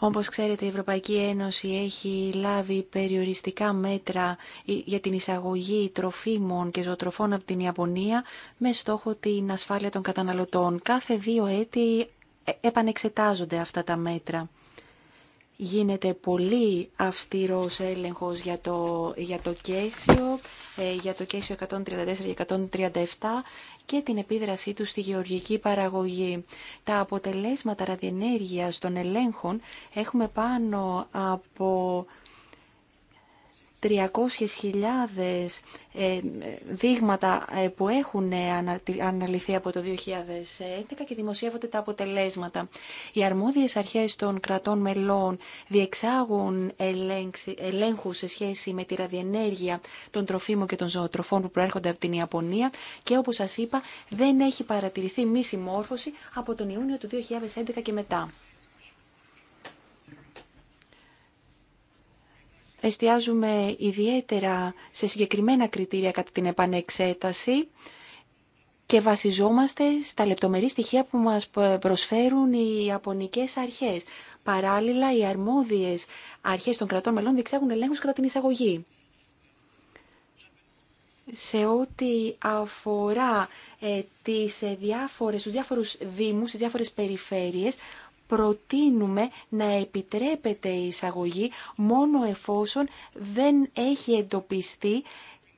όπως ξέρετε, η Ευρωπαϊκή Ένωση έχει λάβει περιοριστικά μέτρα για την εισαγωγή τροφίμων και ζωοτροφών από την Ιαπωνία με στόχο την ασφάλεια των καταναλωτών. Κάθε δύο έτη ε, επανεξετάζονται αυτά τα μέτρα γίνεται πολύ αυστηρός έλεγχος για το, για το κέσιο, ε, για το κέσιο 134 και 137 και την επίδρασή του στη γεωργική παραγωγή. Τα αποτελέσματα ραδιενέργειας των ελέγχων έχουμε πάνω από 300.000 ε, δείγματα ε, που έχουν ε, αναλυθεί από το 2011 και δημοσιεύονται τα αποτελέσματα. Οι αρμόδιες αρχές των κρατών μελών διεξάγουν ελέγχους σε σχέση με τη ραδιενέργεια των τροφίμων και των ζωοτροφών που προέρχονται από την Ιαπωνία και όπως σας είπα δεν έχει παρατηρηθεί μη συμμόρφωση από τον Ιούνιο του 2011 και μετά. εστιάζουμε ιδιαίτερα σε συγκεκριμένα κριτήρια κατά την επανεξέταση και βασιζόμαστε στα λεπτομερή στοιχεία που μας προσφέρουν οι Ιαπωνικές αρχές. Παράλληλα, οι αρμόδιες αρχές των κρατών μελών διεξάγουν ελέγχους κατά την εισαγωγή. Σε ό,τι αφορά ε, τις, ε, διάφορες, τους διάφορους δήμους, τις διάφορες περιφέρειες, προτείνουμε να επιτρέπεται η εισαγωγή μόνο εφόσον δεν έχει εντοπιστεί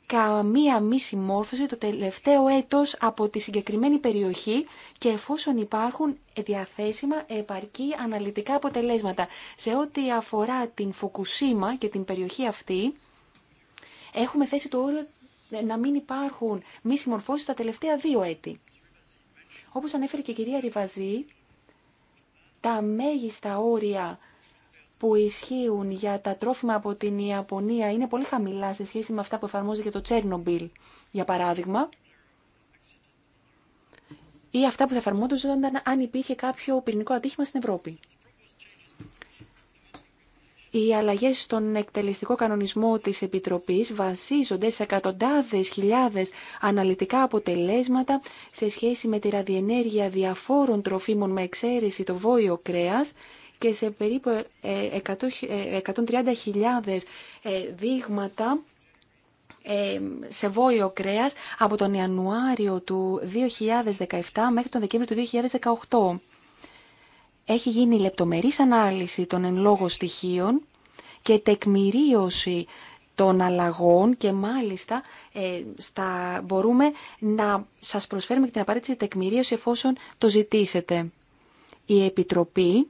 καμία μη συμμόρφωση το τελευταίο έτος από τη συγκεκριμένη περιοχή και εφόσον υπάρχουν διαθέσιμα επαρκή αναλυτικά αποτελέσματα. Σε ό,τι αφορά την Φουκουσίμα και την περιοχή αυτή, έχουμε θέσει το όριο να μην υπάρχουν μη συμμορφώσεις τα τελευταία δύο έτη. Όπως ανέφερε και η κυρία Ριβαζή, τα μέγιστα όρια που ισχύουν για τα τρόφιμα από την Ιαπωνία είναι πολύ χαμηλά σε σχέση με αυτά που εφαρμόζει και το Τσέρνομπιλ, για παράδειγμα. Ή αυτά που θα εφαρμόζονταν αν υπήρχε κάποιο πυρηνικό ατύχημα στην Ευρώπη. Οι αλλαγέ στον εκτελεστικό κανονισμό τη Επιτροπή βασίζονται σε εκατοντάδε χιλιάδες αναλυτικά αποτελέσματα σε σχέση με τη ραδιενέργεια διαφόρων τροφίμων με εξαίρεση το βόηο κρέα και σε περίπου 130.000 ε, ε, ε, δείγματα σε βόηο κρέας από τον Ιανουάριο του 2017 μέχρι τον Δεκέμβριο του 2018 έχει γίνει λεπτομερής ανάλυση των εν λόγω στοιχείων και τεκμηρίωση των αλλαγών και μάλιστα ε, στα, μπορούμε να σας προσφέρουμε και την απαραίτητη τεκμηρίωση εφόσον το ζητήσετε. Η Επιτροπή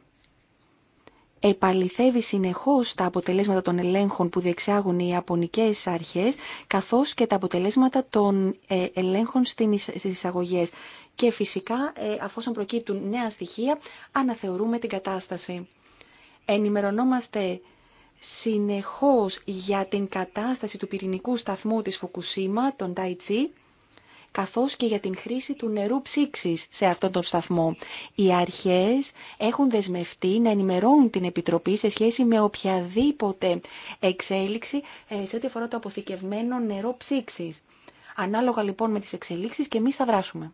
επαληθεύει συνεχώς τα αποτελέσματα των ελέγχων που διεξάγουν οι Ιαπωνικές αρχές καθώς και τα αποτελέσματα των ε, ελέγχων στις εισαγωγές και φυσικά ε, αφόσον προκύπτουν νέα στοιχεία αναθεωρούμε την κατάσταση. Ενημερωνόμαστε συνεχώς για την κατάσταση του πυρηνικού σταθμού της Φουκουσίμα, τον Ταϊτζή, καθώς και για την χρήση του νερού ψήξης σε αυτόν τον σταθμό. Οι αρχές έχουν δεσμευτεί να ενημερώνουν την Επιτροπή σε σχέση με οποιαδήποτε εξέλιξη ε, σε ό,τι αφορά το αποθηκευμένο νερό ψήξης. Ανάλογα λοιπόν με τις εξελίξεις και εμείς θα δράσουμε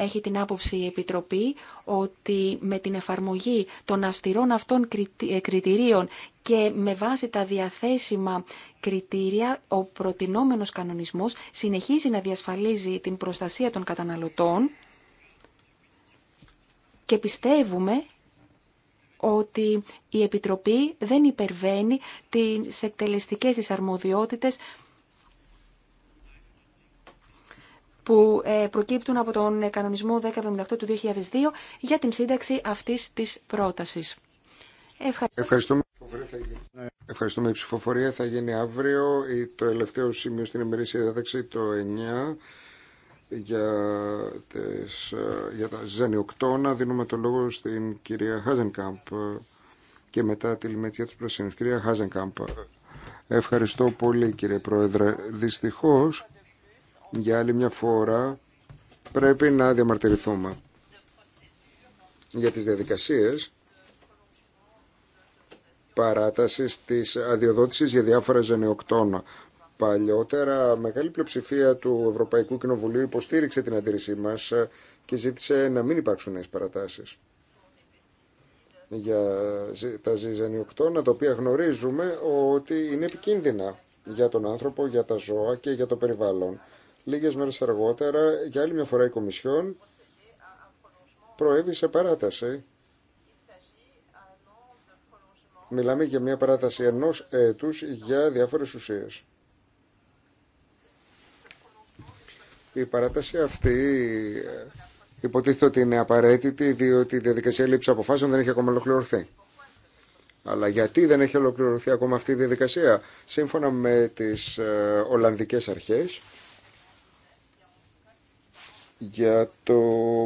έχει την άποψη η Επιτροπή ότι με την εφαρμογή των αυστηρών αυτών ε, κριτηρίων και με βάση τα διαθέσιμα κριτήρια ο προτινόμενος κανονισμός συνεχίζει να διασφαλίζει την προστασία των καταναλωτών και πιστεύουμε ότι η Επιτροπή δεν υπερβαίνει τις εκτελεστικές της αρμοδιότητες που ε, προκύπτουν από τον κανονισμό 1078 του 2002 για την σύνταξη αυτής της πρότασης. Ευχαριστούμε. Ναι. Ευχαριστούμε. Η ψηφοφορία θα γίνει αύριο. Το τελευταίο σημείο στην ημερήσια διάταξη το 9 για, τις, ε, για τα ζανιοκτώνα. Δίνουμε το λόγο στην κυρία Χάζενκαμπ και μετά τη λιμέτια του πράσινου. Κυρία Χάζενκαμπ, ευχαριστώ πολύ κύριε Πρόεδρε. Δυστυχώς για άλλη μια φορά πρέπει να διαμαρτυρηθούμε για τις διαδικασίες παράτασης της αδειοδότησης για διάφορα ζενιοκτώνα. Παλιότερα, μεγάλη πλειοψηφία του Ευρωπαϊκού Κοινοβουλίου υποστήριξε την αντίρρησή μας και ζήτησε να μην υπάρξουν νέες παρατάσεις για τα ζενεοκτώνα, τα οποία γνωρίζουμε ότι είναι επικίνδυνα για τον άνθρωπο, για τα ζώα και για το περιβάλλον. Λίγες μέρες αργότερα, για άλλη μια φορά η Κομισιόν προέβησε σε παράταση. Μιλάμε για μια παράταση ενός έτους για διάφορες ουσίες. Η παράταση αυτή υποτίθεται ότι είναι απαραίτητη διότι η διαδικασία λήψη αποφάσεων δεν έχει ακόμα ολοκληρωθεί. Αλλά γιατί δεν έχει ολοκληρωθεί ακόμα αυτή η διαδικασία. Σύμφωνα με τις ε, Ολλανδικές αρχές, για το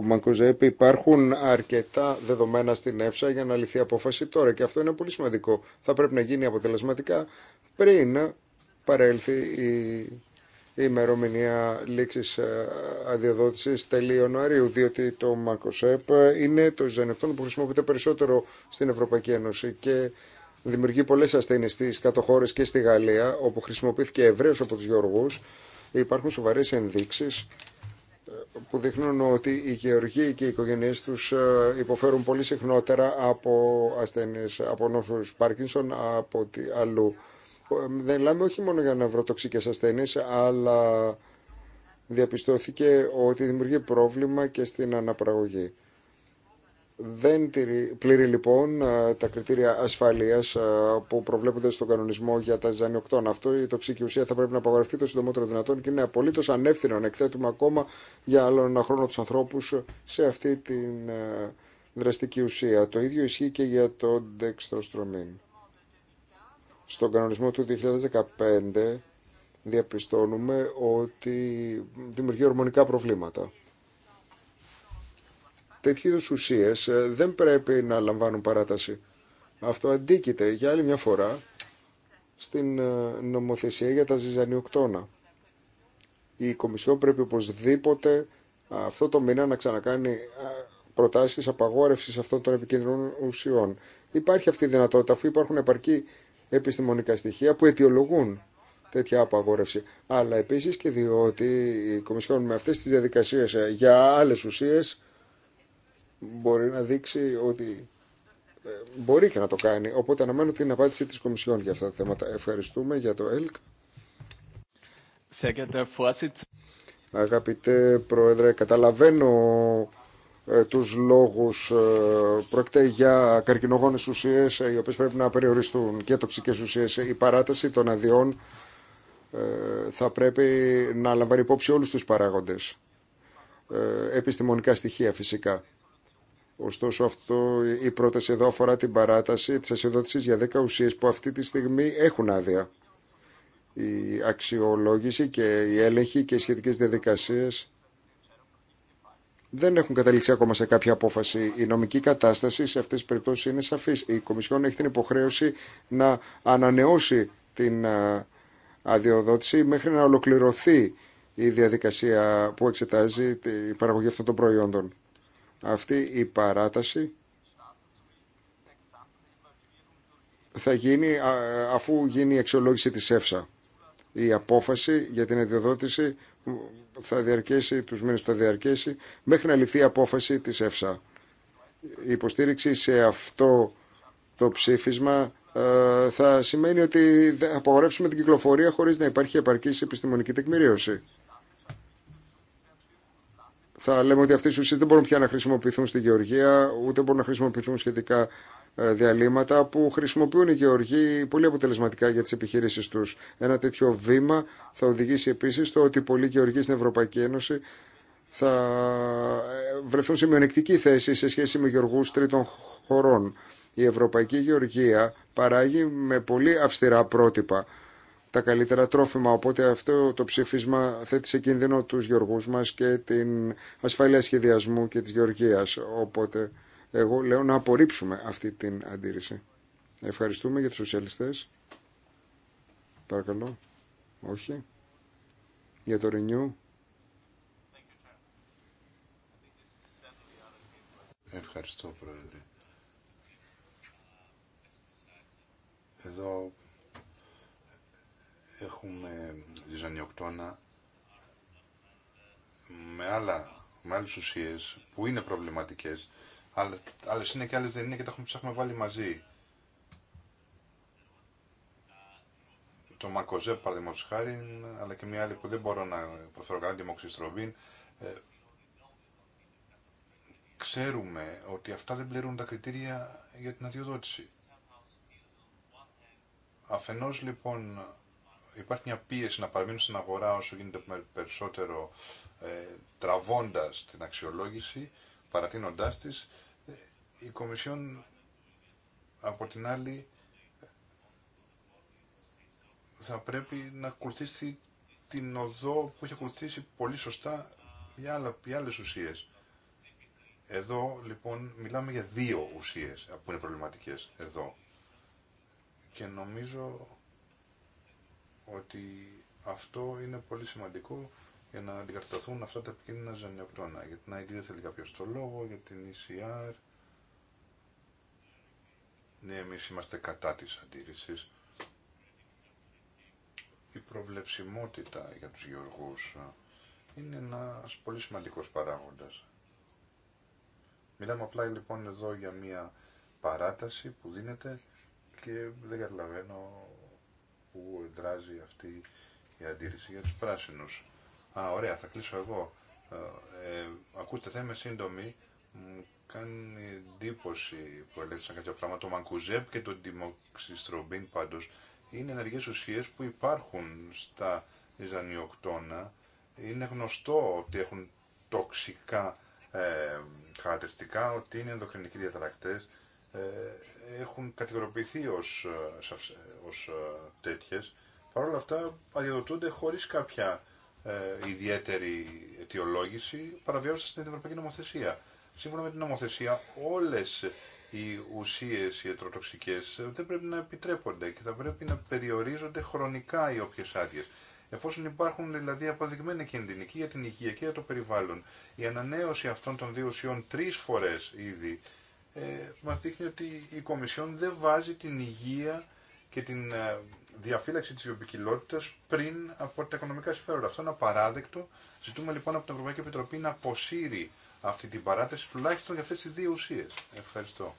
Μαγκοζέπ υπάρχουν αρκετά δεδομένα στην ΕΦΣΑ για να λυθεί απόφαση τώρα και αυτό είναι πολύ σημαντικό. Θα πρέπει να γίνει αποτελεσματικά πριν παρέλθει η ημερομηνία λήξης ε, αδειοδότησης τέλη Ιανουαρίου, διότι το ΜΑΚΟΣΕΠ είναι το ζενευτόν που χρησιμοποιείται περισσότερο στην Ευρωπαϊκή Ένωση και δημιουργεί πολλές ασθένειες στις κατοχώρες και στη Γαλλία, όπου χρησιμοποιήθηκε ευρέω από τους γεωργού. Υπάρχουν σοβαρέ ενδείξεις που δείχνουν ότι οι γεωργοί και οι οικογένειές τους ε, υποφέρουν πολύ συχνότερα από ασθένειες, από νόσους Πάρκινσον, από τι αλλού. Ε, δεν λέμε όχι μόνο για νευροτοξικές ασθένειες, αλλά διαπιστώθηκε ότι δημιουργεί πρόβλημα και στην αναπαραγωγή δεν πλήρει λοιπόν ε, τα κριτήρια ασφαλείας ε, που προβλέπονται στον κανονισμό για τα ζανιοκτών. Αυτό η τοξική ουσία θα πρέπει να απαγορευτεί το συντομότερο δυνατόν και είναι απολύτω ανεύθυνο να εκθέτουμε ακόμα για άλλο ένα χρόνο του ανθρώπου σε αυτή την ε, δραστική ουσία. Το ίδιο ισχύει και για το ντεξτροστρομίν. Στον κανονισμό του 2015 διαπιστώνουμε ότι δημιουργεί ορμονικά προβλήματα τέτοιου είδου ουσίε ε, δεν πρέπει να λαμβάνουν παράταση. Αυτό αντίκειται για άλλη μια φορά στην ε, νομοθεσία για τα ζυζανιοκτώνα. Η Κομισιόν πρέπει οπωσδήποτε αυτό το μήνα να ξανακάνει ε, προτάσει απαγόρευση αυτών των επικίνδυνων ουσιών. Υπάρχει αυτή η δυνατότητα αφού υπάρχουν επαρκή επιστημονικά στοιχεία που αιτιολογούν τέτοια απαγόρευση. Αλλά επίση και διότι η Κομισιόν με αυτέ τι διαδικασίε για άλλε ουσίε μπορεί να δείξει ότι ε, μπορεί και να το κάνει. Οπότε αναμένω την απάντηση της Κομισιόν για αυτά τα θέματα. Ευχαριστούμε για το ΕΛΚ. Αγαπητέ Πρόεδρε, καταλαβαίνω ε, τους λόγους. Ε, πρόκειται για καρκινογόνες ουσίες, ε, οι οποίες πρέπει να περιοριστούν και τοξικές ουσίες. Η παράταση των αδειών θα πρέπει να λαμβάνει υπόψη όλους τους παράγοντες. Επιστημονικά στοιχεία φυσικά Ωστόσο, αυτό, η πρόταση εδώ αφορά την παράταση τη ασυδότησης για 10 ουσίε που αυτή τη στιγμή έχουν άδεια. Η αξιολόγηση και η έλεγχη και οι σχετικέ διαδικασίε δεν έχουν καταλήξει ακόμα σε κάποια απόφαση. Η νομική κατάσταση σε αυτέ τι περιπτώσει είναι σαφή. Η Κομισιόν έχει την υποχρέωση να ανανεώσει την αδειοδότηση μέχρι να ολοκληρωθεί η διαδικασία που εξετάζει η παραγωγή αυτών των προϊόντων αυτή η παράταση θα γίνει αφού γίνει η αξιολόγηση της ΕΦΣΑ. Η απόφαση για την αδειοδότηση θα διαρκέσει τους μήνες που θα διαρκέσει μέχρι να ληφθεί η απόφαση της ΕΦΣΑ. Η υποστήριξη σε αυτό το ψήφισμα ε, θα σημαίνει ότι θα απογορεύσουμε την κυκλοφορία χωρίς να υπάρχει επαρκής επιστημονική τεκμηρίωση θα λέμε ότι αυτέ οι ουσίε δεν μπορούν πια να χρησιμοποιηθούν στη γεωργία, ούτε μπορούν να χρησιμοποιηθούν σχετικά ε, διαλύματα που χρησιμοποιούν οι γεωργοί πολύ αποτελεσματικά για τι επιχειρήσεις του. Ένα τέτοιο βήμα θα οδηγήσει επίση στο ότι πολλοί γεωργοί στην Ευρωπαϊκή Ένωση θα ε, βρεθούν σε μειονεκτική θέση σε σχέση με Γεωργού τρίτων χωρών. Η Ευρωπαϊκή Γεωργία παράγει με πολύ αυστηρά πρότυπα τα καλύτερα τρόφιμα. Οπότε αυτό το ψήφισμα θέτει σε κίνδυνο τους γεωργού μας και την ασφάλεια σχεδιασμού και της γεωργίας. Οπότε εγώ λέω να απορρίψουμε αυτή την αντίρρηση. Ευχαριστούμε για τους σοσιαλιστέ. Παρακαλώ. Όχι. Για το Renew. Ευχαριστώ, Πρόεδρε. Εδώ Έχουμε ζυζανιοκτώνα με, άλλα, με άλλες ουσίες που είναι προβληματικές, αλλά άλλες είναι και άλλες δεν είναι και τα έχουμε, έχουμε βάλει μαζί. Το Μακοζέπ, παραδείγματος χάρη, αλλά και μια άλλη που δεν μπορώ να προφέρω καλά, τη Μοξιστροβίν. Ε, ξέρουμε ότι αυτά δεν πληρούν τα κριτήρια για την αδειοδότηση. Αφενός λοιπόν υπάρχει μια πίεση να παραμείνουν στην αγορά όσο γίνεται περισσότερο ε, τραβώντας την αξιολόγηση, παρατείνοντάς της. Ε, η Κομισιόν από την άλλη θα πρέπει να ακολουθήσει την οδό που έχει ακολουθήσει πολύ σωστά για, άλλα, για άλλες ουσίες. Εδώ λοιπόν μιλάμε για δύο ουσίες που είναι προβληματικές εδώ. Και νομίζω ότι αυτό είναι πολύ σημαντικό για να αντικατασταθούν αυτά τα επικίνδυνα ζωνιοκτώνα. Για την ID δεν θέλει κάποιο το λόγο, για την ECR. Ναι, εμεί είμαστε κατά τη αντίρρηση. Η προβλεψιμότητα για τους γεωργούς ε, είναι ένας πολύ σημαντικός παράγοντας. Μιλάμε απλά λοιπόν εδώ για μια παράταση που δίνεται και δεν καταλαβαίνω που δράζει αυτή η αντίρρηση για τους πράσινους. Α, ωραία, θα κλείσω εγώ. Ε, ε ακούστε, θα είμαι σύντομη. Μου κάνει εντύπωση που έλεγχαν κάποια πράγματα. Το μανκουζέπ και το ντιμοξιστρομπίν πάντως είναι ενεργές ουσίες που υπάρχουν στα ζανιοκτώνα. Είναι γνωστό ότι έχουν τοξικά ε, χαρακτηριστικά, ότι είναι ενδοκρινικοί διαταρακτές ε, έχουν κατηγοροποιηθεί ως, ε, ε, ως τέτοιες. Παρ' όλα αυτά αδειοδοτούνται χωρίς κάποια ιδιαίτερη αιτιολόγηση παραβιάζοντας την Ευρωπαϊκή Νομοθεσία. Σύμφωνα με την νομοθεσία όλες οι ουσίες ετροτοξικές δεν πρέπει να επιτρέπονται και θα πρέπει να περιορίζονται χρονικά οι όποιες άδειε. Εφόσον υπάρχουν δηλαδή αποδεικμένοι κινδυνικοί για την υγεία και για το περιβάλλον, η ανανέωση αυτών των δύο ουσιών τρεις φορές ήδη ε, μας δείχνει ότι η Κομισιόν δεν βάζει την υγεία και την ε, διαφύλαξη της βιοποικιλότητας πριν από τα οικονομικά συμφέροντα. Αυτό είναι απαράδεκτο. Ζητούμε λοιπόν από την Ευρωπαϊκή Επιτροπή να αποσύρει αυτή την παράταση, τουλάχιστον για αυτές τις δύο ουσίες. Ευχαριστώ.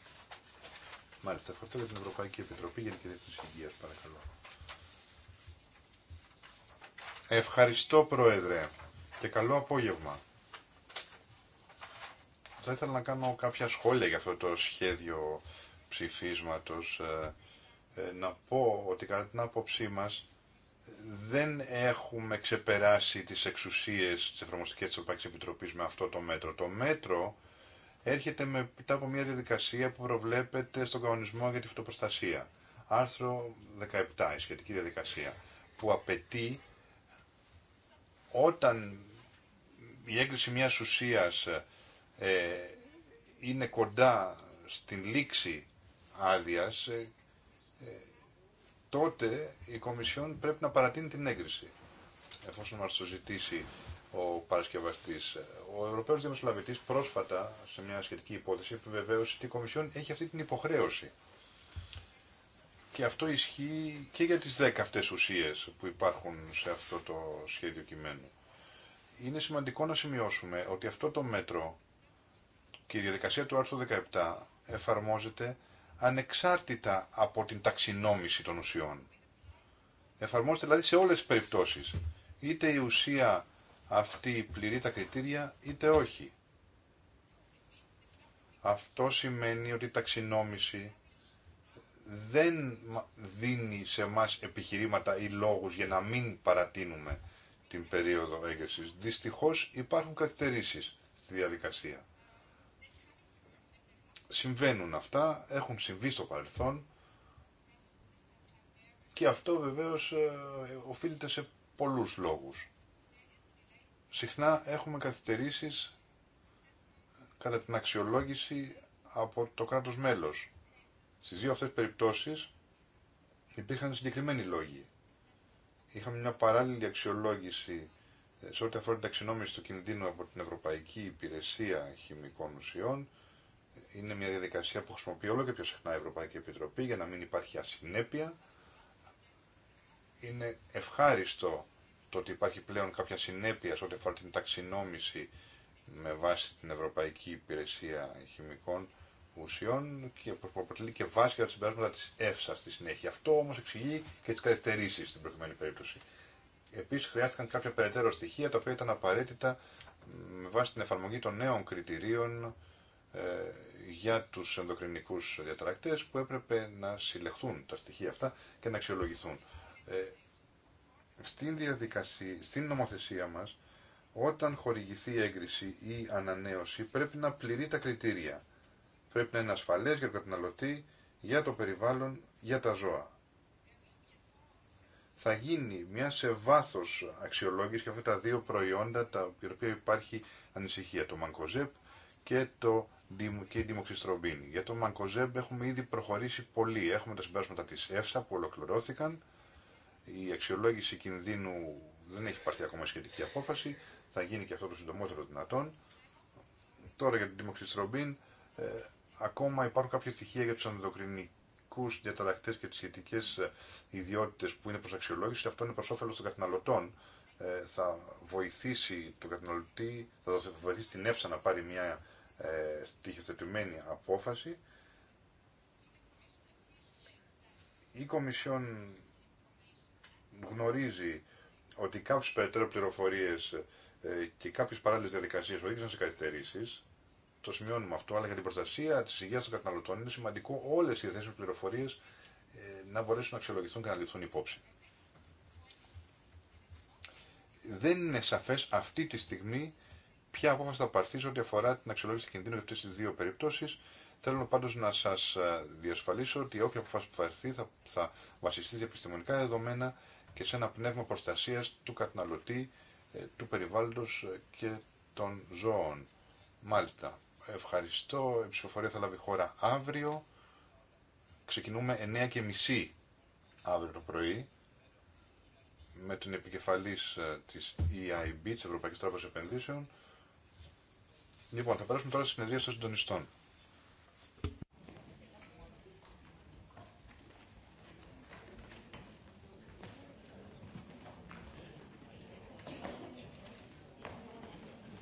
Μάλιστα, ευχαριστώ για την Ευρωπαϊκή Επιτροπή, κυρία τη Υγεία παρακαλώ. Ευχαριστώ, Πρόεδρε, και καλό απόγευμα. Θα ήθελα να κάνω κάποια σχόλια για αυτό το σχέδιο ψηφίσματος. Ε, ε, να πω ότι κατά την άποψή μας δεν έχουμε ξεπεράσει τις εξουσίες της Εφαρμοστικής της Ευρωπαϊκής Επιτροπής με αυτό το μέτρο. Το μέτρο έρχεται με, μετά από μια διαδικασία που προβλέπεται στον κανονισμό για τη φυτοπροστασία. Άρθρο 17, η σχετική διαδικασία, που απαιτεί όταν η έγκριση μιας ουσίας ε, είναι κοντά στην λήξη άδεια, ε, ε, τότε η Κομισιόν πρέπει να παρατείνει την έγκριση, εφόσον μας το ζητήσει ο παρασκευαστής. Ο Ευρωπαίος Δημοσιολαβητής πρόσφατα, σε μια σχετική υπόθεση, επιβεβαίωσε ότι η Κομισιόν έχει αυτή την υποχρέωση. Και αυτό ισχύει και για τις δέκα αυτές ουσίες που υπάρχουν σε αυτό το σχέδιο κειμένου. Είναι σημαντικό να σημειώσουμε ότι αυτό το μέτρο και η διαδικασία του άρθρου 17 εφαρμόζεται ανεξάρτητα από την ταξινόμηση των ουσιών. Εφαρμόζεται δηλαδή σε όλες τις περιπτώσεις. Είτε η ουσία αυτή πληρεί τα κριτήρια, είτε όχι. Αυτό σημαίνει ότι η ταξινόμηση δεν δίνει σε μας επιχειρήματα ή λόγους για να μην παρατείνουμε την περίοδο έγκρισης. Δυστυχώς υπάρχουν καθυστερήσεις στη διαδικασία. Συμβαίνουν αυτά, έχουν συμβεί στο παρελθόν και αυτό βεβαίως ε, οφείλεται σε πολλούς λόγους. Συχνά έχουμε καθυστερήσεις κατά την αξιολόγηση από το κράτος μέλος. Στις δύο αυτές περιπτώσεις υπήρχαν συγκεκριμένοι λόγοι. Είχαμε μια παράλληλη αξιολόγηση ε, σε ό,τι αφορά την ταξινόμηση του κινδύνου από την Ευρωπαϊκή Υπηρεσία Χημικών Ουσιών είναι μια διαδικασία που χρησιμοποιεί όλο και πιο συχνά η Ευρωπαϊκή Επιτροπή για να μην υπάρχει ασυνέπεια. Είναι ευχάριστο το ότι υπάρχει πλέον κάποια συνέπεια σε ό,τι αφορά την ταξινόμηση με βάση την Ευρωπαϊκή Υπηρεσία Χημικών Ουσιών και που αποτελεί και βάση για τα συμπεράσματα τη ΕΦΣΑ στη συνέχεια. Αυτό όμω εξηγεί και τι καθυστερήσει στην προηγούμενη περίπτωση. Επίση, χρειάστηκαν κάποια περαιτέρω στοιχεία τα οποία ήταν απαραίτητα με βάση την εφαρμογή των νέων κριτηρίων ε, για τους ενδοκρινικούς διαταρακτές που έπρεπε να συλλεχθούν τα στοιχεία αυτά και να αξιολογηθούν. Ε, στην, διαδικασία, στην νομοθεσία μας, όταν χορηγηθεί έγκριση ή ανανέωση, πρέπει να πληρεί τα κριτήρια. Πρέπει να είναι ασφαλές για τον καταναλωτή, για το περιβάλλον, για τα ζώα. Θα γίνει μια σε βάθος αξιολόγηση για αυτά τα δύο προϊόντα τα οποία υπάρχει ανησυχία, το Μανκοζέπ και το και η Δημοξιστρομπίνη. Για το Μανκοζέμπ έχουμε ήδη προχωρήσει πολύ. Έχουμε τα συμπέρασματα της ΕΦΣΑ που ολοκληρώθηκαν. Η αξιολόγηση κινδύνου δεν έχει πάρθει ακόμα σχετική απόφαση. Θα γίνει και αυτό το συντομότερο δυνατόν. Τώρα για την Δημοξιστρομπίν ε, ακόμα υπάρχουν κάποια στοιχεία για τους ανδοκρινικού διαταρακτέ και τις σχετικές ε, ιδιότητες που είναι προς αξιολόγηση. Αυτό είναι προς όφελο των καταναλωτών ε, θα βοηθήσει τον καταναλωτή, θα βοηθήσει την ΕΦΣΑ να πάρει μια ε, στοιχειοθετημένη απόφαση. Η Κομισιόν γνωρίζει ότι κάποιες περαιτέρω πληροφορίε ε, και κάποιε παράλληλε διαδικασίε οδήγησαν σε καθυστερήσει. Το σημειώνουμε αυτό, αλλά για την προστασία τη υγεία των καταναλωτών είναι σημαντικό όλε οι θέσει πληροφορίε ε, να μπορέσουν να αξιολογηθούν και να ληφθούν υπόψη. Δεν είναι σαφές αυτή τη στιγμή ποια απόφαση θα πάρθει σε ό,τι αφορά την αξιολόγηση κινδύνου για αυτέ τι δύο περιπτώσει. Θέλω πάντω να σα ε, διασφαλίσω ότι όποια απόφαση που θα έρθει θα, θα βασιστεί σε επιστημονικά δεδομένα και σε ένα πνεύμα προστασία του καταναλωτή, ε, του περιβάλλοντο ε, και των ζώων. Μάλιστα. Ευχαριστώ. Η ψηφοφορία θα λάβει χώρα αύριο. Ξεκινούμε 9.30 αύριο το πρωί με την επικεφαλής της EIB, της Ευρωπαϊκής Τράπεζας Επενδύσεων. Λοιπόν, θα περάσουμε τώρα στη συνεδρία των συντονιστών.